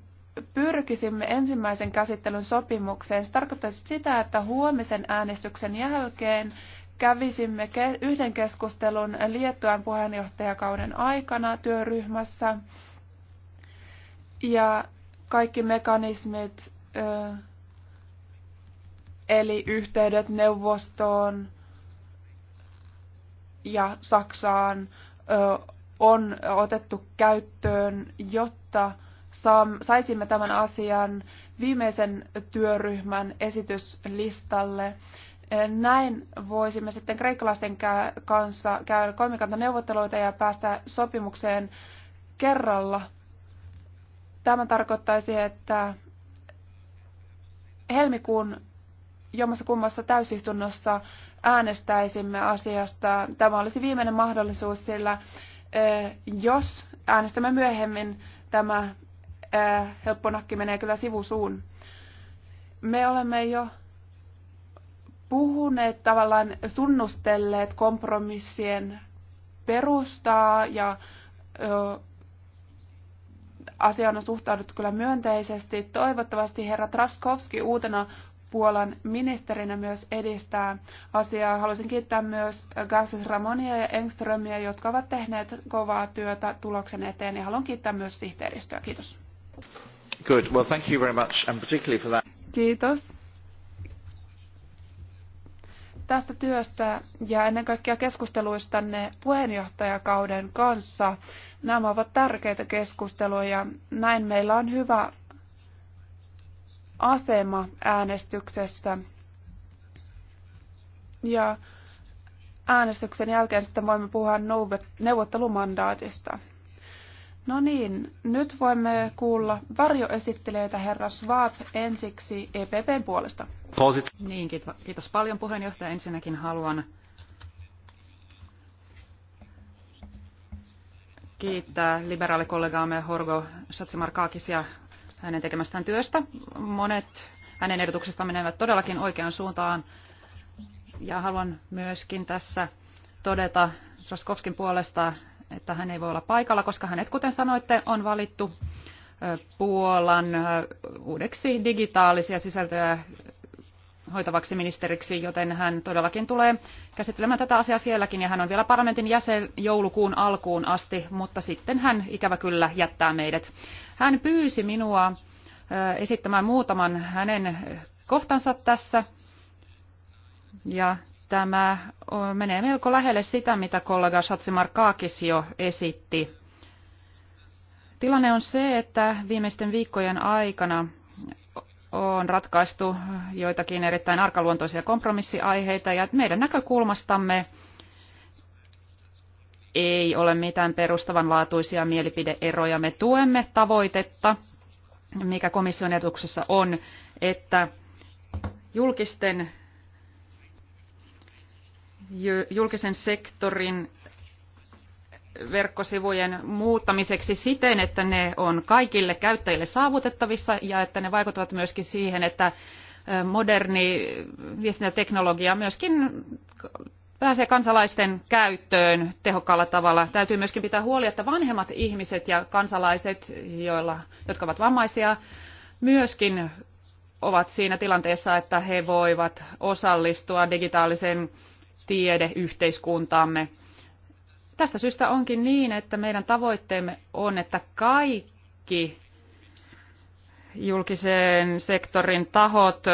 pyrkisimme ensimmäisen käsittelyn sopimukseen. Se tarkoittaisi sitä, että huomisen äänestyksen jälkeen kävisimme yhden keskustelun Liettuan puheenjohtajakauden aikana työryhmässä ja kaikki mekanismit ö, eli yhteydet neuvostoon ja Saksaan on otettu käyttöön, jotta saisimme tämän asian viimeisen työryhmän esityslistalle. Näin voisimme sitten kreikkalaisten kanssa käydä kolmikantaneuvotteluita ja päästä sopimukseen kerralla. Tämä tarkoittaisi, että helmikuun jommassa kummassa täysistunnossa äänestäisimme asiasta. Tämä olisi viimeinen mahdollisuus, sillä jos äänestämme myöhemmin, tämä helppo nakki menee kyllä sivusuun. Me olemme jo puhuneet tavallaan tunnustelleet kompromissien perustaa ja asiaan on suhtauduttu kyllä myönteisesti. Toivottavasti herra Traskowski uutena Puolan ministerinä myös edistää asiaa. Haluaisin kiittää myös Gassis Ramonia ja Engströmiä, jotka ovat tehneet kovaa työtä tuloksen eteen, ja haluan kiittää myös sihteeristöä. Kiitos. Good. Well, thank you very much, and particularly for that. Kiitos tästä työstä ja ennen kaikkea keskusteluistanne puheenjohtajakauden kanssa. Nämä ovat tärkeitä keskusteluja. Näin meillä on hyvä asema äänestyksessä. Ja äänestyksen jälkeen sitten voimme puhua neuvottelumandaatista. No niin, nyt voimme kuulla varjoesittelijöitä herra Schwab ensiksi EPPn puolesta. Niin, kiitos paljon puheenjohtaja. Ensinnäkin haluan kiittää liberaalikollegaamme Horgo Satsimarkaakisia hänen tekemästään työstä. Monet hänen ehdotuksestaan menevät todellakin oikeaan suuntaan. Ja haluan myöskin tässä todeta Raskovskin puolesta, että hän ei voi olla paikalla, koska hänet, kuten sanoitte, on valittu Puolan uudeksi digitaalisia sisältöjä hoitavaksi ministeriksi, joten hän todellakin tulee käsittelemään tätä asiaa sielläkin ja hän on vielä parlamentin jäsen joulukuun alkuun asti, mutta sitten hän ikävä kyllä jättää meidät. Hän pyysi minua esittämään muutaman hänen kohtansa tässä ja tämä menee melko lähelle sitä, mitä kollega Kaakis jo esitti. Tilanne on se, että viimeisten viikkojen aikana on ratkaistu joitakin erittäin arkaluontoisia kompromissiaiheita ja meidän näkökulmastamme ei ole mitään perustavanlaatuisia mielipideeroja. Me tuemme tavoitetta, mikä komission etuksessa on, että julkisten, julkisen sektorin verkkosivujen muuttamiseksi siten, että ne on kaikille käyttäjille saavutettavissa ja että ne vaikuttavat myöskin siihen, että moderni viestintäteknologia myöskin pääsee kansalaisten käyttöön tehokkaalla tavalla. Täytyy myöskin pitää huoli, että vanhemmat ihmiset ja kansalaiset, joilla, jotka ovat vammaisia, myöskin ovat siinä tilanteessa, että he voivat osallistua digitaaliseen tiedeyhteiskuntaamme. yhteiskuntaamme Tästä syystä onkin niin, että meidän tavoitteemme on, että kaikki julkisen sektorin tahot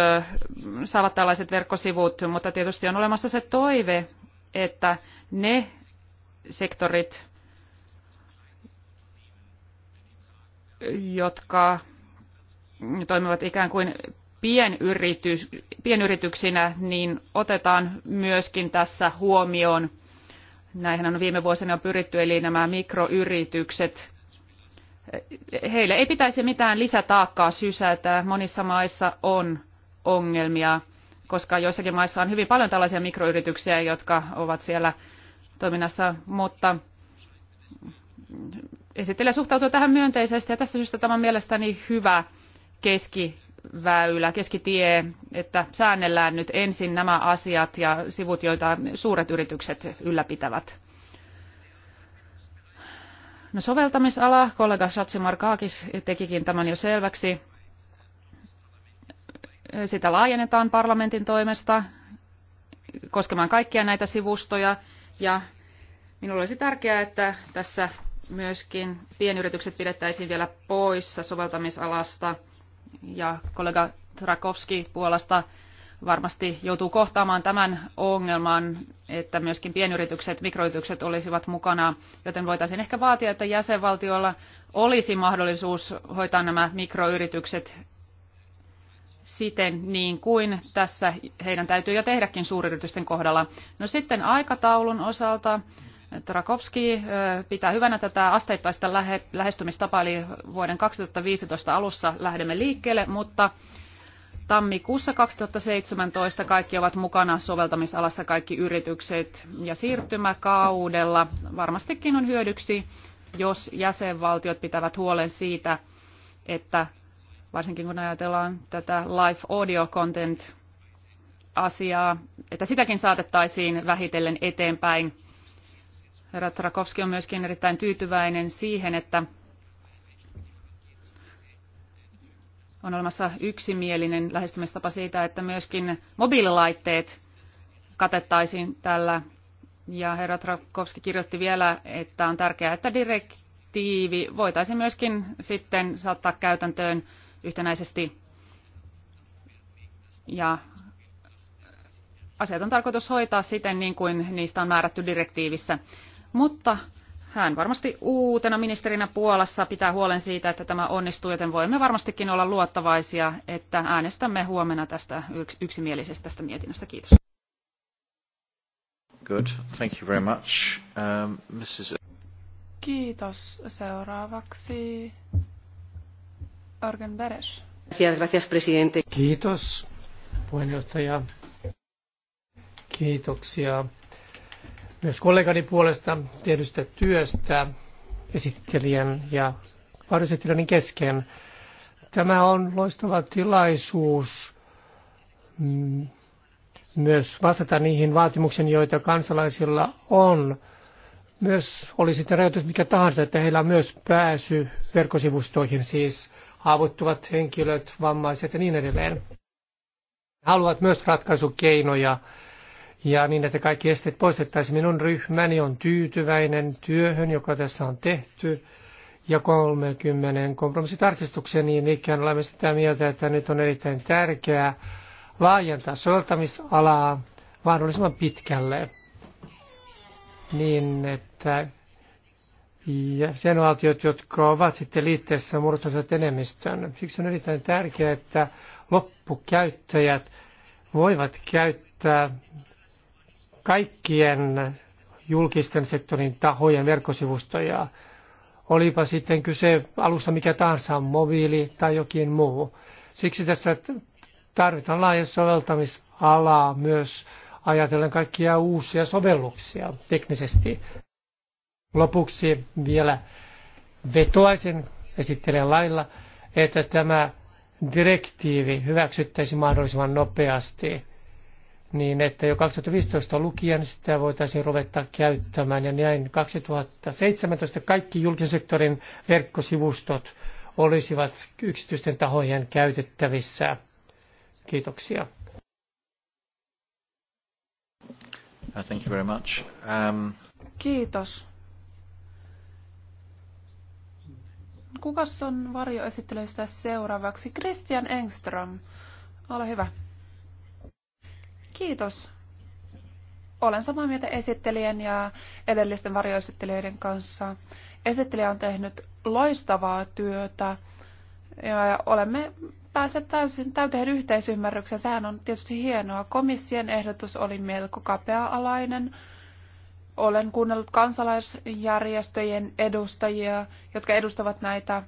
saavat tällaiset verkkosivut, mutta tietysti on olemassa se toive, että ne sektorit, jotka toimivat ikään kuin pienyrityksinä, niin otetaan myöskin tässä huomioon Näihin on viime vuosina pyritty, eli nämä mikroyritykset, heille ei pitäisi mitään lisätaakkaa sysätä. Monissa maissa on ongelmia, koska joissakin maissa on hyvin paljon tällaisia mikroyrityksiä, jotka ovat siellä toiminnassa, mutta esittelijä suhtautuu tähän myönteisesti ja tästä syystä tämä on mielestäni hyvä keski väylä, keskitie, että säännellään nyt ensin nämä asiat ja sivut, joita suuret yritykset ylläpitävät. No soveltamisala, kollega Satsi Markaakis tekikin tämän jo selväksi. Sitä laajennetaan parlamentin toimesta koskemaan kaikkia näitä sivustoja ja minulla olisi tärkeää, että tässä myöskin pienyritykset pidettäisiin vielä poissa soveltamisalasta – ja kollega Trakowski Puolasta varmasti joutuu kohtaamaan tämän ongelman, että myöskin pienyritykset, mikroyritykset olisivat mukana, joten voitaisiin ehkä vaatia, että jäsenvaltioilla olisi mahdollisuus hoitaa nämä mikroyritykset siten niin kuin tässä heidän täytyy jo tehdäkin suuryritysten kohdalla. No sitten aikataulun osalta Trakowski pitää hyvänä tätä asteittaista lähestymistapaa, eli vuoden 2015 alussa lähdemme liikkeelle, mutta tammikuussa 2017 kaikki ovat mukana soveltamisalassa kaikki yritykset ja siirtymäkaudella varmastikin on hyödyksi, jos jäsenvaltiot pitävät huolen siitä, että varsinkin kun ajatellaan tätä live audio content asiaa, että sitäkin saatettaisiin vähitellen eteenpäin Herra Trakovski on myöskin erittäin tyytyväinen siihen, että on olemassa yksimielinen lähestymistapa siitä, että myöskin mobiililaitteet katettaisiin tällä. Ja herra Trakowski kirjoitti vielä, että on tärkeää, että direktiivi voitaisiin myöskin sitten saattaa käytäntöön yhtenäisesti. Ja asiat on tarkoitus hoitaa siten, niin kuin niistä on määrätty direktiivissä. Mutta hän varmasti uutena ministerinä Puolassa pitää huolen siitä, että tämä onnistuu, joten voimme varmastikin olla luottavaisia, että äänestämme huomenna tästä yksimielisestä tästä mietinnöstä. Kiitos. Good. Thank you very much. Um, Mrs. Kiitos. Seuraavaksi Organ Beres. Gracias, gracias, presidente. Kiitos, puheenjohtaja. Kiitoksia myös kollegani puolesta tehdystä työstä esittelijän ja varjoesittelijän kesken. Tämä on loistava tilaisuus mm, myös vastata niihin vaatimuksiin, joita kansalaisilla on. Myös oli sitten rajoitus mikä tahansa, että heillä on myös pääsy verkkosivustoihin, siis haavoittuvat henkilöt, vammaiset ja niin edelleen. He haluavat myös ratkaisukeinoja ja niin, että kaikki esteet poistettaisiin. Minun ryhmäni on tyytyväinen työhön, joka tässä on tehty, ja 30 kompromissitarkistuksia niin ikään olemme sitä mieltä, että nyt on erittäin tärkeää laajentaa soveltamisalaa mahdollisimman pitkälle, niin että sen valtiot, jotka ovat sitten liitteessä muodostavat enemmistön. Siksi on erittäin tärkeää, että loppukäyttäjät voivat käyttää kaikkien julkisten sektorin tahojen verkkosivustoja. Olipa sitten kyse alusta mikä tahansa, mobiili tai jokin muu. Siksi tässä tarvitaan laaja soveltamisalaa myös ajatellen kaikkia uusia sovelluksia teknisesti. Lopuksi vielä vetoaisin esittelen lailla, että tämä direktiivi hyväksyttäisi mahdollisimman nopeasti niin että jo 2015 lukien sitä voitaisiin ruveta käyttämään. Ja näin 2017 kaikki julkisen sektorin verkkosivustot olisivat yksityisten tahojen käytettävissä. Kiitoksia. Uh, thank you very much. Um... Kiitos. Kukas on varjoesittelyistä seuraavaksi? Christian Engström, ole hyvä. Kiitos. Olen samaa mieltä esittelijän ja edellisten varjoesittelijöiden kanssa. Esittelijä on tehnyt loistavaa työtä ja olemme päässeet täysin täyteen yhteisymmärrykseen. Sehän on tietysti hienoa. Komission ehdotus oli melko kapea-alainen. Olen kuunnellut kansalaisjärjestöjen edustajia, jotka edustavat näitä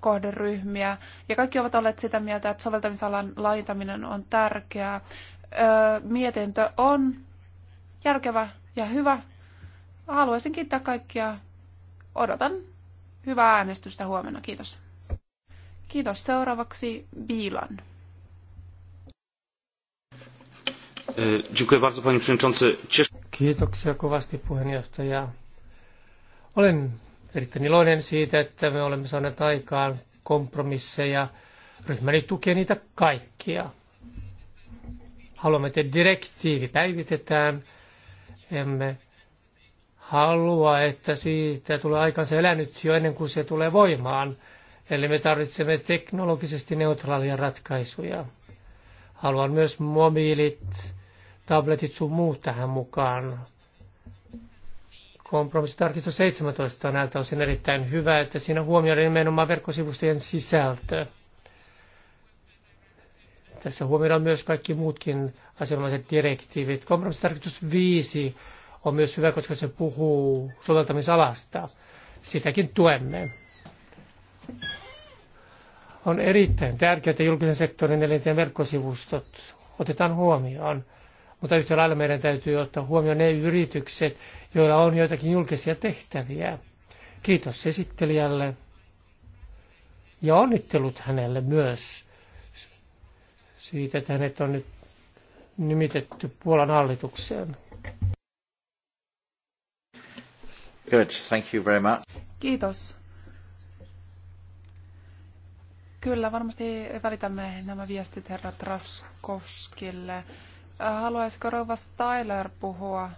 kohderyhmiä, ja kaikki ovat olleet sitä mieltä, että soveltamisalan laajentaminen on tärkeää mietintö on järkevä ja hyvä. Haluaisin kiittää kaikkia. Odotan hyvää äänestystä huomenna. Kiitos. Kiitos. Seuraavaksi Biilan. E, Kiitoksia kovasti puheenjohtaja. Olen erittäin iloinen siitä, että me olemme saaneet aikaan kompromisseja. Ryhmäni tukee niitä kaikkia. Haluamme, että direktiivi päivitetään. Emme halua, että siitä tulee aikansa elänyt jo ennen kuin se tulee voimaan. Eli me tarvitsemme teknologisesti neutraalia ratkaisuja. Haluan myös mobiilit, tabletit sun muut tähän mukaan. Kompromissitarkisto 17 on näiltä osin erittäin hyvä, että siinä huomioidaan nimenomaan verkkosivustojen sisältö. Tässä huomioidaan myös kaikki muutkin asianomaiset direktiivit. Kompromissitarkistus 5 on myös hyvä, koska se puhuu soveltamisalasta. Sitäkin tuemme. On erittäin tärkeää, että julkisen sektorin elinten verkkosivustot otetaan huomioon. Mutta yhtä lailla meidän täytyy ottaa huomioon ne yritykset, joilla on joitakin julkisia tehtäviä. Kiitos esittelijälle ja onnittelut hänelle myös siitä, että hänet on nyt nimitetty Puolan hallitukseen. Good, thank you very much. Kiitos. Kyllä, varmasti välitämme nämä viestit herra Traskoskille. Haluaisiko rouva Tyler puhua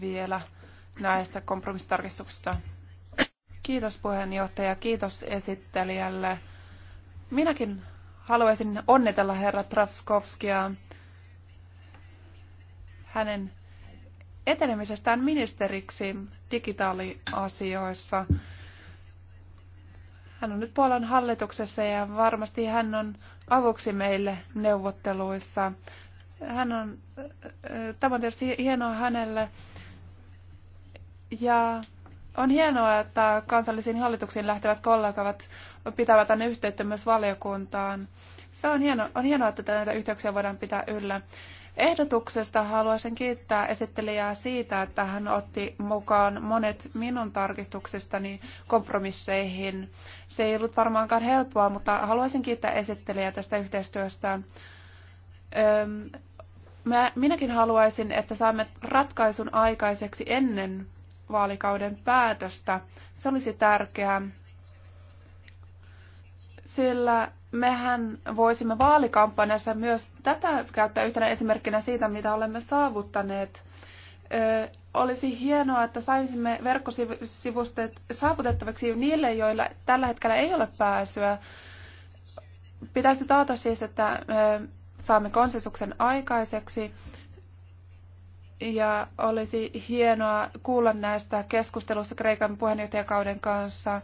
vielä näistä kompromissitarkistuksista? Kiitos puheenjohtaja, kiitos esittelijälle. Minäkin haluaisin onnitella herra Traskovskia hänen etenemisestään ministeriksi digitaaliasioissa. Hän on nyt Puolan hallituksessa ja varmasti hän on avuksi meille neuvotteluissa. Hän on, tämä on tietysti hienoa hänelle. Ja on hienoa, että kansallisiin hallituksiin lähtevät kollegat pitävät tänne yhteyttä myös valiokuntaan. Se on, hieno, on hienoa, että näitä yhteyksiä voidaan pitää yllä. Ehdotuksesta haluaisin kiittää esittelijää siitä, että hän otti mukaan monet minun tarkistuksistani kompromisseihin. Se ei ollut varmaankaan helppoa, mutta haluaisin kiittää esittelijää tästä yhteistyöstä. minäkin haluaisin, että saamme ratkaisun aikaiseksi ennen vaalikauden päätöstä. Se olisi tärkeää sillä mehän voisimme vaalikampanjassa myös tätä käyttää yhtenä esimerkkinä siitä, mitä olemme saavuttaneet. Ö, olisi hienoa, että saisimme verkkosivustet saavutettavaksi niille, joilla tällä hetkellä ei ole pääsyä. Pitäisi taata siis, että ö, saamme konsensuksen aikaiseksi. Ja olisi hienoa kuulla näistä keskustelussa Kreikan puheenjohtajakauden kanssa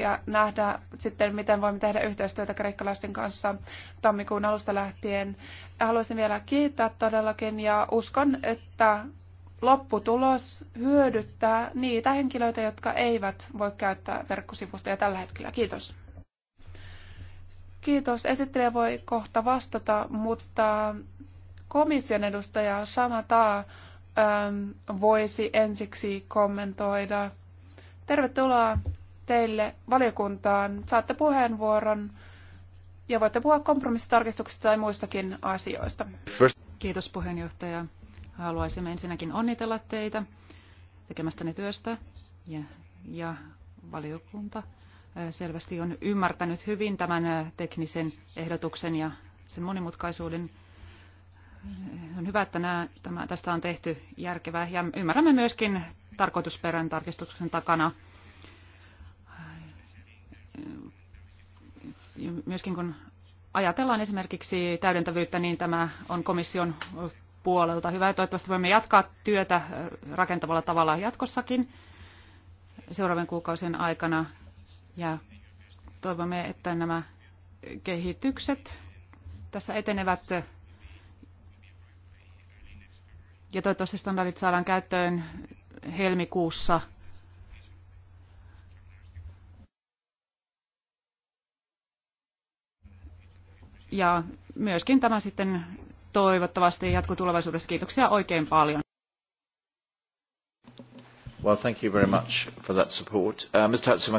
ja nähdä sitten, miten voimme tehdä yhteistyötä kreikkalaisten kanssa tammikuun alusta lähtien. Haluaisin vielä kiittää todellakin ja uskon, että lopputulos hyödyttää niitä henkilöitä, jotka eivät voi käyttää verkkosivustoja tällä hetkellä. Kiitos. Kiitos. Esittelijä voi kohta vastata, mutta komission edustaja Samata äm, voisi ensiksi kommentoida. Tervetuloa teille valiokuntaan. Saatte puheenvuoron ja voitte puhua kompromissitarkistuksista tai muistakin asioista. Kiitos puheenjohtaja. Haluaisimme ensinnäkin onnitella teitä tekemästäni työstä ja, ja valiokunta selvästi on ymmärtänyt hyvin tämän teknisen ehdotuksen ja sen monimutkaisuuden. On hyvä, että nämä, tämä, tästä on tehty järkevää ja ymmärrämme myöskin tarkoitusperän tarkistuksen takana myöskin kun ajatellaan esimerkiksi täydentävyyttä, niin tämä on komission puolelta hyvä. Toivottavasti voimme jatkaa työtä rakentavalla tavalla jatkossakin seuraavien kuukausien aikana. Ja toivomme, että nämä kehitykset tässä etenevät ja toivottavasti standardit saadaan käyttöön helmikuussa – Ja myöskin tämä sitten toivottavasti jatkuu tulevaisuudessa. Kiitoksia oikein paljon. Well, thank you very much for that support. Uh, Mr.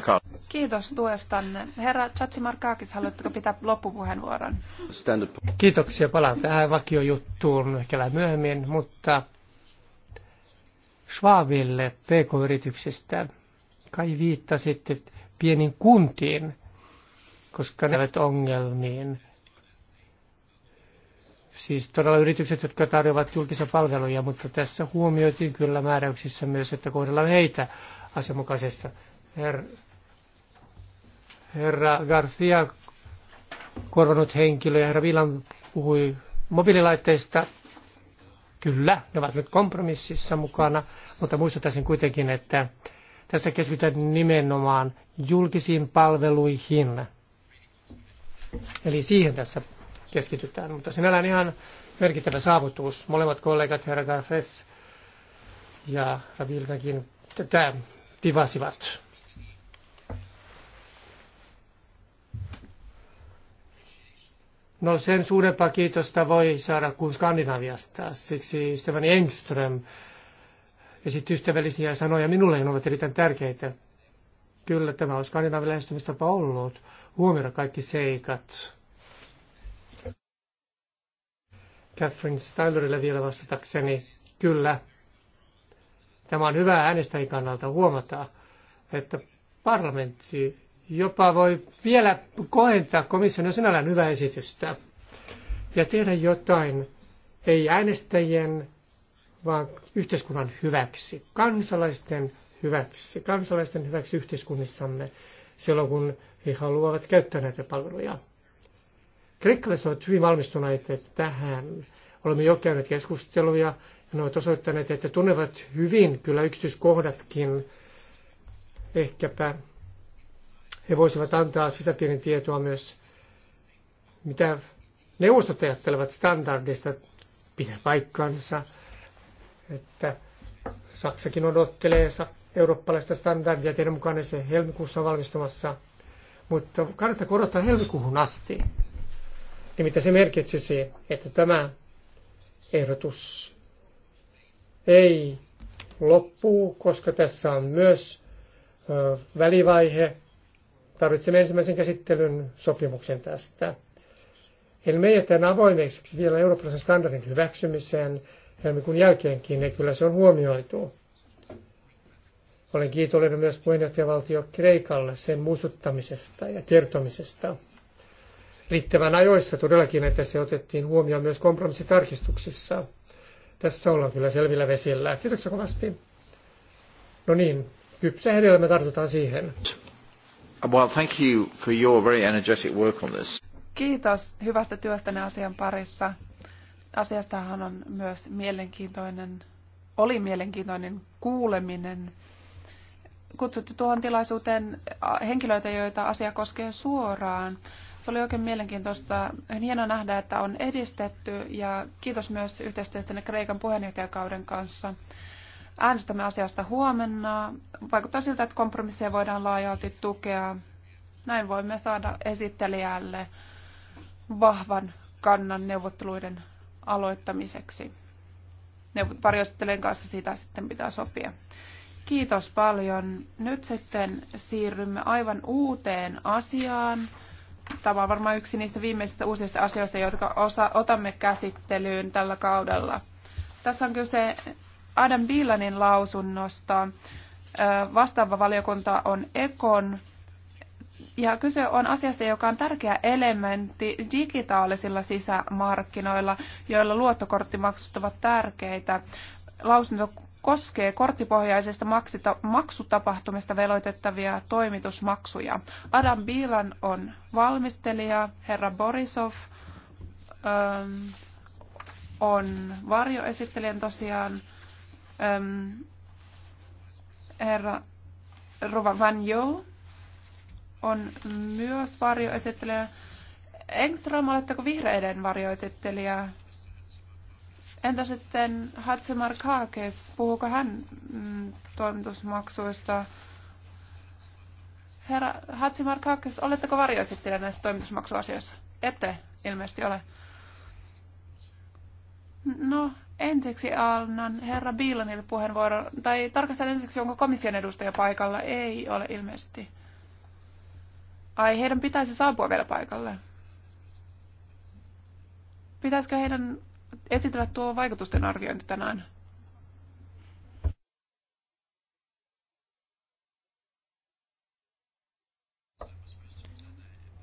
Kiitos tuestanne. Herra Chatsimarkakis, haluatteko pitää loppupuheenvuoron? Standard. Kiitoksia. Palaan tähän vakiojuttuun ehkä myöhemmin, mutta Schwabille PK-yrityksistä. Kai viittasitte pieniin kuntiin, koska ne ovat ongelmiin Siis todella yritykset, jotka tarjoavat julkisia palveluja, mutta tässä huomioitiin kyllä määräyksissä myös, että kohdellaan heitä asianmukaisesti. Her, herra Garcia, korvanut henkilö, ja herra Vilan puhui mobiililaitteista. Kyllä, ne ovat nyt kompromississa mukana, mutta muistuttaisin kuitenkin, että tässä keskitytään nimenomaan julkisiin palveluihin. Eli siihen tässä keskitytään. Mutta sinällään ihan merkittävä saavutus. Molemmat kollegat, herra Garfes ja Ravilkakin, tätä tivasivat. No sen suurempaa kiitosta voi saada kuin Skandinaviasta. Siksi ystäväni Engström esitti ystävällisiä sanoja minulle, ne ovat erittäin tärkeitä. Kyllä tämä on Skandinavin lähestymistapa ollut. Huomioida kaikki seikat. Catherine Stylerille vielä vastatakseni. Kyllä, tämä on hyvä äänestäjien kannalta huomata, että parlamentti jopa voi vielä kohentaa komission jo sinällään hyvää esitystä ja tehdä jotain, ei äänestäjien, vaan yhteiskunnan hyväksi, kansalaisten hyväksi, kansalaisten hyväksi yhteiskunnissamme silloin, kun he haluavat käyttää näitä palveluja. Kreikkalaiset ovat hyvin valmistuneita tähän. Olemme jo käyneet keskusteluja ja ne ovat osoittaneet, että tunnevat hyvin kyllä yksityiskohdatkin. Ehkäpä he voisivat antaa sisäpiirin tietoa myös, mitä neuvostot ajattelevat standardista pitää paikkansa, että Saksakin odottelee eurooppalaista standardia, teidän mukaan se helmikuussa on valmistumassa, mutta kannattaa korottaa helmikuuhun asti. Nimittäin se merkitsisi, että tämä ehdotus ei loppu, koska tässä on myös välivaihe. Tarvitsemme ensimmäisen käsittelyn sopimuksen tästä. Eli me jätän avoimeksi vielä eurooppalaisen standardin hyväksymiseen helmikuun jälkeenkin, ja kyllä se on huomioitu. Olen kiitollinen myös puheenjohtajavaltio Kreikalle sen muistuttamisesta ja kertomisesta riittävän ajoissa todellakin, että se otettiin huomioon myös kompromissitarkistuksissa. Tässä ollaan kyllä selvillä vesillä. Kiitoksia kovasti. No niin, kypsä hedelmä tartutaan siihen. Well, thank you for your very energetic work on this. Kiitos hyvästä työstänne asian parissa. Asiastahan on myös mielenkiintoinen, oli mielenkiintoinen kuuleminen. kutsuttu tuohon tilaisuuteen henkilöitä, joita asia koskee suoraan. Tästä oli oikein mielenkiintoista. hienoa nähdä, että on edistetty ja kiitos myös yhteistyöstä Kreikan puheenjohtajakauden kanssa. Äänestämme asiasta huomenna. Vaikuttaa siltä, että kompromisseja voidaan laajalti tukea. Näin voimme saada esittelijälle vahvan kannan neuvotteluiden aloittamiseksi. Varjoesittelijän kanssa siitä sitten pitää sopia. Kiitos paljon. Nyt sitten siirrymme aivan uuteen asiaan. Tämä on varmaan yksi niistä viimeisistä uusista asioista, jotka osa, otamme käsittelyyn tällä kaudella. Tässä on kyse Adam Billanin lausunnosta. Vastaava valiokunta on Ekon. Ja kyse on asiasta, joka on tärkeä elementti digitaalisilla sisämarkkinoilla, joilla luottokorttimaksut ovat tärkeitä. Lausunto koskee korttipohjaisesta maksutapahtumista veloitettavia toimitusmaksuja. Adam Bilan on valmistelija, herra Borisov ähm, on varjoesittelijän tosiaan, ähm, herra Rova Van Jo on myös varjoesittelijä. Engström, oletteko vihreiden varjoesittelijä? Entä sitten Hatsemar Kaakes, puhuuko hän mm, toimitusmaksuista? Herra Hatsemar Kaakes, oletteko varjoesittelijä näissä toimitusmaksuasioissa? Ette ilmeisesti ole. No, ensiksi annan herra Biilanille puheenvuoron. Tai tarkastan ensiksi, onko komission edustaja paikalla. Ei ole ilmeisesti. Ai, heidän pitäisi saapua vielä paikalle. Pitäisikö heidän esitellä tuo vaikutusten arviointi tänään?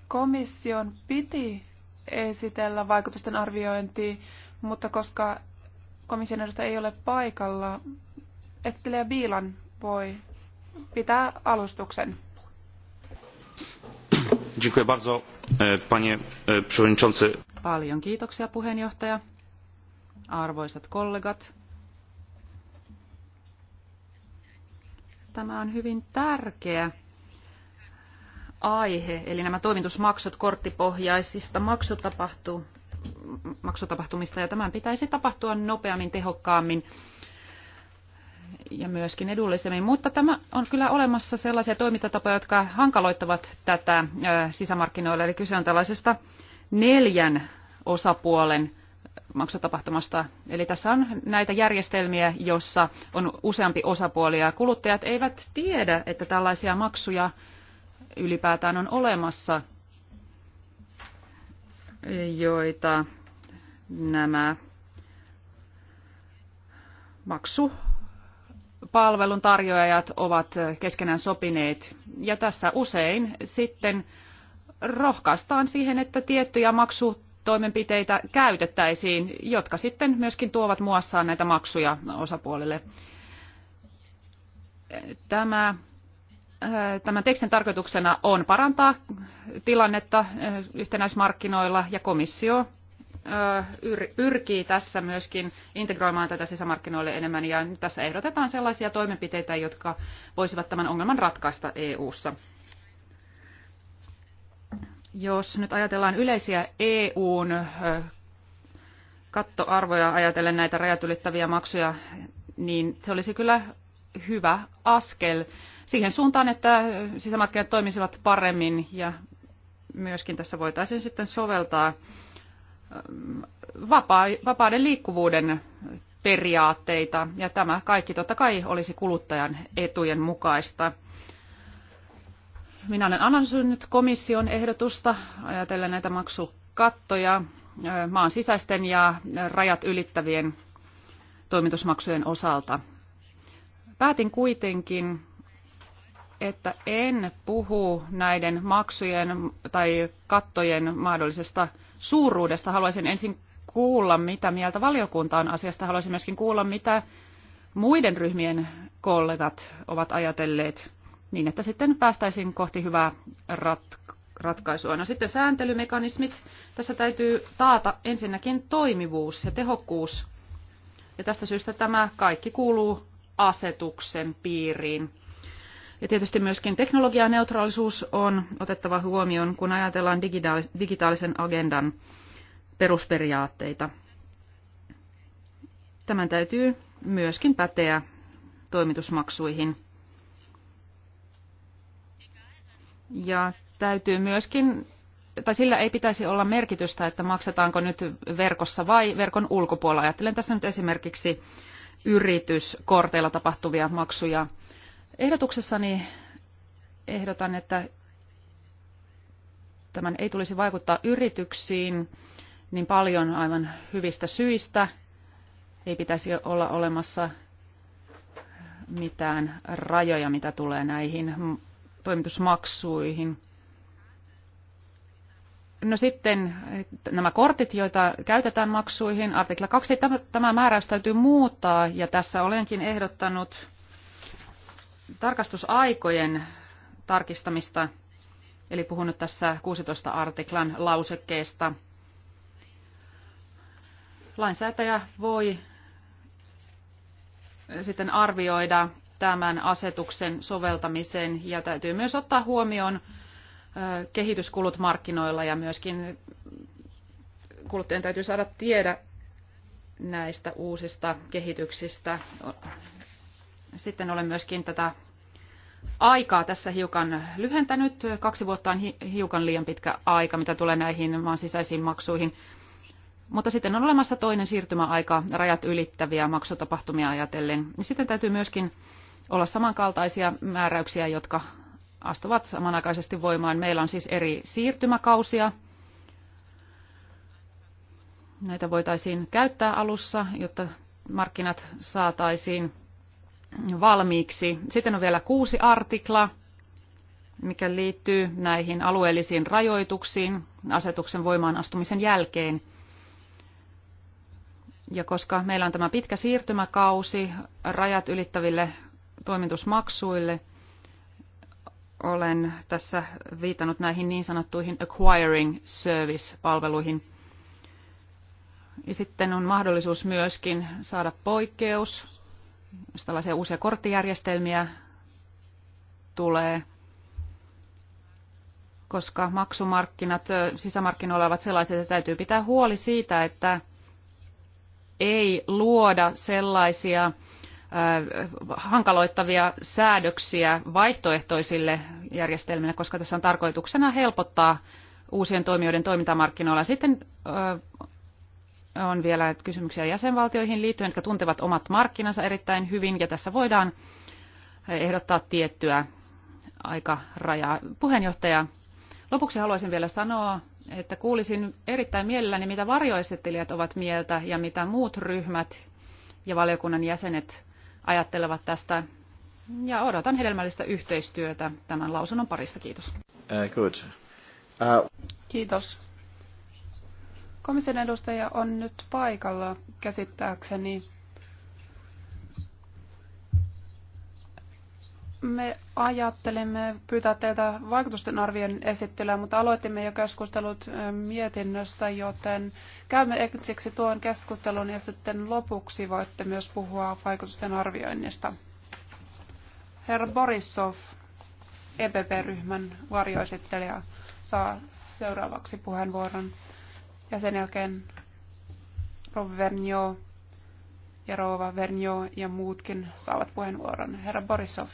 Komission piti esitellä vaikutusten arviointi, mutta koska komission edustaja ei ole paikalla, esittelijä Biilan voi pitää alustuksen. Dziękuję bardzo, e, panie e, przewodniczący. Paljon kiitoksia puheenjohtaja. Arvoisat kollegat, tämä on hyvin tärkeä aihe, eli nämä toimitusmaksut korttipohjaisista maksutapahtumista, ja tämän pitäisi tapahtua nopeammin, tehokkaammin ja myöskin edullisemmin. Mutta tämä on kyllä olemassa sellaisia toimintatapoja, jotka hankaloittavat tätä sisämarkkinoilla, eli kyse on tällaisesta neljän osapuolen maksutapahtumasta. Eli tässä on näitä järjestelmiä, jossa on useampi osapuoli ja kuluttajat eivät tiedä, että tällaisia maksuja ylipäätään on olemassa, joita nämä maksu palvelun tarjoajat ovat keskenään sopineet. Ja tässä usein sitten rohkaistaan siihen, että tiettyjä maksut toimenpiteitä käytettäisiin, jotka sitten myöskin tuovat muassaan näitä maksuja osapuolille. Tämä, eh, tämän tekstin tarkoituksena on parantaa tilannetta eh, yhtenäismarkkinoilla ja komissio eh, pyrkii tässä myöskin integroimaan tätä sisämarkkinoille enemmän ja tässä ehdotetaan sellaisia toimenpiteitä, jotka voisivat tämän ongelman ratkaista EU:ssa. ssa jos nyt ajatellaan yleisiä EUn kattoarvoja ajatellen näitä rajat ylittäviä maksuja, niin se olisi kyllä hyvä askel siihen suuntaan, että sisämarkkinat toimisivat paremmin ja myöskin tässä voitaisiin sitten soveltaa vapaa, vapaiden liikkuvuuden periaatteita ja tämä kaikki totta kai olisi kuluttajan etujen mukaista – minä olen analysoinut komission ehdotusta ajatellen näitä maksukattoja maan sisäisten ja rajat ylittävien toimitusmaksujen osalta. Päätin kuitenkin, että en puhu näiden maksujen tai kattojen mahdollisesta suuruudesta. Haluaisin ensin kuulla, mitä mieltä valiokunta on asiasta. Haluaisin myöskin kuulla, mitä muiden ryhmien kollegat ovat ajatelleet niin, että sitten päästäisiin kohti hyvää ratkaisua ratkaisua. No sitten sääntelymekanismit. Tässä täytyy taata ensinnäkin toimivuus ja tehokkuus. Ja tästä syystä tämä kaikki kuuluu asetuksen piiriin. Ja tietysti myöskin teknologianeutraalisuus on otettava huomioon, kun ajatellaan digitaalisen agendan perusperiaatteita. Tämän täytyy myöskin päteä toimitusmaksuihin – Ja täytyy myöskin, tai sillä ei pitäisi olla merkitystä, että maksetaanko nyt verkossa vai verkon ulkopuolella. Ajattelen tässä nyt esimerkiksi yrityskorteilla tapahtuvia maksuja. Ehdotuksessani ehdotan, että tämän ei tulisi vaikuttaa yrityksiin niin paljon aivan hyvistä syistä. Ei pitäisi olla olemassa mitään rajoja, mitä tulee näihin toimitusmaksuihin. No sitten nämä kortit, joita käytetään maksuihin, artikla 2, tämä, tämä määräys täytyy muuttaa ja tässä olenkin ehdottanut tarkastusaikojen tarkistamista, eli puhun nyt tässä 16 artiklan lausekkeesta. Lainsäätäjä voi sitten arvioida tämän asetuksen soveltamiseen ja täytyy myös ottaa huomioon kehityskulut markkinoilla ja myöskin kuluttajien täytyy saada tiedä näistä uusista kehityksistä. Sitten olen myöskin tätä aikaa tässä hiukan lyhentänyt. Kaksi vuotta on hiukan liian pitkä aika, mitä tulee näihin maan sisäisiin maksuihin. Mutta sitten on olemassa toinen siirtymäaika rajat ylittäviä maksutapahtumia ajatellen. Niin sitten täytyy myöskin olla samankaltaisia määräyksiä, jotka astuvat samanaikaisesti voimaan. Meillä on siis eri siirtymäkausia. Näitä voitaisiin käyttää alussa, jotta markkinat saataisiin valmiiksi. Sitten on vielä kuusi artikla, mikä liittyy näihin alueellisiin rajoituksiin asetuksen voimaan astumisen jälkeen. Ja koska meillä on tämä pitkä siirtymäkausi rajat ylittäville toimitusmaksuille. Olen tässä viitannut näihin niin sanottuihin acquiring service-palveluihin. Ja sitten on mahdollisuus myöskin saada poikkeus, jos tällaisia uusia korttijärjestelmiä tulee, koska maksumarkkinat sisämarkkinoilla ovat sellaiset, että täytyy pitää huoli siitä, että ei luoda sellaisia hankaloittavia säädöksiä vaihtoehtoisille järjestelmille, koska tässä on tarkoituksena helpottaa uusien toimijoiden toimintamarkkinoilla. Sitten on vielä kysymyksiä jäsenvaltioihin liittyen, jotka tuntevat omat markkinansa erittäin hyvin, ja tässä voidaan ehdottaa tiettyä aikarajaa. Puheenjohtaja, lopuksi haluaisin vielä sanoa, että kuulisin erittäin mielelläni, mitä varjoesittelijät ovat mieltä ja mitä muut ryhmät ja valiokunnan jäsenet ajattelevat tästä. Ja odotan hedelmällistä yhteistyötä tämän lausunnon parissa. Kiitos. Uh, good. Uh... Kiitos. Komission edustaja on nyt paikalla käsittääkseni. Me ajattelimme pyytää teiltä vaikutusten arvion esittelyä, mutta aloitimme jo keskustelut mietinnöstä, joten käymme ensiksi tuon keskustelun ja sitten lopuksi voitte myös puhua vaikutusten arvioinnista. Herra Borisov, EPP-ryhmän varjoesittelijä, saa seuraavaksi puheenvuoron. Ja sen jälkeen Rov Vernio ja Rova Vernio ja muutkin saavat puheenvuoron. Herra Borisov.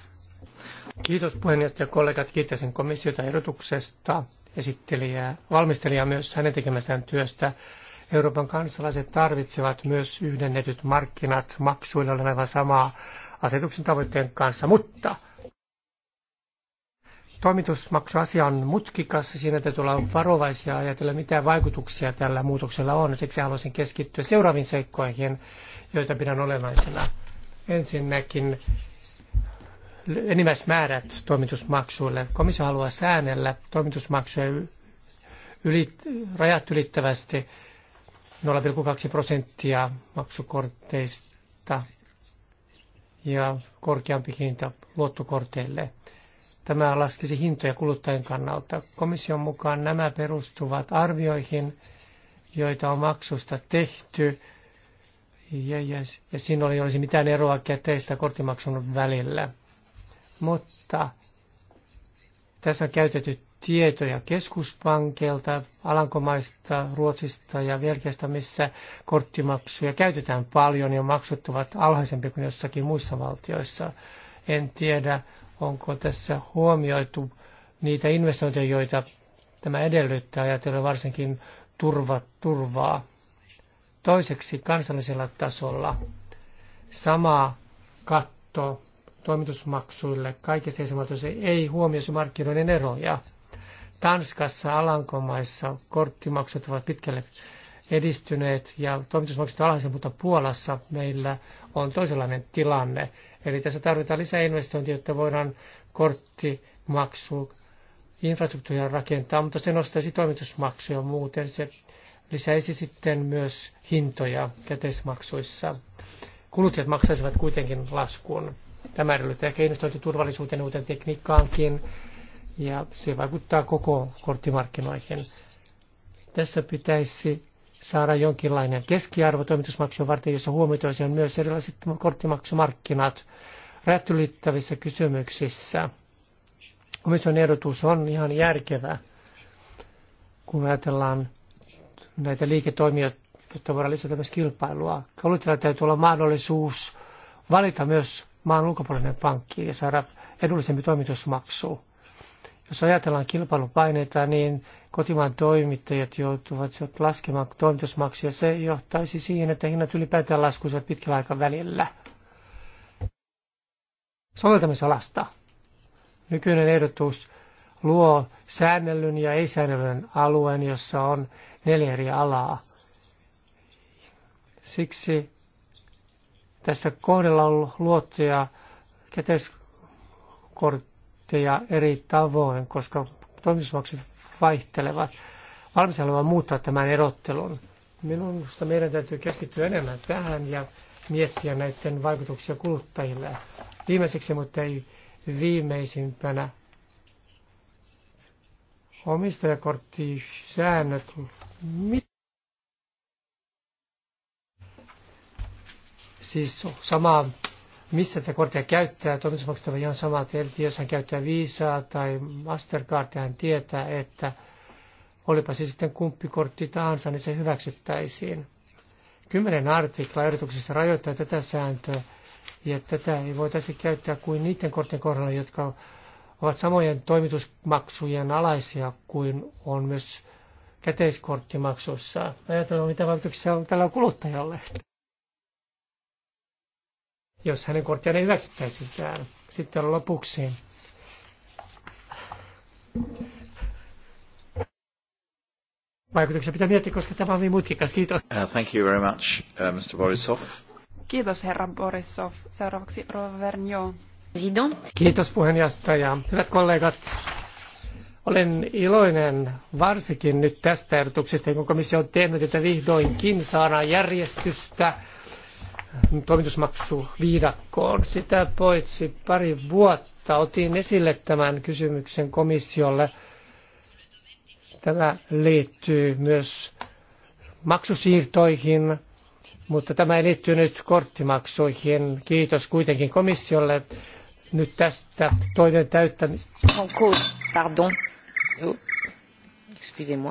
Kiitos puheenjohtaja kollegat. Kiittäisin komissiota ehdotuksesta, esittelijää, valmistelijaa myös hänen tekemästään työstä. Euroopan kansalaiset tarvitsevat myös yhdennetyt markkinat maksuilla on aivan samaa asetuksen tavoitteen kanssa, mutta toimitusmaksuasia on mutkikas siinä täytyy olla varovaisia ajatella, mitä vaikutuksia tällä muutoksella on. Siksi haluaisin keskittyä seuraaviin seikkoihin, joita pidän olennaisena. Ensinnäkin enimmäismäärät toimitusmaksuille. Komissio haluaa säännellä toimitusmaksuja ylit, rajat ylittävästi 0,2 prosenttia maksukorteista ja korkeampi hinta luottokorteille. Tämä laskisi hintoja kuluttajien kannalta. Komission mukaan nämä perustuvat arvioihin, joita on maksusta tehty, ja, ja, ja siinä oli, olisi mitään eroa käteistä korttimaksun välillä mutta tässä on käytetty tietoja keskuspankilta, Alankomaista, Ruotsista ja Velkiasta, missä korttimaksuja käytetään paljon ja maksut ovat alhaisempi kuin jossakin muissa valtioissa. En tiedä, onko tässä huomioitu niitä investointeja, joita tämä edellyttää, ajatellen varsinkin turva, turvaa. Toiseksi kansallisella tasolla sama katto toimitusmaksuille kaikista jäsenvaltioista ei huomioisi markkinoiden eroja. Tanskassa, Alankomaissa korttimaksut ovat pitkälle edistyneet ja toimitusmaksut alhaiset, mutta Puolassa meillä on toisenlainen tilanne. Eli tässä tarvitaan lisää investointia, jotta voidaan korttimaksu infrastruktuuria rakentaa, mutta se nostaisi toimitusmaksuja muuten. Se lisäisi sitten myös hintoja käteismaksuissa. Kuluttajat maksaisivat kuitenkin laskun. Tämä edellyttää ehkä investointiturvallisuuteen uuteen tekniikkaankin ja se vaikuttaa koko korttimarkkinoihin. Tässä pitäisi saada jonkinlainen keskiarvo toimitusmaksujen varten, jossa huomioitaisiin myös erilaiset korttimaksumarkkinat rajat kysymyksissä. Komission ehdotus on ihan järkevä, kun ajatellaan näitä liiketoimijoita, jotta voidaan lisätä myös kilpailua. Kaluttajalla täytyy olla mahdollisuus valita myös maan ulkopuolinen pankki ja saada edullisempi toimitusmaksu. Jos ajatellaan kilpailupaineita, niin kotimaan toimittajat joutuvat laskemaan toimitusmaksuja. Se johtaisi siihen, että hinnat ylipäätään laskuisivat pitkällä aikavälillä. Soveltamisalasta. Nykyinen ehdotus luo säännellyn ja ei-säännellyn alueen, jossa on neljä eri alaa. Siksi tässä kohdella on luottoja käteiskortteja eri tavoin, koska toimitusmaksut vaihtelevat. Valmis haluaa muuttaa tämän erottelun. Minusta meidän täytyy keskittyä enemmän tähän ja miettiä näiden vaikutuksia kuluttajille. Viimeiseksi, mutta ei viimeisimpänä, omistajakorttisäännöt. Mit- Siis sama, missä te korttia käyttää, toimitusmaksut ovat ihan samat. Eli jos hän käyttää Visaa tai Mastercardia, niin hän tietää, että olipa se sitten kumpi kortti tahansa, niin se hyväksyttäisiin. Kymmenen artikla erityksessä rajoittaa tätä sääntöä, ja tätä ei voitaisi käyttää kuin niiden korttien kohdalla, jotka ovat samojen toimitusmaksujen alaisia kuin on myös käteiskorttimaksussa. Ajatellaan, mitä vaikutuksia on tällä kuluttajalle jos hänen korttiaan ei hyväksyttäisi täällä. Sitten lopuksi. Vaikutuksia pitää miettiä, koska tämä on niin mutkikas. Kiitos. Uh, thank you very much, uh, Mr. Borisov. Kiitos, herra Borisov. Seuraavaksi Rova Vernio. Kiitos puheenjohtaja. Hyvät kollegat, olen iloinen varsinkin nyt tästä ehdotuksesta, kun komissio on tehnyt, että vihdoinkin saadaan järjestystä toimitusmaksuviidakkoon. Sitä poitsi pari vuotta otin esille tämän kysymyksen komissiolle. Tämä liittyy myös maksusiirtoihin, mutta tämä ei liittyy nyt korttimaksuihin. Kiitos kuitenkin komissiolle nyt tästä toinen täyttämisestä. Pardon. Oh. Excusez-moi.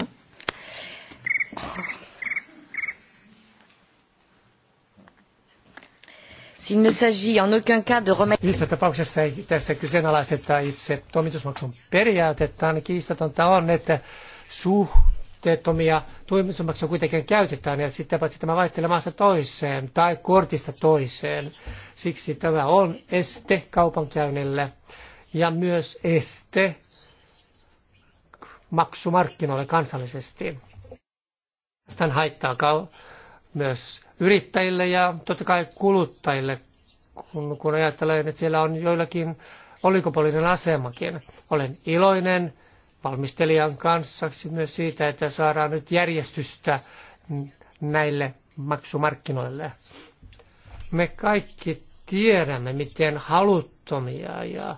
Il ne s'agit en aucun cas de remettre... Missä tapauksessa ei tässä kyseenalaiseta itse toimitusmaksun niin Kiistatonta on, että suhteettomia toimitusmaksuja kuitenkin käytetään ja sitten paitsi tämä vaihtelee maasta toiseen tai kortista toiseen. Siksi tämä on este kaupankäynnille ja myös este maksumarkkinoille kansallisesti. Tästä haittaa myös yrittäjille ja totta kai kuluttajille, kun, kun ajattelen, että siellä on joillakin olikopolinen asemakin. Olen iloinen valmistelijan kanssa myös siitä, että saadaan nyt järjestystä näille maksumarkkinoille. Me kaikki tiedämme, miten haluttomia ja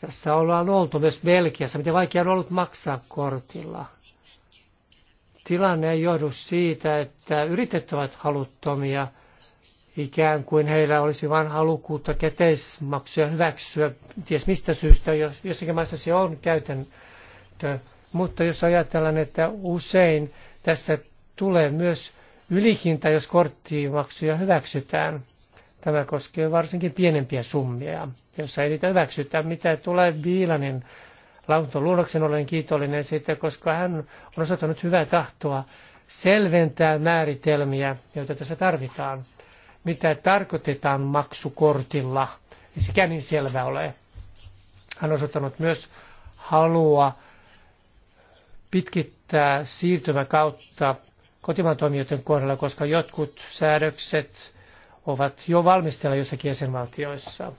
tässä ollaan oltu myös Belgiassa, miten vaikea on ollut maksaa kortilla tilanne ei johdu siitä, että yrittäjät ovat haluttomia, ikään kuin heillä olisi vain halukkuutta käteismaksuja hyväksyä, ties mistä syystä, jos, jossakin maassa se on käytäntö. Mutta jos ajatellaan, että usein tässä tulee myös ylihinta, jos korttimaksuja hyväksytään. Tämä koskee varsinkin pienempiä summia, jossa ei niitä hyväksytä. Mitä tulee Viilanin lausuntoluonnoksen olen kiitollinen siitä, koska hän on osoittanut hyvää tahtoa selventää määritelmiä, joita tässä tarvitaan. Mitä tarkoitetaan maksukortilla, niin ei sekään niin selvä ole. Hän on osoittanut myös halua pitkittää siirtymäkautta kotimaan toimijoiden kohdalla, koska jotkut säädökset ovat jo valmistella jossakin jäsenvaltioissa.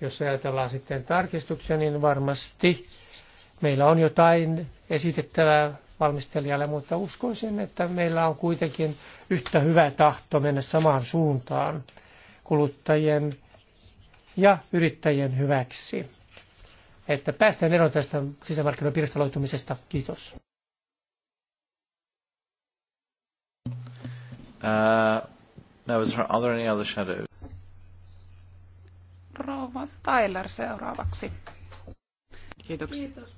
Jos ajatellaan sitten tarkistuksia, niin varmasti meillä on jotain esitettävää valmistelijalle, mutta uskoisin, että meillä on kuitenkin yhtä hyvä tahto mennä samaan suuntaan kuluttajien ja yrittäjien hyväksi. Että päästään eroon tästä sisämarkkinoiden pirstaloitumisesta. Kiitos. Uh, no, is there, are there any other shadows? Rouva Tyler seuraavaksi. Kiitoksia. Kiitos.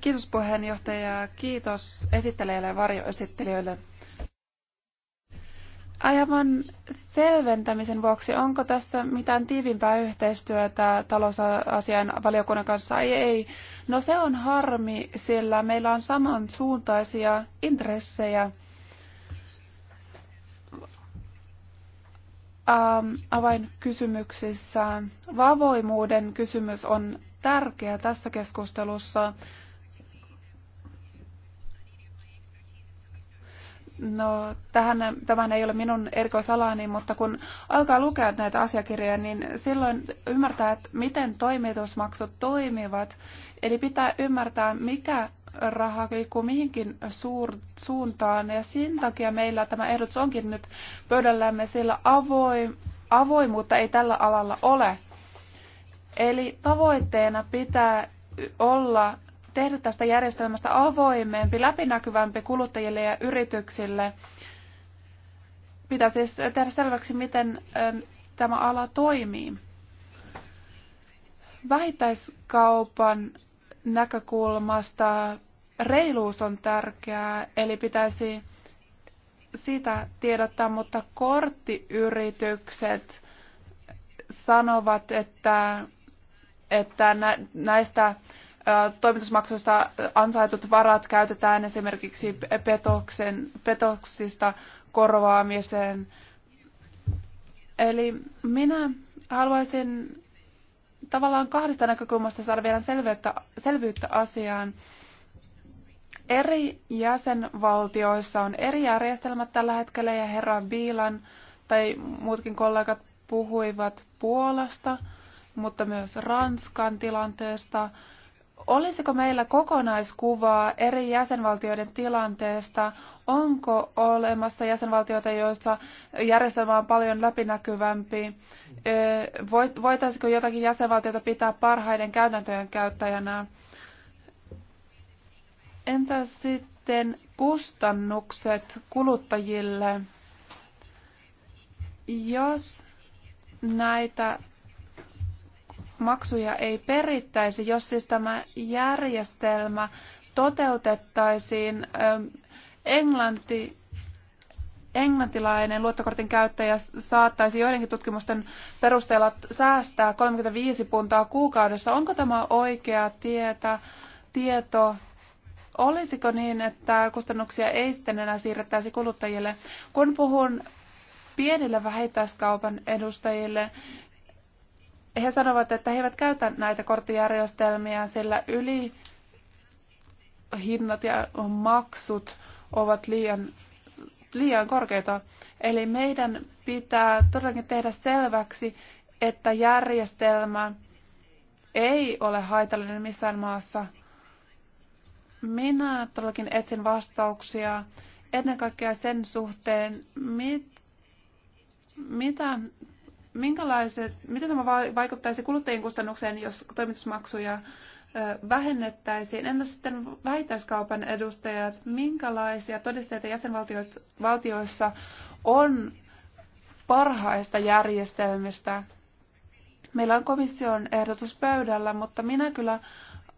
Kiitos puheenjohtaja. Kiitos esittelijöille ja varjoesittelijöille. Aivan selventämisen vuoksi, onko tässä mitään tiivimpää yhteistyötä talousasian valiokunnan kanssa? Ei, ei. No se on harmi, sillä meillä on samansuuntaisia intressejä Ähm, avainkysymyksissä. Vavoimuuden kysymys on tärkeä tässä keskustelussa. No, tähän, tämähän ei ole minun erikoisalani, mutta kun alkaa lukea näitä asiakirjoja, niin silloin ymmärtää, että miten toimitusmaksut toimivat. Eli pitää ymmärtää, mikä raha liikkuu mihinkin suur, suuntaan. Ja sen takia meillä tämä ehdotus onkin nyt pöydällämme, sillä avoim, avoimuutta ei tällä alalla ole. Eli tavoitteena pitää olla tehdä tästä järjestelmästä avoimempi, läpinäkyvämpi kuluttajille ja yrityksille. Pitää siis tehdä selväksi, miten tämä ala toimii. Vähittäiskaupan näkökulmasta reiluus on tärkeää, eli pitäisi sitä tiedottaa, mutta korttiyritykset sanovat, että, että näistä toimitusmaksuista ansaitut varat käytetään esimerkiksi petoksen, petoksista korvaamiseen. Eli minä haluaisin tavallaan kahdesta näkökulmasta saada vielä selvyyttä, selvyyttä asiaan. Eri jäsenvaltioissa on eri järjestelmät tällä hetkellä ja herra Biilan tai muutkin kollegat puhuivat Puolasta, mutta myös Ranskan tilanteesta – Olisiko meillä kokonaiskuvaa eri jäsenvaltioiden tilanteesta? Onko olemassa jäsenvaltioita, joissa järjestelmä on paljon läpinäkyvämpi? Voitaisiko jotakin jäsenvaltiota pitää parhaiden käytäntöjen käyttäjänä? Entä sitten kustannukset kuluttajille? Jos näitä maksuja ei perittäisi, jos siis tämä järjestelmä toteutettaisiin ähm, englanti, englantilainen luottokortin käyttäjä saattaisi joidenkin tutkimusten perusteella säästää 35 puntaa kuukaudessa. Onko tämä oikea tietä, tieto? Olisiko niin, että kustannuksia ei sitten enää siirrettäisi kuluttajille? Kun puhun pienille vähittäiskaupan edustajille, he sanovat, että he eivät käytä näitä korttijärjestelmiä, sillä yli hinnat ja maksut ovat liian, liian korkeita. Eli meidän pitää todellakin tehdä selväksi, että järjestelmä ei ole haitallinen missään maassa. Minä todellakin etsin vastauksia ennen kaikkea sen suhteen, mit, mitä minkälaiset, miten tämä vaikuttaisi kuluttajien kustannukseen, jos toimitusmaksuja vähennettäisiin? Entä sitten vähittäiskaupan edustajat, minkälaisia todisteita jäsenvaltioissa on parhaista järjestelmistä? Meillä on komission ehdotus pöydällä, mutta minä kyllä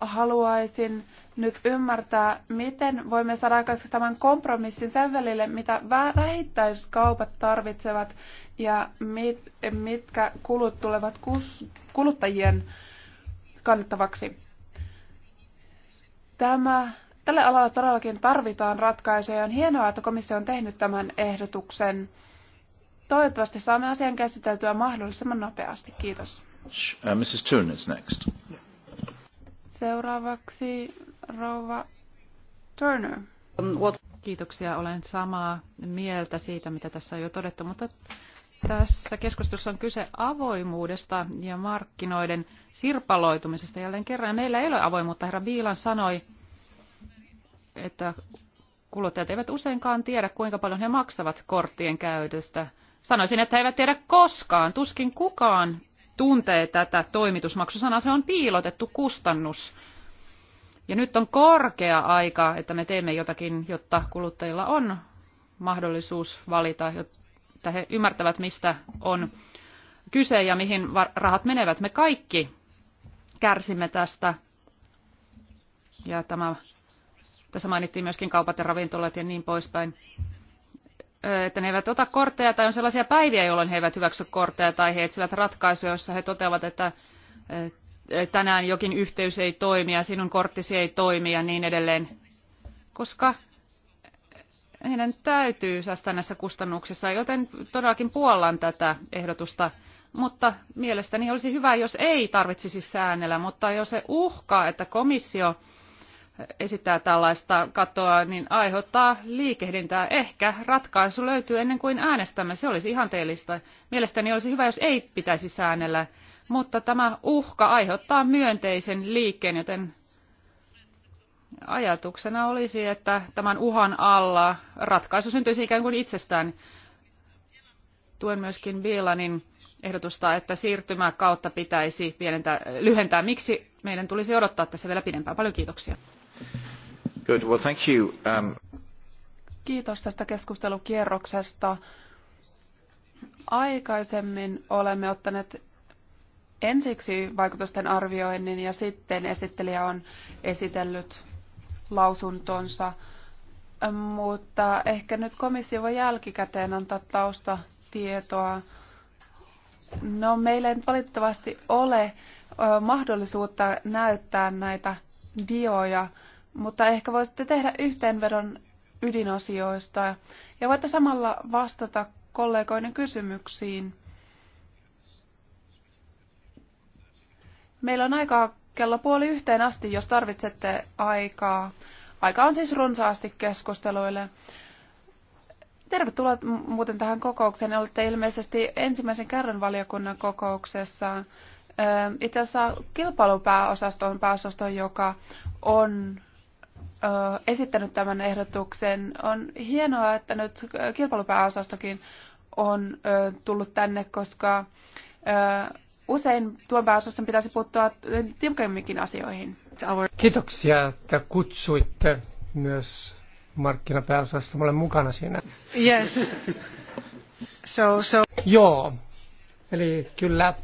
haluaisin nyt ymmärtää, miten voimme saada aikaiseksi tämän kompromissin sen välille, mitä vähittäiskaupat tarvitsevat ja mit, mitkä kulut tulevat kus, kuluttajien kannettavaksi. Tämä, tälle alalla todellakin tarvitaan ratkaisuja. On hienoa, että komissio on tehnyt tämän ehdotuksen. Toivottavasti saamme asian käsiteltyä mahdollisimman nopeasti. Kiitos. Uh, Mrs. Tunis next. Seuraavaksi rouva Turner. Kiitoksia, olen samaa mieltä siitä, mitä tässä on jo todettu, mutta tässä keskustelussa on kyse avoimuudesta ja markkinoiden sirpaloitumisesta jälleen kerran. Meillä ei ole avoimuutta. Herra Biilan sanoi, että kuluttajat eivät useinkaan tiedä, kuinka paljon he maksavat korttien käytöstä. Sanoisin, että he eivät tiedä koskaan. Tuskin kukaan tuntee tätä toimitusmaksusanaa. Se on piilotettu kustannus. Ja nyt on korkea aika, että me teemme jotakin, jotta kuluttajilla on mahdollisuus valita, että he ymmärtävät, mistä on kyse ja mihin rahat menevät. Me kaikki kärsimme tästä. Ja tämä, tässä mainittiin myöskin kaupat ja ravintolat ja niin poispäin että ne eivät ota kortteja tai on sellaisia päiviä, jolloin he eivät hyväksy kortteja tai he etsivät ratkaisuja, jossa he toteavat, että tänään jokin yhteys ei toimi ja sinun korttisi ei toimi ja niin edelleen. Koska heidän täytyy säästää näissä kustannuksissa, joten todellakin puollan tätä ehdotusta. Mutta mielestäni olisi hyvä, jos ei tarvitsisi säännellä, mutta jos se uhkaa, että komissio esittää tällaista katoa, niin aiheuttaa liikehdintää. Ehkä ratkaisu löytyy ennen kuin äänestämme. Se olisi ihanteellista. Mielestäni olisi hyvä, jos ei pitäisi säännellä. Mutta tämä uhka aiheuttaa myönteisen liikkeen, joten ajatuksena olisi, että tämän uhan alla ratkaisu syntyisi ikään kuin itsestään. Tuen myöskin Biilanin ehdotusta, että siirtymää kautta pitäisi pienentää, lyhentää. Miksi meidän tulisi odottaa tässä vielä pidempään? Paljon kiitoksia. Um, Kiitos tästä keskustelukierroksesta. Aikaisemmin olemme ottaneet ensiksi vaikutusten arvioinnin ja sitten esittelijä on esitellyt lausuntonsa, mutta ehkä nyt komissio voi jälkikäteen antaa taustatietoa. No meillä ei valitettavasti ole mahdollisuutta näyttää näitä dioja, mutta ehkä voisitte tehdä yhteenvedon ydinosioista ja voitte samalla vastata kollegoiden kysymyksiin. Meillä on aikaa kello puoli yhteen asti, jos tarvitsette aikaa. Aika on siis runsaasti keskusteluille. Tervetuloa muuten tähän kokoukseen. Olette ilmeisesti ensimmäisen kerran valiokunnan kokouksessa itse asiassa kilpailupääosaston pääosasto, joka on esittänyt tämän ehdotuksen. On hienoa, että nyt kilpailupääosastokin on tullut tänne, koska usein tuon pääosaston pitäisi puuttua tiukemminkin asioihin. Kiitoksia, että kutsuitte myös markkinapääosasta. olen mukana siinä. Yes. So, so. Joo. Eli kyllä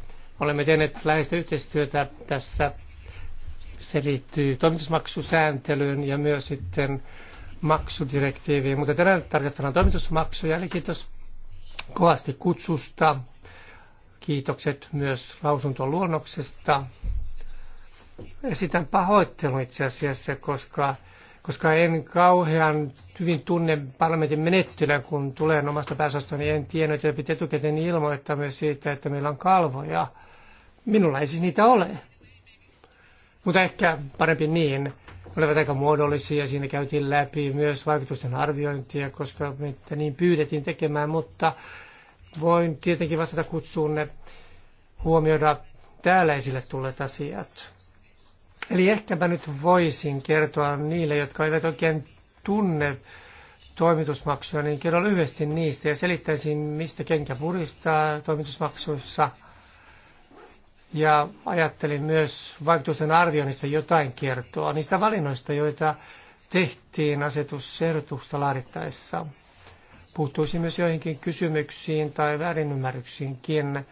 Olemme tehneet läheistä yhteistyötä tässä. Se liittyy toimitusmaksusääntelyyn ja myös sitten maksudirektiiviin. Mutta tänään tarkastellaan toimitusmaksuja, eli kiitos kovasti kutsusta. Kiitokset myös lausuntoluonnoksesta. Esitän pahoittelun itse asiassa, koska, koska en kauhean hyvin tunne parlamentin menettelyä, kun tulen omasta Niin En tiennyt että pitää etukäteen ilmoittaa myös siitä, että meillä on kalvoja. Minulla ei siis niitä ole. Mutta ehkä parempi niin. Olivat aika muodollisia. Siinä käytiin läpi myös vaikutusten arviointia, koska meitä niin pyydettiin tekemään, mutta voin tietenkin vastata kutsuunne huomioida täällä esille tulleet asiat. Eli ehkäpä nyt voisin kertoa niille, jotka eivät oikein tunne toimitusmaksuja, niin kerron lyhyesti niistä ja selittäisin, mistä kenkä puristaa toimitusmaksuissa – ja ajattelin myös vaikutusten arvioinnista jotain kertoa, niistä valinnoista, joita tehtiin asetusehdotusta laadittaessa. Puuttuisin myös joihinkin kysymyksiin tai väärinymmärryksiinkin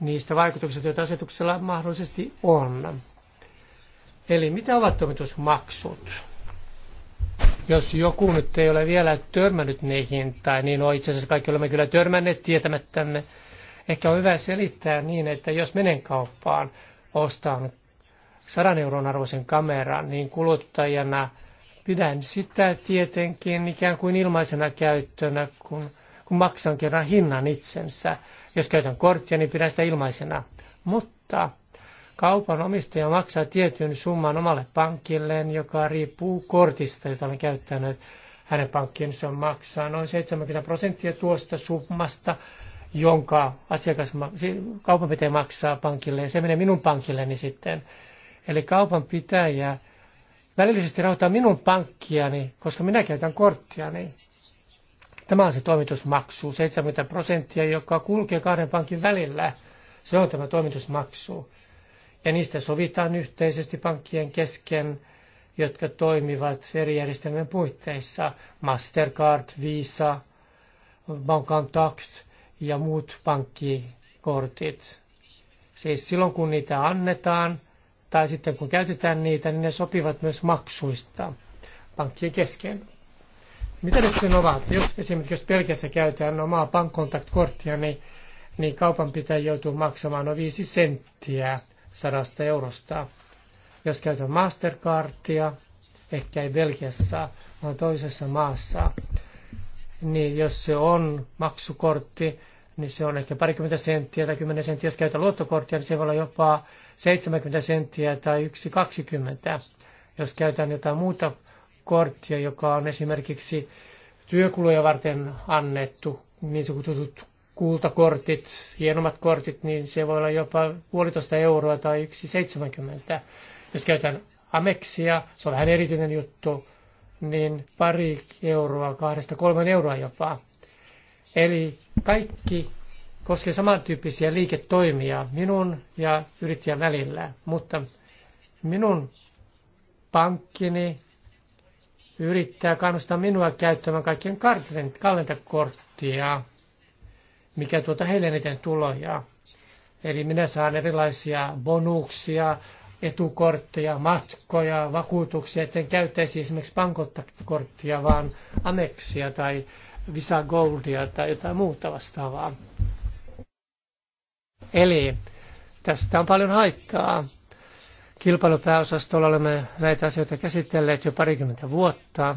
niistä vaikutuksista, joita asetuksella mahdollisesti on. Eli mitä ovat toimitusmaksut? Jos joku nyt ei ole vielä törmännyt niihin, tai niin on no itse asiassa kaikki olemme kyllä törmänneet tietämättämme, Ehkä on hyvä selittää niin, että jos menen kauppaan, ostan 100 euron arvoisen kameran, niin kuluttajana pidän sitä tietenkin ikään kuin ilmaisena käyttönä, kun, kun maksan kerran hinnan itsensä. Jos käytän korttia, niin pidän sitä ilmaisena. Mutta kaupan omistaja maksaa tietyn summan omalle pankilleen, joka riippuu kortista, jota olen käyttänyt. Hänen pankkinsa maksaa noin 70 prosenttia tuosta summasta jonka asiakas kaupan pitää maksaa pankille ja se menee minun pankilleni sitten. Eli kaupan pitäjä välillisesti rahoittaa minun pankkiani, koska minä käytän korttiani. Tämä on se toimitusmaksu, 70 prosenttia, joka kulkee kahden pankin välillä. Se on tämä toimitusmaksu. Ja niistä sovitaan yhteisesti pankkien kesken, jotka toimivat eri järjestelmien puitteissa. Mastercard, Visa, Bankantakt. Contact – ja muut pankkikortit. Siis silloin kun niitä annetaan tai sitten kun käytetään niitä, niin ne sopivat myös maksuista pankkien kesken. Mitä ne sitten ovat? Jos esimerkiksi jos pelkässä käytetään omaa pankkontaktkorttia, niin, niin kaupan pitää joutua maksamaan noin 5 senttiä sadasta eurosta. Jos käytetään Mastercardia, ehkä ei Belgiassa, vaan toisessa maassa, niin jos se on maksukortti, niin se on ehkä parikymmentä senttiä tai 10 senttiä. Jos käytä luottokorttia, niin se voi olla jopa 70 senttiä tai 1,20. Jos käytän jotain muuta korttia, joka on esimerkiksi työkuluja varten annettu, niin kutsutut kultakortit, hienommat kortit, niin se voi olla jopa puolitoista euroa tai 1,70. Jos käytän Amexia, se on vähän erityinen juttu, niin pari euroa, kahdesta kolmen euroa jopa. Eli kaikki koskee samantyyppisiä liiketoimia minun ja yrittäjän välillä, mutta minun pankkini yrittää kannustaa minua käyttämään kaikkien kalentakorttia, mikä tuota heille eniten tuloja. Eli minä saan erilaisia bonuksia, etukortteja, matkoja, vakuutuksia, etten käyttäisi esimerkiksi pankottakorttia, vaan Amexia tai Visa Goldia tai jotain muuta vastaavaa. Eli tästä on paljon haittaa. Kilpailupääosastolla olemme näitä asioita käsitelleet jo parikymmentä vuotta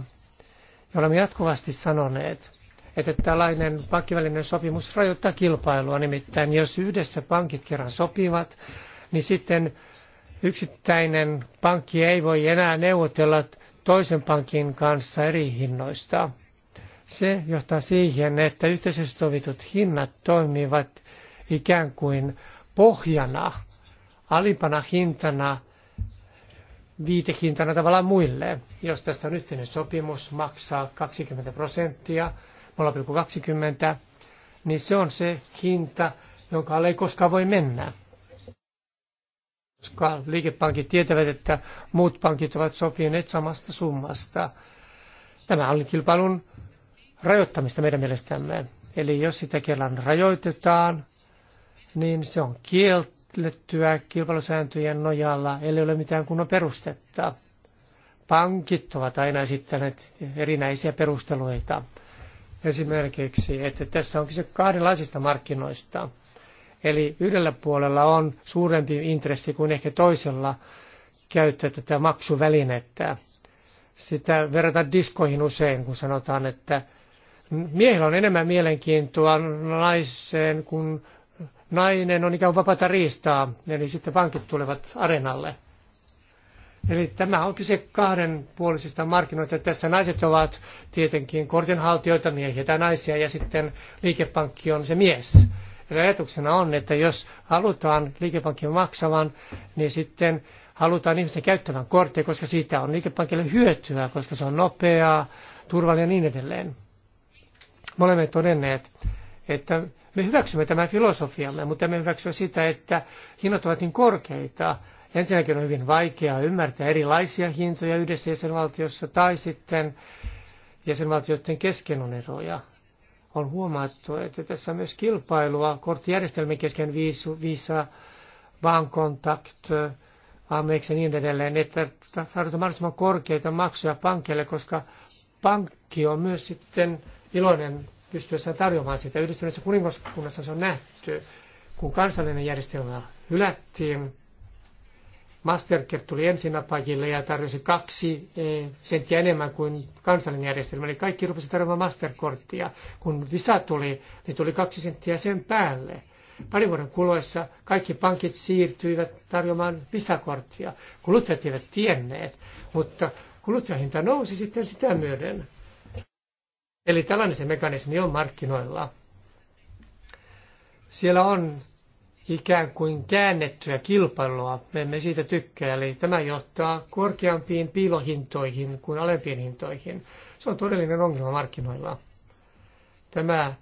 ja olemme jatkuvasti sanoneet, että tällainen pankkivälinen sopimus rajoittaa kilpailua. Nimittäin jos yhdessä pankit kerran sopivat, niin sitten yksittäinen pankki ei voi enää neuvotella toisen pankin kanssa eri hinnoista. Se johtaa siihen, että yhteisössä sovitut hinnat toimivat ikään kuin pohjana, alimpana hintana, viitehintana tavallaan muille. Jos tästä on yhteinen sopimus maksaa 20 prosenttia, 0,20, niin se on se hinta, jonka alle ei koskaan voi mennä. Koska liikepankit tietävät, että muut pankit ovat sopineet samasta summasta. Tämä on kilpailun rajoittamista meidän mielestämme. Eli jos sitä kerran rajoitetaan, niin se on kiellettyä kilpailusääntöjen nojalla, eli ole mitään kunnon perustetta. Pankit ovat aina esittäneet erinäisiä perusteluita. Esimerkiksi, että tässä on kyse kahdenlaisista markkinoista. Eli yhdellä puolella on suurempi intressi kuin ehkä toisella käyttää tätä maksuvälinettä. Sitä verrataan diskoihin usein, kun sanotaan, että miehillä on enemmän mielenkiintoa naiseen, kun nainen on ikään kuin vapaata riistaa, eli sitten pankit tulevat arenalle. Eli tämä on kyse kahdenpuolisista markkinoista. Tässä naiset ovat tietenkin kortinhaltijoita, miehiä tai naisia, ja sitten liikepankki on se mies. Eli ajatuksena on, että jos halutaan liikepankin maksavan, niin sitten halutaan ihmisten käyttävän kortteja, koska siitä on liikepankille hyötyä, koska se on nopeaa, turvallinen ja niin edelleen. Me olemme todenneet, että me hyväksymme tämän filosofiamme, mutta me hyväksyä sitä, että hinnat ovat niin korkeita. Ensinnäkin on hyvin vaikeaa ymmärtää erilaisia hintoja yhdessä jäsenvaltiossa tai sitten jäsenvaltioiden kesken on eroja. On huomattu, että tässä on myös kilpailua korttijärjestelmien kesken Visa, Bankontakt, Amex ja niin edelleen, että tarvitaan mahdollisimman korkeita maksuja pankkeille, koska pankki on myös sitten iloinen pystyessään tarjoamaan sitä. Yhdistyneessä kuningaskunnassa se on nähty. Kun kansallinen järjestelmä hylättiin, Mastercard tuli ensinapajille ja tarjosi kaksi eh, senttiä enemmän kuin kansallinen järjestelmä. Eli kaikki rupesivat tarjoamaan masterkorttia. Kun Visa tuli, niin tuli kaksi senttiä sen päälle. Parin vuoden kuluessa kaikki pankit siirtyivät tarjoamaan visakorttia. Kuluttajat eivät tienneet, mutta kuluttajahinta nousi sitten sitä myöden. Eli tällainen se mekanismi on markkinoilla. Siellä on ikään kuin käännettyä kilpailua. Me emme siitä tykkää, eli tämä johtaa korkeampiin piilohintoihin kuin alempiin hintoihin. Se on todellinen ongelma markkinoilla. Tämä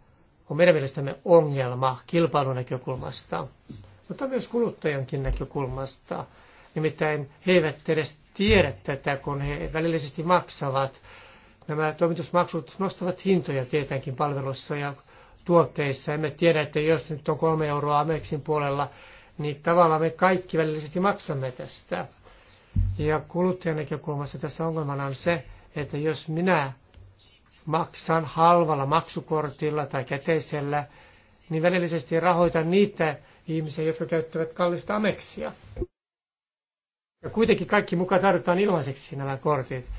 on meidän mielestämme ongelma kilpailun näkökulmasta, mutta myös kuluttajankin näkökulmasta. Nimittäin he eivät edes tiedä tätä, kun he välillisesti maksavat Nämä toimitusmaksut nostavat hintoja tietenkin palveluissa ja tuotteissa. Emme tiedä, että jos nyt on kolme euroa Ameksin puolella, niin tavallaan me kaikki välillisesti maksamme tästä. Ja kuluttajan näkökulmassa tässä ongelmana on se, että jos minä maksan halvalla maksukortilla tai käteisellä, niin välillisesti rahoitan niitä ihmisiä, jotka käyttävät kallista ameksia. Ja kuitenkin kaikki mukaan tarvitaan ilmaiseksi nämä kortit.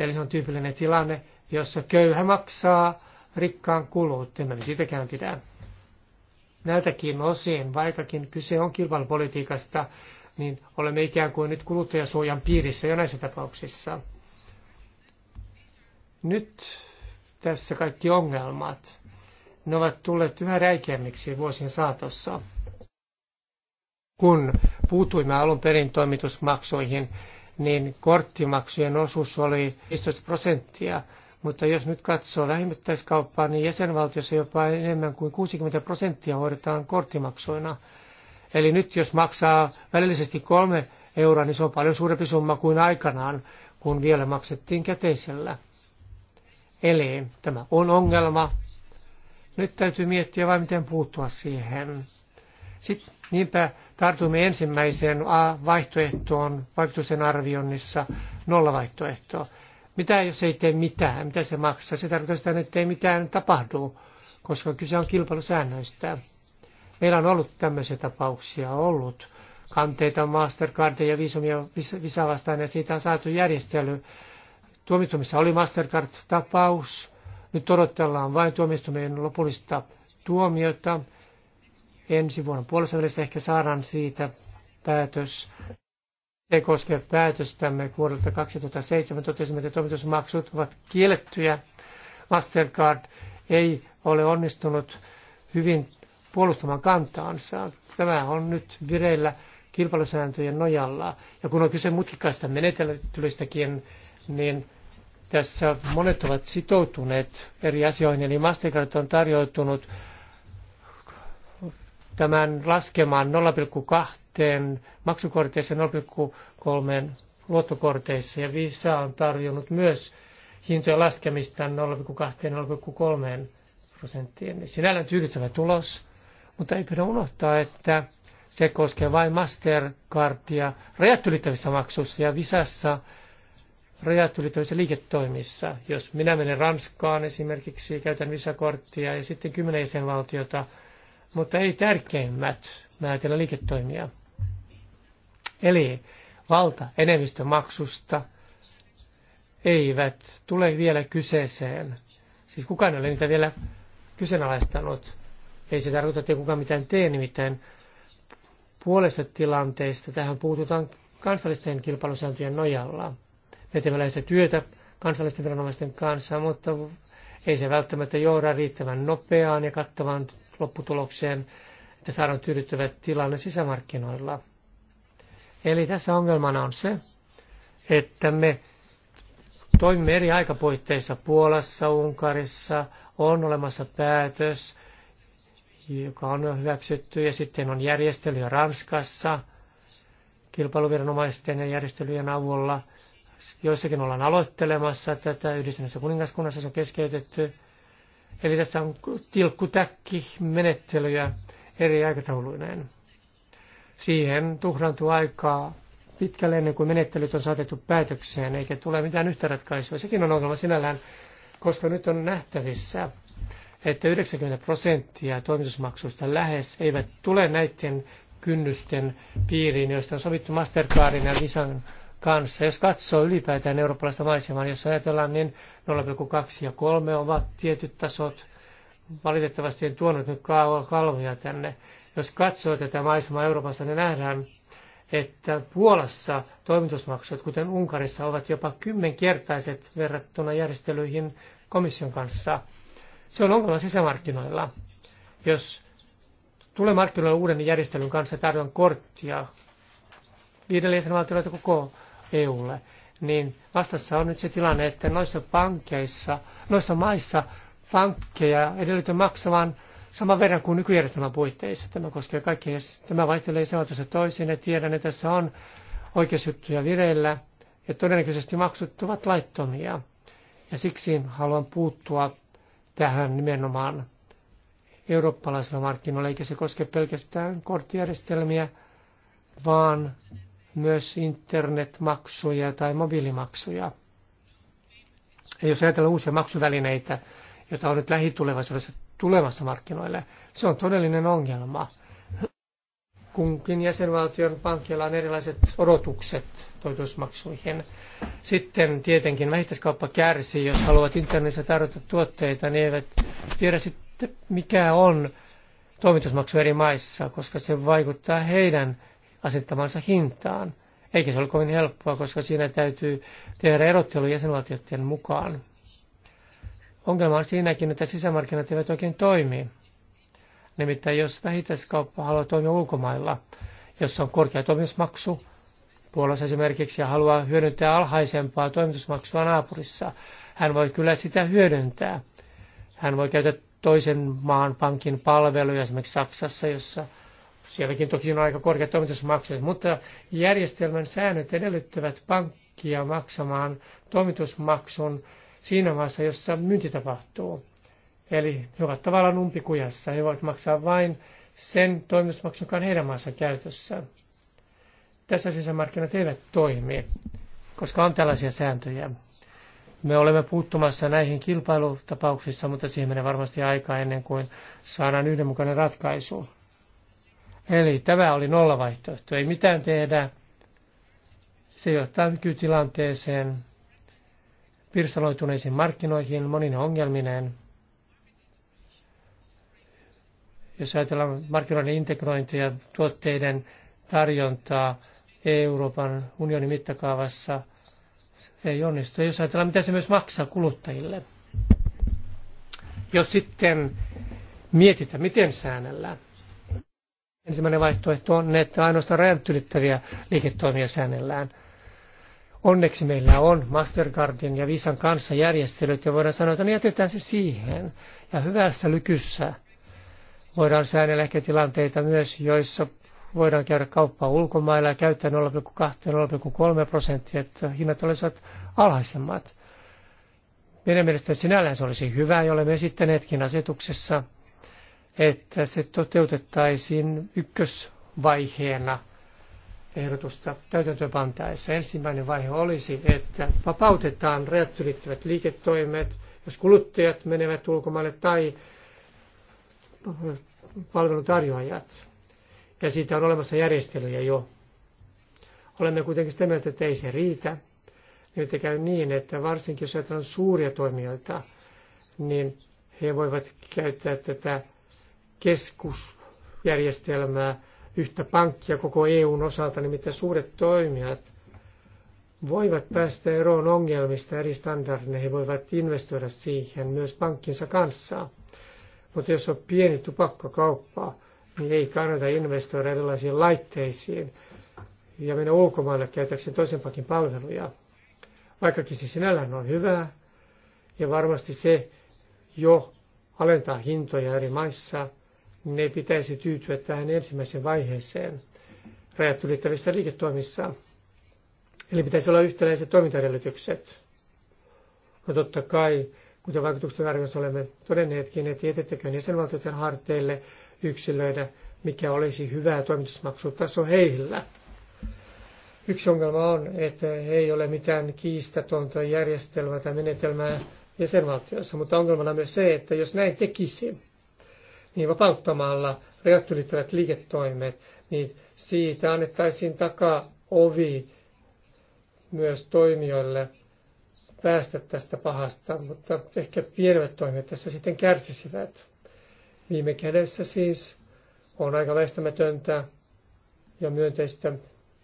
Eli se on tyypillinen tilanne, jossa köyhä maksaa rikkaan kulut, emme me sitäkään pidä. Näiltäkin osin, vaikkakin kyse on kilpailupolitiikasta, niin olemme ikään kuin nyt kuluttajasuojan piirissä jo näissä tapauksissa. Nyt tässä kaikki ongelmat. Ne ovat tulleet yhä räikeämmiksi vuosien saatossa. Kun puutuimme alun perin toimitusmaksuihin, niin korttimaksujen osuus oli 15 prosenttia. Mutta jos nyt katsoo lähimittäiskauppaa, niin jäsenvaltiossa jopa enemmän kuin 60 prosenttia hoidetaan korttimaksuina. Eli nyt jos maksaa välillisesti kolme euroa, niin se on paljon suurempi summa kuin aikanaan, kun vielä maksettiin käteisellä. Eli tämä on ongelma. Nyt täytyy miettiä vain, miten puuttua siihen. Sitten niinpä tartumme ensimmäiseen vaihtoehtoon vaikutusten arvioinnissa nollavaihtoehtoon. Mitä jos ei tee mitään? Mitä se maksaa? Se tarkoittaa sitä, että ei mitään tapahdu, koska kyse on kilpailusäännöistä. Meillä on ollut tämmöisiä tapauksia ollut. Kanteita Mastercardia ja viisumia visa vastaan ja siitä on saatu järjestely. Tuomittumissa oli Mastercard-tapaus. Nyt odotellaan vain tuomistumien lopullista tuomiota. Ensi vuonna puolessa välissä ehkä saadaan siitä päätös. Se koskee päätöstämme vuodelta 2007. Totesimme, että toimitusmaksut ovat kiellettyjä. Mastercard ei ole onnistunut hyvin puolustamaan kantaansa. Tämä on nyt vireillä kilpailusääntöjen nojalla. Ja kun on kyse mutkikkaista menetelmällistäkin, niin tässä monet ovat sitoutuneet eri asioihin. Eli Mastercard on tarjoutunut tämän laskemaan 0,2 maksukorteissa 0,3 luottokorteissa ja Visa on tarjonnut myös hintojen laskemista 0,2-0,3 prosenttiin. Sinällään tyydyttävä tulos, mutta ei pidä unohtaa, että se koskee vain Mastercardia rajat ylittävissä maksuissa ja Visassa rajat ylittävissä liiketoimissa. Jos minä menen Ranskaan esimerkiksi, käytän Visakorttia ja sitten kymmenen jäsenvaltiota – mutta ei tärkeimmät määritellä liiketoimia. Eli valta enemmistömaksusta eivät tule vielä kyseeseen. Siis kukaan ei ole niitä vielä kyseenalaistanut. Ei se tarkoita, että kukaan mitään tee, nimittäin puolesta tilanteista tähän puututaan kansallisten kilpailusääntöjen nojalla. Me teemme läheistä työtä kansallisten viranomaisten kanssa, mutta ei se välttämättä johda riittävän nopeaan ja kattavaan lopputulokseen, että saadaan tyydyttävä tilanne sisämarkkinoilla. Eli tässä ongelmana on se, että me toimimme eri aikapuitteissa Puolassa, Unkarissa, on olemassa päätös, joka on hyväksytty, ja sitten on järjestelyjä Ranskassa kilpailuviranomaisten ja järjestelyjen avulla. Joissakin ollaan aloittelemassa tätä, yhdistyneessä kuningaskunnassa se on keskeytetty, Eli tässä on tilkkutäkki menettelyjä eri aikatauluineen. Siihen tuhrantuu aikaa pitkälle ennen kuin menettelyt on saatettu päätökseen, eikä tule mitään yhtä ratkaisua. Sekin on ongelma sinällään, koska nyt on nähtävissä, että 90 prosenttia toimitusmaksuista lähes eivät tule näiden kynnysten piiriin, joista on sovittu Mastercardin ja Visan kanssa. Jos katsoo ylipäätään eurooppalaista maisemaa, niin jos ajatellaan, niin 0,2 ja 3 ovat tietyt tasot. Valitettavasti en tuonut nyt kalvoja tänne. Jos katsoo tätä maisemaa Euroopassa, niin nähdään, että Puolassa toimitusmaksut, kuten Unkarissa, ovat jopa kymmenkertaiset verrattuna järjestelyihin komission kanssa. Se on ongelma sisämarkkinoilla. Jos tulee markkinoille uuden järjestelyn kanssa tarjoan korttia viidelle jäsenvaltiolle koko EUlle, niin vastassa on nyt se tilanne, että noissa pankkeissa, noissa maissa pankkeja edellytetään maksamaan saman verran kuin nykyjärjestelmän puitteissa. Tämä koskee kaikkia, tämä vaihtelee seurautuessa toisin, ja tiedän, että tässä on oikeusjuttuja vireillä, ja todennäköisesti maksut ovat laittomia. Ja siksi haluan puuttua tähän nimenomaan eurooppalaisilla markkinoilla, eikä se koske pelkästään korttijärjestelmiä, vaan myös internetmaksuja tai mobiilimaksuja. Ja jos ajatellaan uusia maksuvälineitä, joita on nyt lähitulevaisuudessa tulevassa markkinoille, se on todellinen ongelma. Kunkin jäsenvaltion pankilla on erilaiset odotukset toitusmaksuihin. Sitten tietenkin vähittäiskauppa kärsii, jos haluavat internetissä tarjota tuotteita, niin eivät tiedä sitten mikä on toimitusmaksu eri maissa, koska se vaikuttaa heidän asettamansa hintaan. Eikä se ole kovin helppoa, koska siinä täytyy tehdä erottelu jäsenvaltioiden mukaan. Ongelma on siinäkin, että sisämarkkinat eivät oikein toimi. Nimittäin jos vähittäiskauppa haluaa toimia ulkomailla, jossa on korkea toimitusmaksu, Puolassa esimerkiksi, ja haluaa hyödyntää alhaisempaa toimitusmaksua naapurissa, hän voi kyllä sitä hyödyntää. Hän voi käyttää toisen maan pankin palveluja esimerkiksi Saksassa, jossa Sielläkin toki on aika korkeat toimitusmaksut, mutta järjestelmän säännöt edellyttävät pankkia maksamaan toimitusmaksun siinä maassa, jossa myynti tapahtuu. Eli he ovat tavallaan umpikujassa. He voivat maksaa vain sen toimitusmaksun, joka on heidän maassa käytössä. Tässä sisämarkkinat eivät toimi, koska on tällaisia sääntöjä. Me olemme puuttumassa näihin kilpailutapauksissa, mutta siihen menee varmasti aika ennen kuin saadaan yhdenmukainen ratkaisu. Eli tämä oli vaihtoehto Ei mitään tehdä. Se johtaa nykytilanteeseen, pirstaloituneisiin markkinoihin, monin ongelmineen. Jos ajatellaan markkinoiden integrointia, tuotteiden tarjontaa Euroopan unionin mittakaavassa, se ei onnistu. Jos ajatellaan, mitä se myös maksaa kuluttajille. Jos sitten mietitään, miten säännellään, Ensimmäinen vaihtoehto on, että ainoastaan rajat ylittäviä liiketoimia säännellään. Onneksi meillä on Mastercardin ja Visan kanssa järjestelyt ja voidaan sanoa, että ne jätetään se siihen. Ja hyvässä lykyssä voidaan säännellä ehkä tilanteita myös, joissa voidaan käydä kauppaa ulkomailla ja käyttää 0,2-0,3 prosenttia, että hinnat olisivat alhaisemmat. Meidän mielestä sinällään se olisi hyvä, jolle me esittäneetkin asetuksessa – että se toteutettaisiin ykkösvaiheena ehdotusta täytäntöpantaessa. Ensimmäinen vaihe olisi, että vapautetaan rajat ylittävät liiketoimet, jos kuluttajat menevät ulkomaille tai palveluntarjoajat. Ja siitä on olemassa järjestelyjä jo. Olemme kuitenkin sitä mieltä, että ei se riitä. Nyt käy niin, että varsinkin jos ajatellaan suuria toimijoita, niin he voivat käyttää tätä keskusjärjestelmää, yhtä pankkia koko EUn osalta, nimittäin niin suuret toimijat voivat päästä eroon ongelmista eri standardeina. He voivat investoida siihen myös pankkinsa kanssa. Mutta jos on pieni tupakkakauppa, niin ei kannata investoida erilaisiin laitteisiin ja mennä ulkomaille käytäkseen toisen pankin palveluja. Vaikkakin se sinällään on hyvää ja varmasti se jo alentaa hintoja eri maissa – ne niin pitäisi tyytyä tähän ensimmäiseen vaiheeseen rajat ylittävissä liiketoimissa. Eli pitäisi olla yhtäläiset toimintaedellytykset. No totta kai, kuten vaikutuksen arvioissa olemme todenneetkin, että jätettäköön jäsenvaltioiden harteille yksilöidä, mikä olisi hyvä toimitusmaksutaso heillä. Yksi ongelma on, että ei ole mitään kiistatonta järjestelmää tai menetelmää jäsenvaltioissa, mutta ongelmana on myös se, että jos näin tekisi, niin vapauttamalla rajat ylittävät liiketoimet, niin siitä annettaisiin takaa ovi myös toimijoille päästä tästä pahasta, mutta ehkä pienemmät toimijat tässä sitten kärsisivät. Viime kädessä siis on aika väistämätöntä ja myönteistä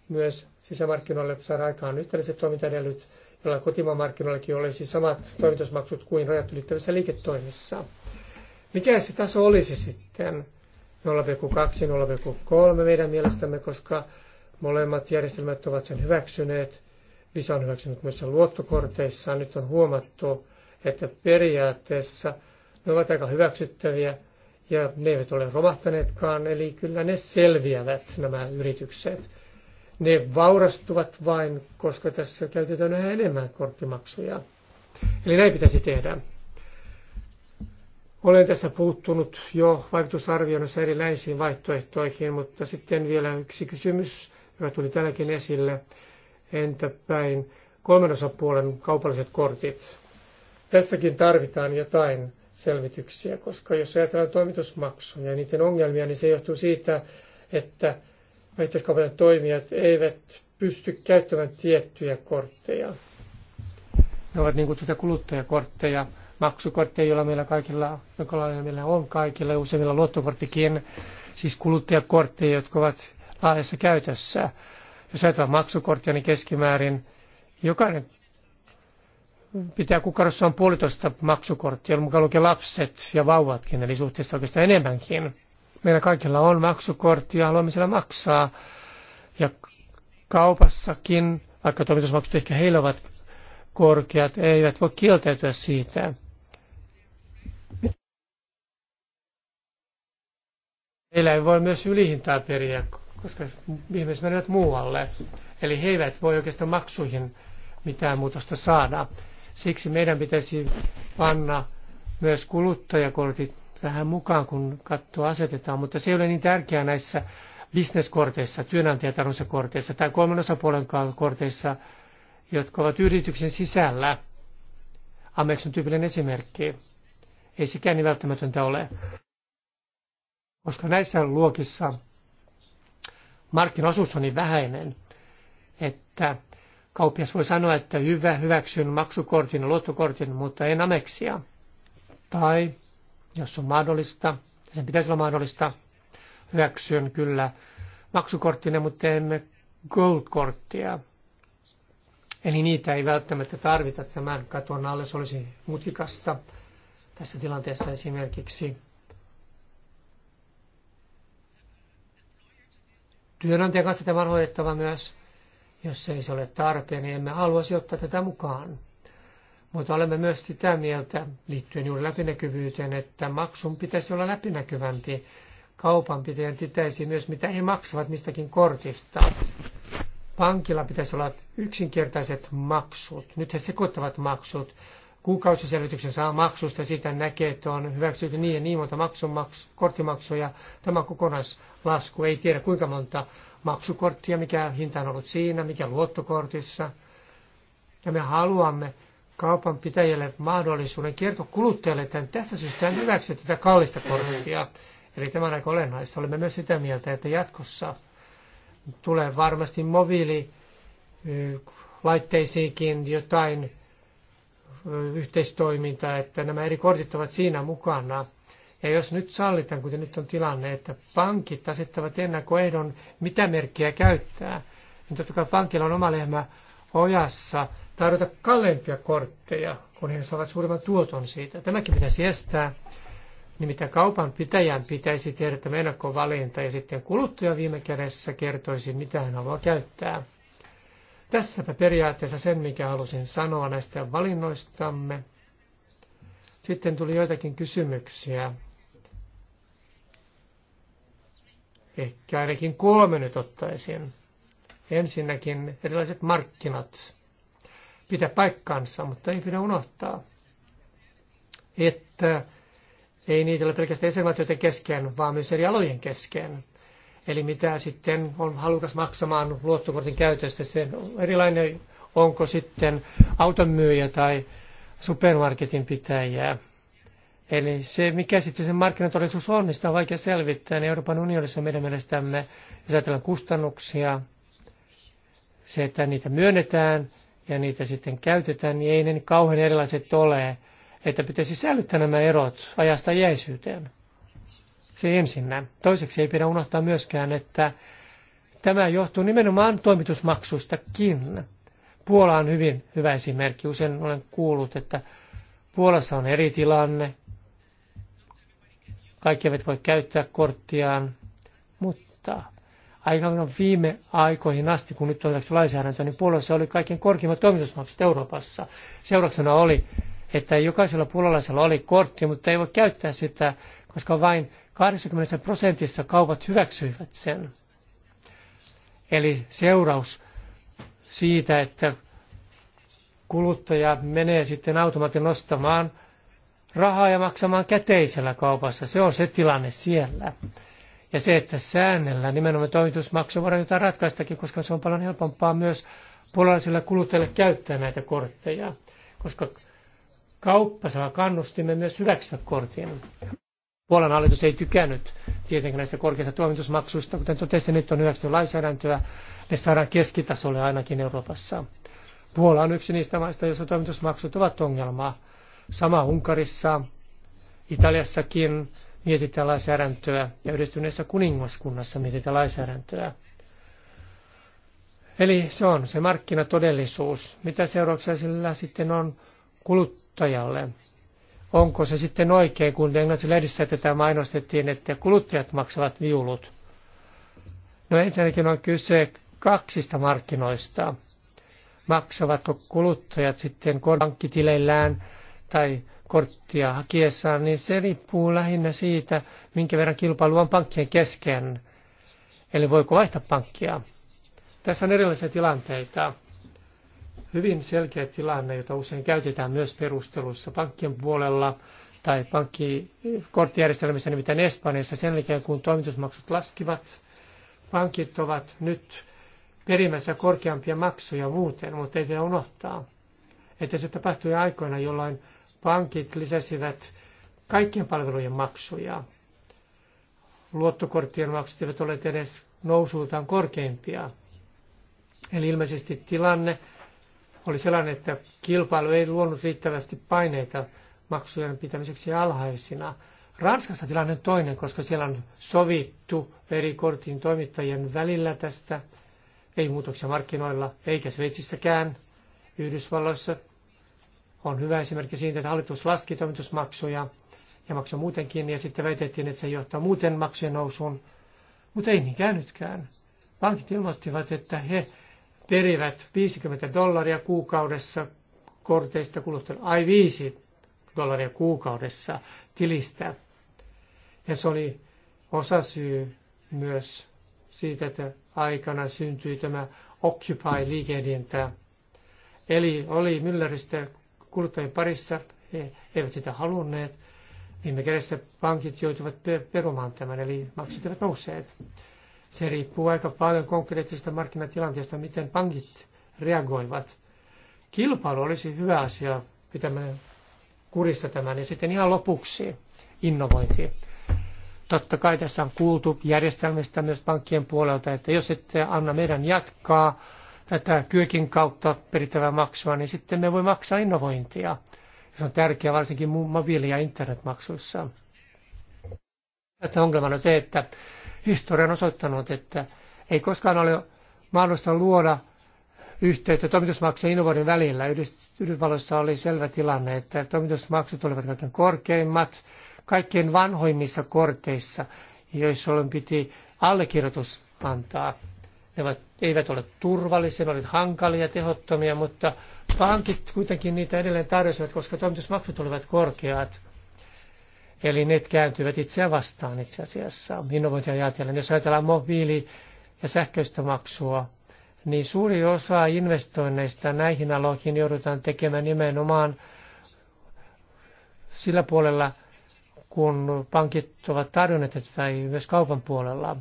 myös sisämarkkinoille saada aikaan yhtäläiset toimintaedellyt, joilla kotimaan markkinoillakin olisi samat toimitusmaksut kuin rajat ylittävissä liiketoimissa. Mikä se taso olisi sitten? 0,2, 0,3 meidän mielestämme, koska molemmat järjestelmät ovat sen hyväksyneet. Visa on hyväksynyt myös sen luottokorteissa. Nyt on huomattu, että periaatteessa ne ovat aika hyväksyttäviä ja ne eivät ole romahtaneetkaan, eli kyllä ne selviävät nämä yritykset. Ne vaurastuvat vain, koska tässä käytetään yhä enemmän korttimaksuja. Eli näin pitäisi tehdä. Olen tässä puuttunut jo vaikutusarvioinnissa erilaisiin vaihtoehtoihin, mutta sitten vielä yksi kysymys, joka tuli tälläkin esille. Entä päin kolmen osapuolen kaupalliset kortit? Tässäkin tarvitaan jotain selvityksiä, koska jos ajatellaan toimitusmaksuja ja niiden ongelmia, niin se johtuu siitä, että vähittäiskaupan toimijat eivät pysty käyttämään tiettyjä kortteja. Ne ovat niin kutsuta kuluttajakortteja, maksukortteja, joilla meillä kaikilla, jokainen meillä on kaikilla ja useimmilla luottokorttikin, siis kuluttajakortteja, jotka ovat laajassa käytössä. Jos ajatellaan maksukorttia, niin keskimäärin jokainen pitää kukarossa on puolitoista maksukorttia, mukaan lukee lapset ja vauvatkin, eli suhteessa oikeastaan enemmänkin. Meillä kaikilla on maksukortti ja haluamme siellä maksaa. Ja kaupassakin, vaikka toimitusmaksut ehkä heillä ovat korkeat, eivät voi kieltäytyä siitä. Heillä ei voi myös ylihintaa periä, koska ihmiset menevät muualle. Eli he eivät voi oikeastaan maksuihin mitään muutosta saada. Siksi meidän pitäisi panna myös kuluttajakortit tähän mukaan, kun katto asetetaan, mutta se ei ole niin tärkeää näissä bisneskorteissa, työnantajatarvoissa korteissa tai kolmen osapuolen korteissa, jotka ovat yrityksen sisällä. Amex on tyypillinen esimerkki ei sekään niin välttämätöntä ole. Koska näissä luokissa markkinaosuus on niin vähäinen, että kauppias voi sanoa, että hyvä, hyväksyn maksukortin ja luottokortin, mutta en ameksia. Tai, jos on mahdollista, sen pitäisi olla mahdollista, hyväksyn kyllä maksukorttina, mutta emme gold-korttia. Eli niitä ei välttämättä tarvita tämän katon alle, se olisi mutkikasta tässä tilanteessa esimerkiksi työnantajan kanssa tämä on hoidettava myös. Jos ei se ole tarpeen, niin emme haluaisi ottaa tätä mukaan. Mutta olemme myös sitä mieltä, liittyen juuri läpinäkyvyyteen, että maksun pitäisi olla läpinäkyvämpi. Kaupan pitäjän pitäisi myös, mitä he maksavat mistäkin kortista. Pankilla pitäisi olla yksinkertaiset maksut. Nyt he sekoittavat maksut kuukausiselvityksen saa maksusta, siitä näkee, että on hyväksytty niin ja niin monta maksumaksu, korttimaksuja. Tämä kokonaislasku ei tiedä kuinka monta maksukorttia, mikä hinta on ollut siinä, mikä luottokortissa. Ja me haluamme kaupan pitäjälle mahdollisuuden kertoa kuluttajalle, että tässä syystä hyväksy tätä kallista korttia. Eli tämä on aika olennaista. Olemme myös sitä mieltä, että jatkossa tulee varmasti mobiili laitteisiinkin jotain yhteistoiminta, että nämä eri kortit ovat siinä mukana. Ja jos nyt sallitaan, kuten nyt on tilanne, että pankit asettavat ennakkoehdon, mitä merkkiä käyttää, niin totta kai pankilla on oma lehmä ojassa tarjota kalleimpia kortteja, kun he saavat suuremman tuoton siitä. Tämäkin pitäisi estää. Niin mitä kaupan pitäjän pitäisi tehdä tämä ennakkovalinta ja sitten kuluttaja viime kädessä kertoisi, mitä hän haluaa käyttää. Tässäpä periaatteessa sen, mikä halusin sanoa näistä valinnoistamme. Sitten tuli joitakin kysymyksiä. Ehkä ainakin kolme nyt ottaisin. Ensinnäkin erilaiset markkinat. Pitää paikkansa, mutta ei pidä unohtaa, että ei niitä ole pelkästään jäsenvaltioiden kesken, vaan myös eri alojen kesken. Eli mitä sitten on halukas maksamaan luottokortin käytöstä, se on erilainen, onko sitten autonmyyjä tai supermarketin pitäjää. Eli se, mikä sitten se markkinatodellisuus on, niin sitä on vaikea selvittää. Niin Euroopan unionissa meidän mielestämme, jos ajatellaan kustannuksia, se, että niitä myönnetään ja niitä sitten käytetään, niin ei ne niin kauhean erilaiset ole, että pitäisi säilyttää nämä erot ajasta jäisyyteen. Se ensinnä. Toiseksi ei pidä unohtaa myöskään, että tämä johtuu nimenomaan toimitusmaksuistakin. Puola on hyvin hyvä esimerkki. Usein olen kuullut, että Puolassa on eri tilanne. Kaikki eivät voi käyttää korttiaan, mutta aika viime aikoihin asti, kun nyt on hyväksytty lainsäädäntö, niin Puolassa oli kaikkein korkeimmat toimitusmaksut Euroopassa. Seurauksena oli, että jokaisella puolalaisella oli kortti, mutta ei voi käyttää sitä, koska vain 80 prosentissa kaupat hyväksyivät sen. Eli seuraus siitä, että kuluttaja menee sitten automaattisesti nostamaan rahaa ja maksamaan käteisellä kaupassa. Se on se tilanne siellä. Ja se, että säännellä nimenomaan toimitusmaksu voidaan jotain ratkaistakin, koska se on paljon helpompaa myös puolalaisille kuluttajille käyttää näitä kortteja, koska kauppa saa kannustimme myös hyväksyä kortin. Puolan hallitus ei tykännyt tietenkään näistä korkeista tuomitusmaksuista. Kuten totesin, nyt on hyväksytty lainsäädäntöä. Ne saadaan keskitasolle ainakin Euroopassa. Puola on yksi niistä maista, joissa toimitusmaksut ovat ongelmaa. Sama Unkarissa, Italiassakin mietitään lainsäädäntöä ja yhdistyneessä kuningaskunnassa mietitään lainsäädäntöä. Eli se on se markkinatodellisuus. Mitä seurauksia sillä sitten on kuluttajalle? onko se sitten oikein, kun englantilaisessa tätä mainostettiin, että kuluttajat maksavat viulut. No ensinnäkin on kyse kaksista markkinoista. Maksavatko kuluttajat sitten pankkitileillään tai korttia hakiessaan, niin se riippuu lähinnä siitä, minkä verran kilpailu on pankkien kesken. Eli voiko vaihtaa pankkia? Tässä on erilaisia tilanteita hyvin selkeä tilanne, jota usein käytetään myös perusteluissa pankkien puolella tai pankkikorttijärjestelmissä, nimittäin Espanjassa sen jälkeen, kun toimitusmaksut laskivat, pankit ovat nyt perimässä korkeampia maksuja muuten, mutta ei vielä unohtaa, että se tapahtui aikoina, jolloin pankit lisäsivät kaikkien palvelujen maksuja. Luottokorttien maksut eivät ole edes nousultaan korkeimpia. Eli ilmeisesti tilanne oli sellainen, että kilpailu ei luonut riittävästi paineita maksujen pitämiseksi alhaisina. Ranskassa tilanne on toinen, koska siellä on sovittu eri kortin toimittajien välillä tästä. Ei muutoksia markkinoilla, eikä Sveitsissäkään. Yhdysvalloissa on hyvä esimerkki siitä, että hallitus laski toimitusmaksuja ja maksoi muutenkin, ja sitten väitettiin, että se johtaa muuten maksujen nousuun. Mutta ei niin käynytkään. Pankit ilmoittivat, että he perivät 50 dollaria kuukaudessa korteista kuluttajille, ai 5 dollaria kuukaudessa tilistä. Ja se oli osasyy myös siitä, että aikana syntyi tämä Occupy-liikehdintä. Eli oli mylleristä kuluttajien parissa, he eivät sitä halunneet. Viime kädessä pankit joutuvat perumaan tämän, eli maksut eivät nousseet. Se riippuu aika paljon konkreettisesta markkinatilanteesta, miten pankit reagoivat. Kilpailu olisi hyvä asia pitämään kurista tämän. Ja sitten ihan lopuksi innovointi. Totta kai tässä on kuultu järjestelmistä myös pankkien puolelta, että jos ette anna meidän jatkaa tätä kyökin kautta perittävää maksua, niin sitten me voi maksaa innovointia. Se on tärkeää varsinkin mobiili- ja internetmaksuissa. Tästä ongelmana on se, että historia on osoittanut, että ei koskaan ole mahdollista luoda yhteyttä toimitusmaksujen ja innovoinnin välillä. Yhdysvalloissa oli selvä tilanne, että toimitusmaksut olivat kaikkein korkeimmat, kaikkein vanhoimmissa korteissa, joissa piti allekirjoitus antaa. Ne eivät ole turvallisia, ne olivat hankalia, tehottomia, mutta pankit kuitenkin niitä edelleen tarjosivat, koska toimitusmaksut olivat korkeat. Eli ne kääntyvät itseään vastaan itse asiassa innovointia ajatellen. Jos ajatellaan mobiili- ja sähköistä maksua, niin suuri osa investoinneista näihin aloihin joudutaan tekemään nimenomaan sillä puolella, kun pankit ovat tarjonneet tai myös kaupan puolella.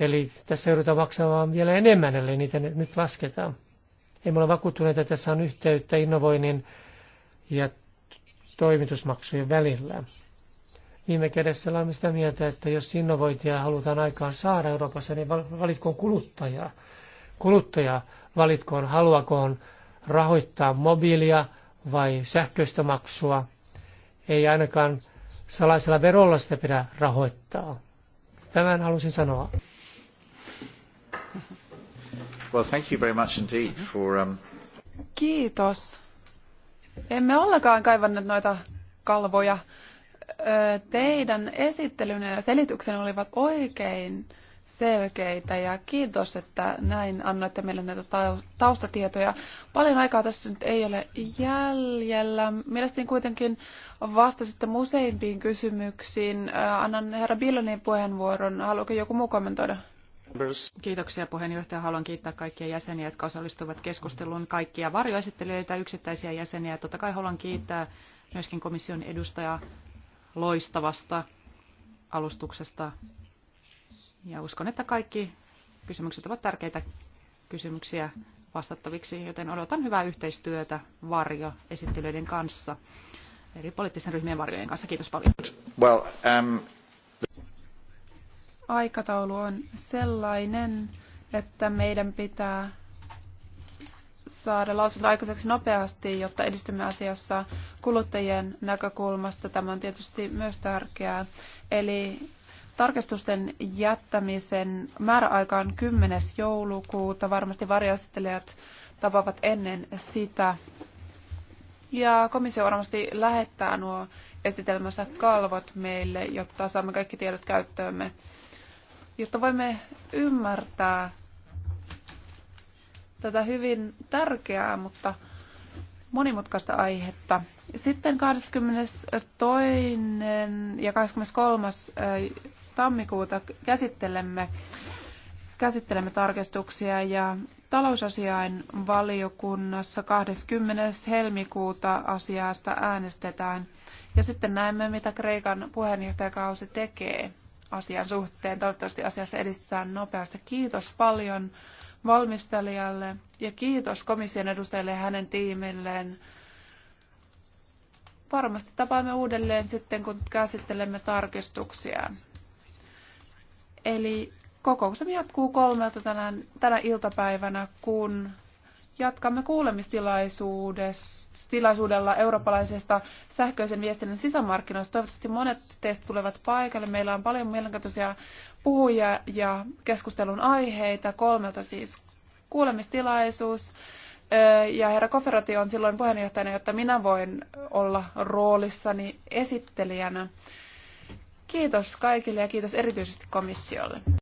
Eli tässä joudutaan maksamaan vielä enemmän, eli niitä nyt lasketaan. Ei ole vakuuttuneita, että tässä on yhteyttä innovoinnin ja toimitusmaksujen välillä viime kädessä olemme sitä mieltä, että jos innovointia halutaan aikaan saada Euroopassa, niin valitkoon kuluttajaa. Kuluttaja valitkoon, haluakoon rahoittaa mobiilia vai sähköistä maksua. Ei ainakaan salaisella verolla sitä pidä rahoittaa. Tämän halusin sanoa. Well, thank you very much indeed for, um... Kiitos. Emme ollenkaan kaivanneet noita kalvoja teidän esittelynne ja selityksen olivat oikein selkeitä ja kiitos, että näin annoitte meille näitä taustatietoja. Paljon aikaa tässä nyt ei ole jäljellä. Mielestäni kuitenkin vastasitte useimpiin kysymyksiin. Annan herra Billonin puheenvuoron. Haluatko joku muu kommentoida? Kiitoksia puheenjohtaja. Haluan kiittää kaikkia jäseniä, jotka osallistuvat keskusteluun, kaikkia varjoesittelijöitä, yksittäisiä jäseniä. Totta kai haluan kiittää myöskin komission edustajaa loistavasta alustuksesta. Ja uskon, että kaikki kysymykset ovat tärkeitä kysymyksiä vastattaviksi, joten odotan hyvää yhteistyötä varjoesittelyiden kanssa, eri poliittisten ryhmien varjojen kanssa. Kiitos paljon. Well, um... Aikataulu on sellainen, että meidän pitää saada lausunto aikaiseksi nopeasti, jotta edistämme asiassa kuluttajien näkökulmasta. Tämä on tietysti myös tärkeää. Eli tarkistusten jättämisen määräaika on 10. joulukuuta. Varmasti varjastelijat tapaavat ennen sitä. Ja komissio varmasti lähettää nuo esitelmänsä kalvot meille, jotta saamme kaikki tiedot käyttöömme, jotta voimme ymmärtää tätä hyvin tärkeää, mutta monimutkaista aihetta. Sitten 22. ja 23. Eh, tammikuuta käsittelemme, käsittelemme tarkistuksia ja talousasiain valiokunnassa 20. helmikuuta asiasta äänestetään. Ja sitten näemme, mitä Kreikan puheenjohtajakausi tekee asian suhteen. Toivottavasti asiassa edistytään nopeasti. Kiitos paljon valmistelijalle ja kiitos komission edustajille ja hänen tiimilleen. Varmasti tapaamme uudelleen sitten, kun käsittelemme tarkistuksia. Eli kokouksemme jatkuu kolmelta tänään, tänä iltapäivänä, kun jatkamme kuulemistilaisuudella eurooppalaisesta sähköisen viestinnän sisämarkkinoista. Toivottavasti monet teistä tulevat paikalle. Meillä on paljon mielenkiintoisia puhuja ja keskustelun aiheita. Kolmelta siis kuulemistilaisuus. Ja herra Koferati on silloin puheenjohtajana, jotta minä voin olla roolissani esittelijänä. Kiitos kaikille ja kiitos erityisesti komissiolle.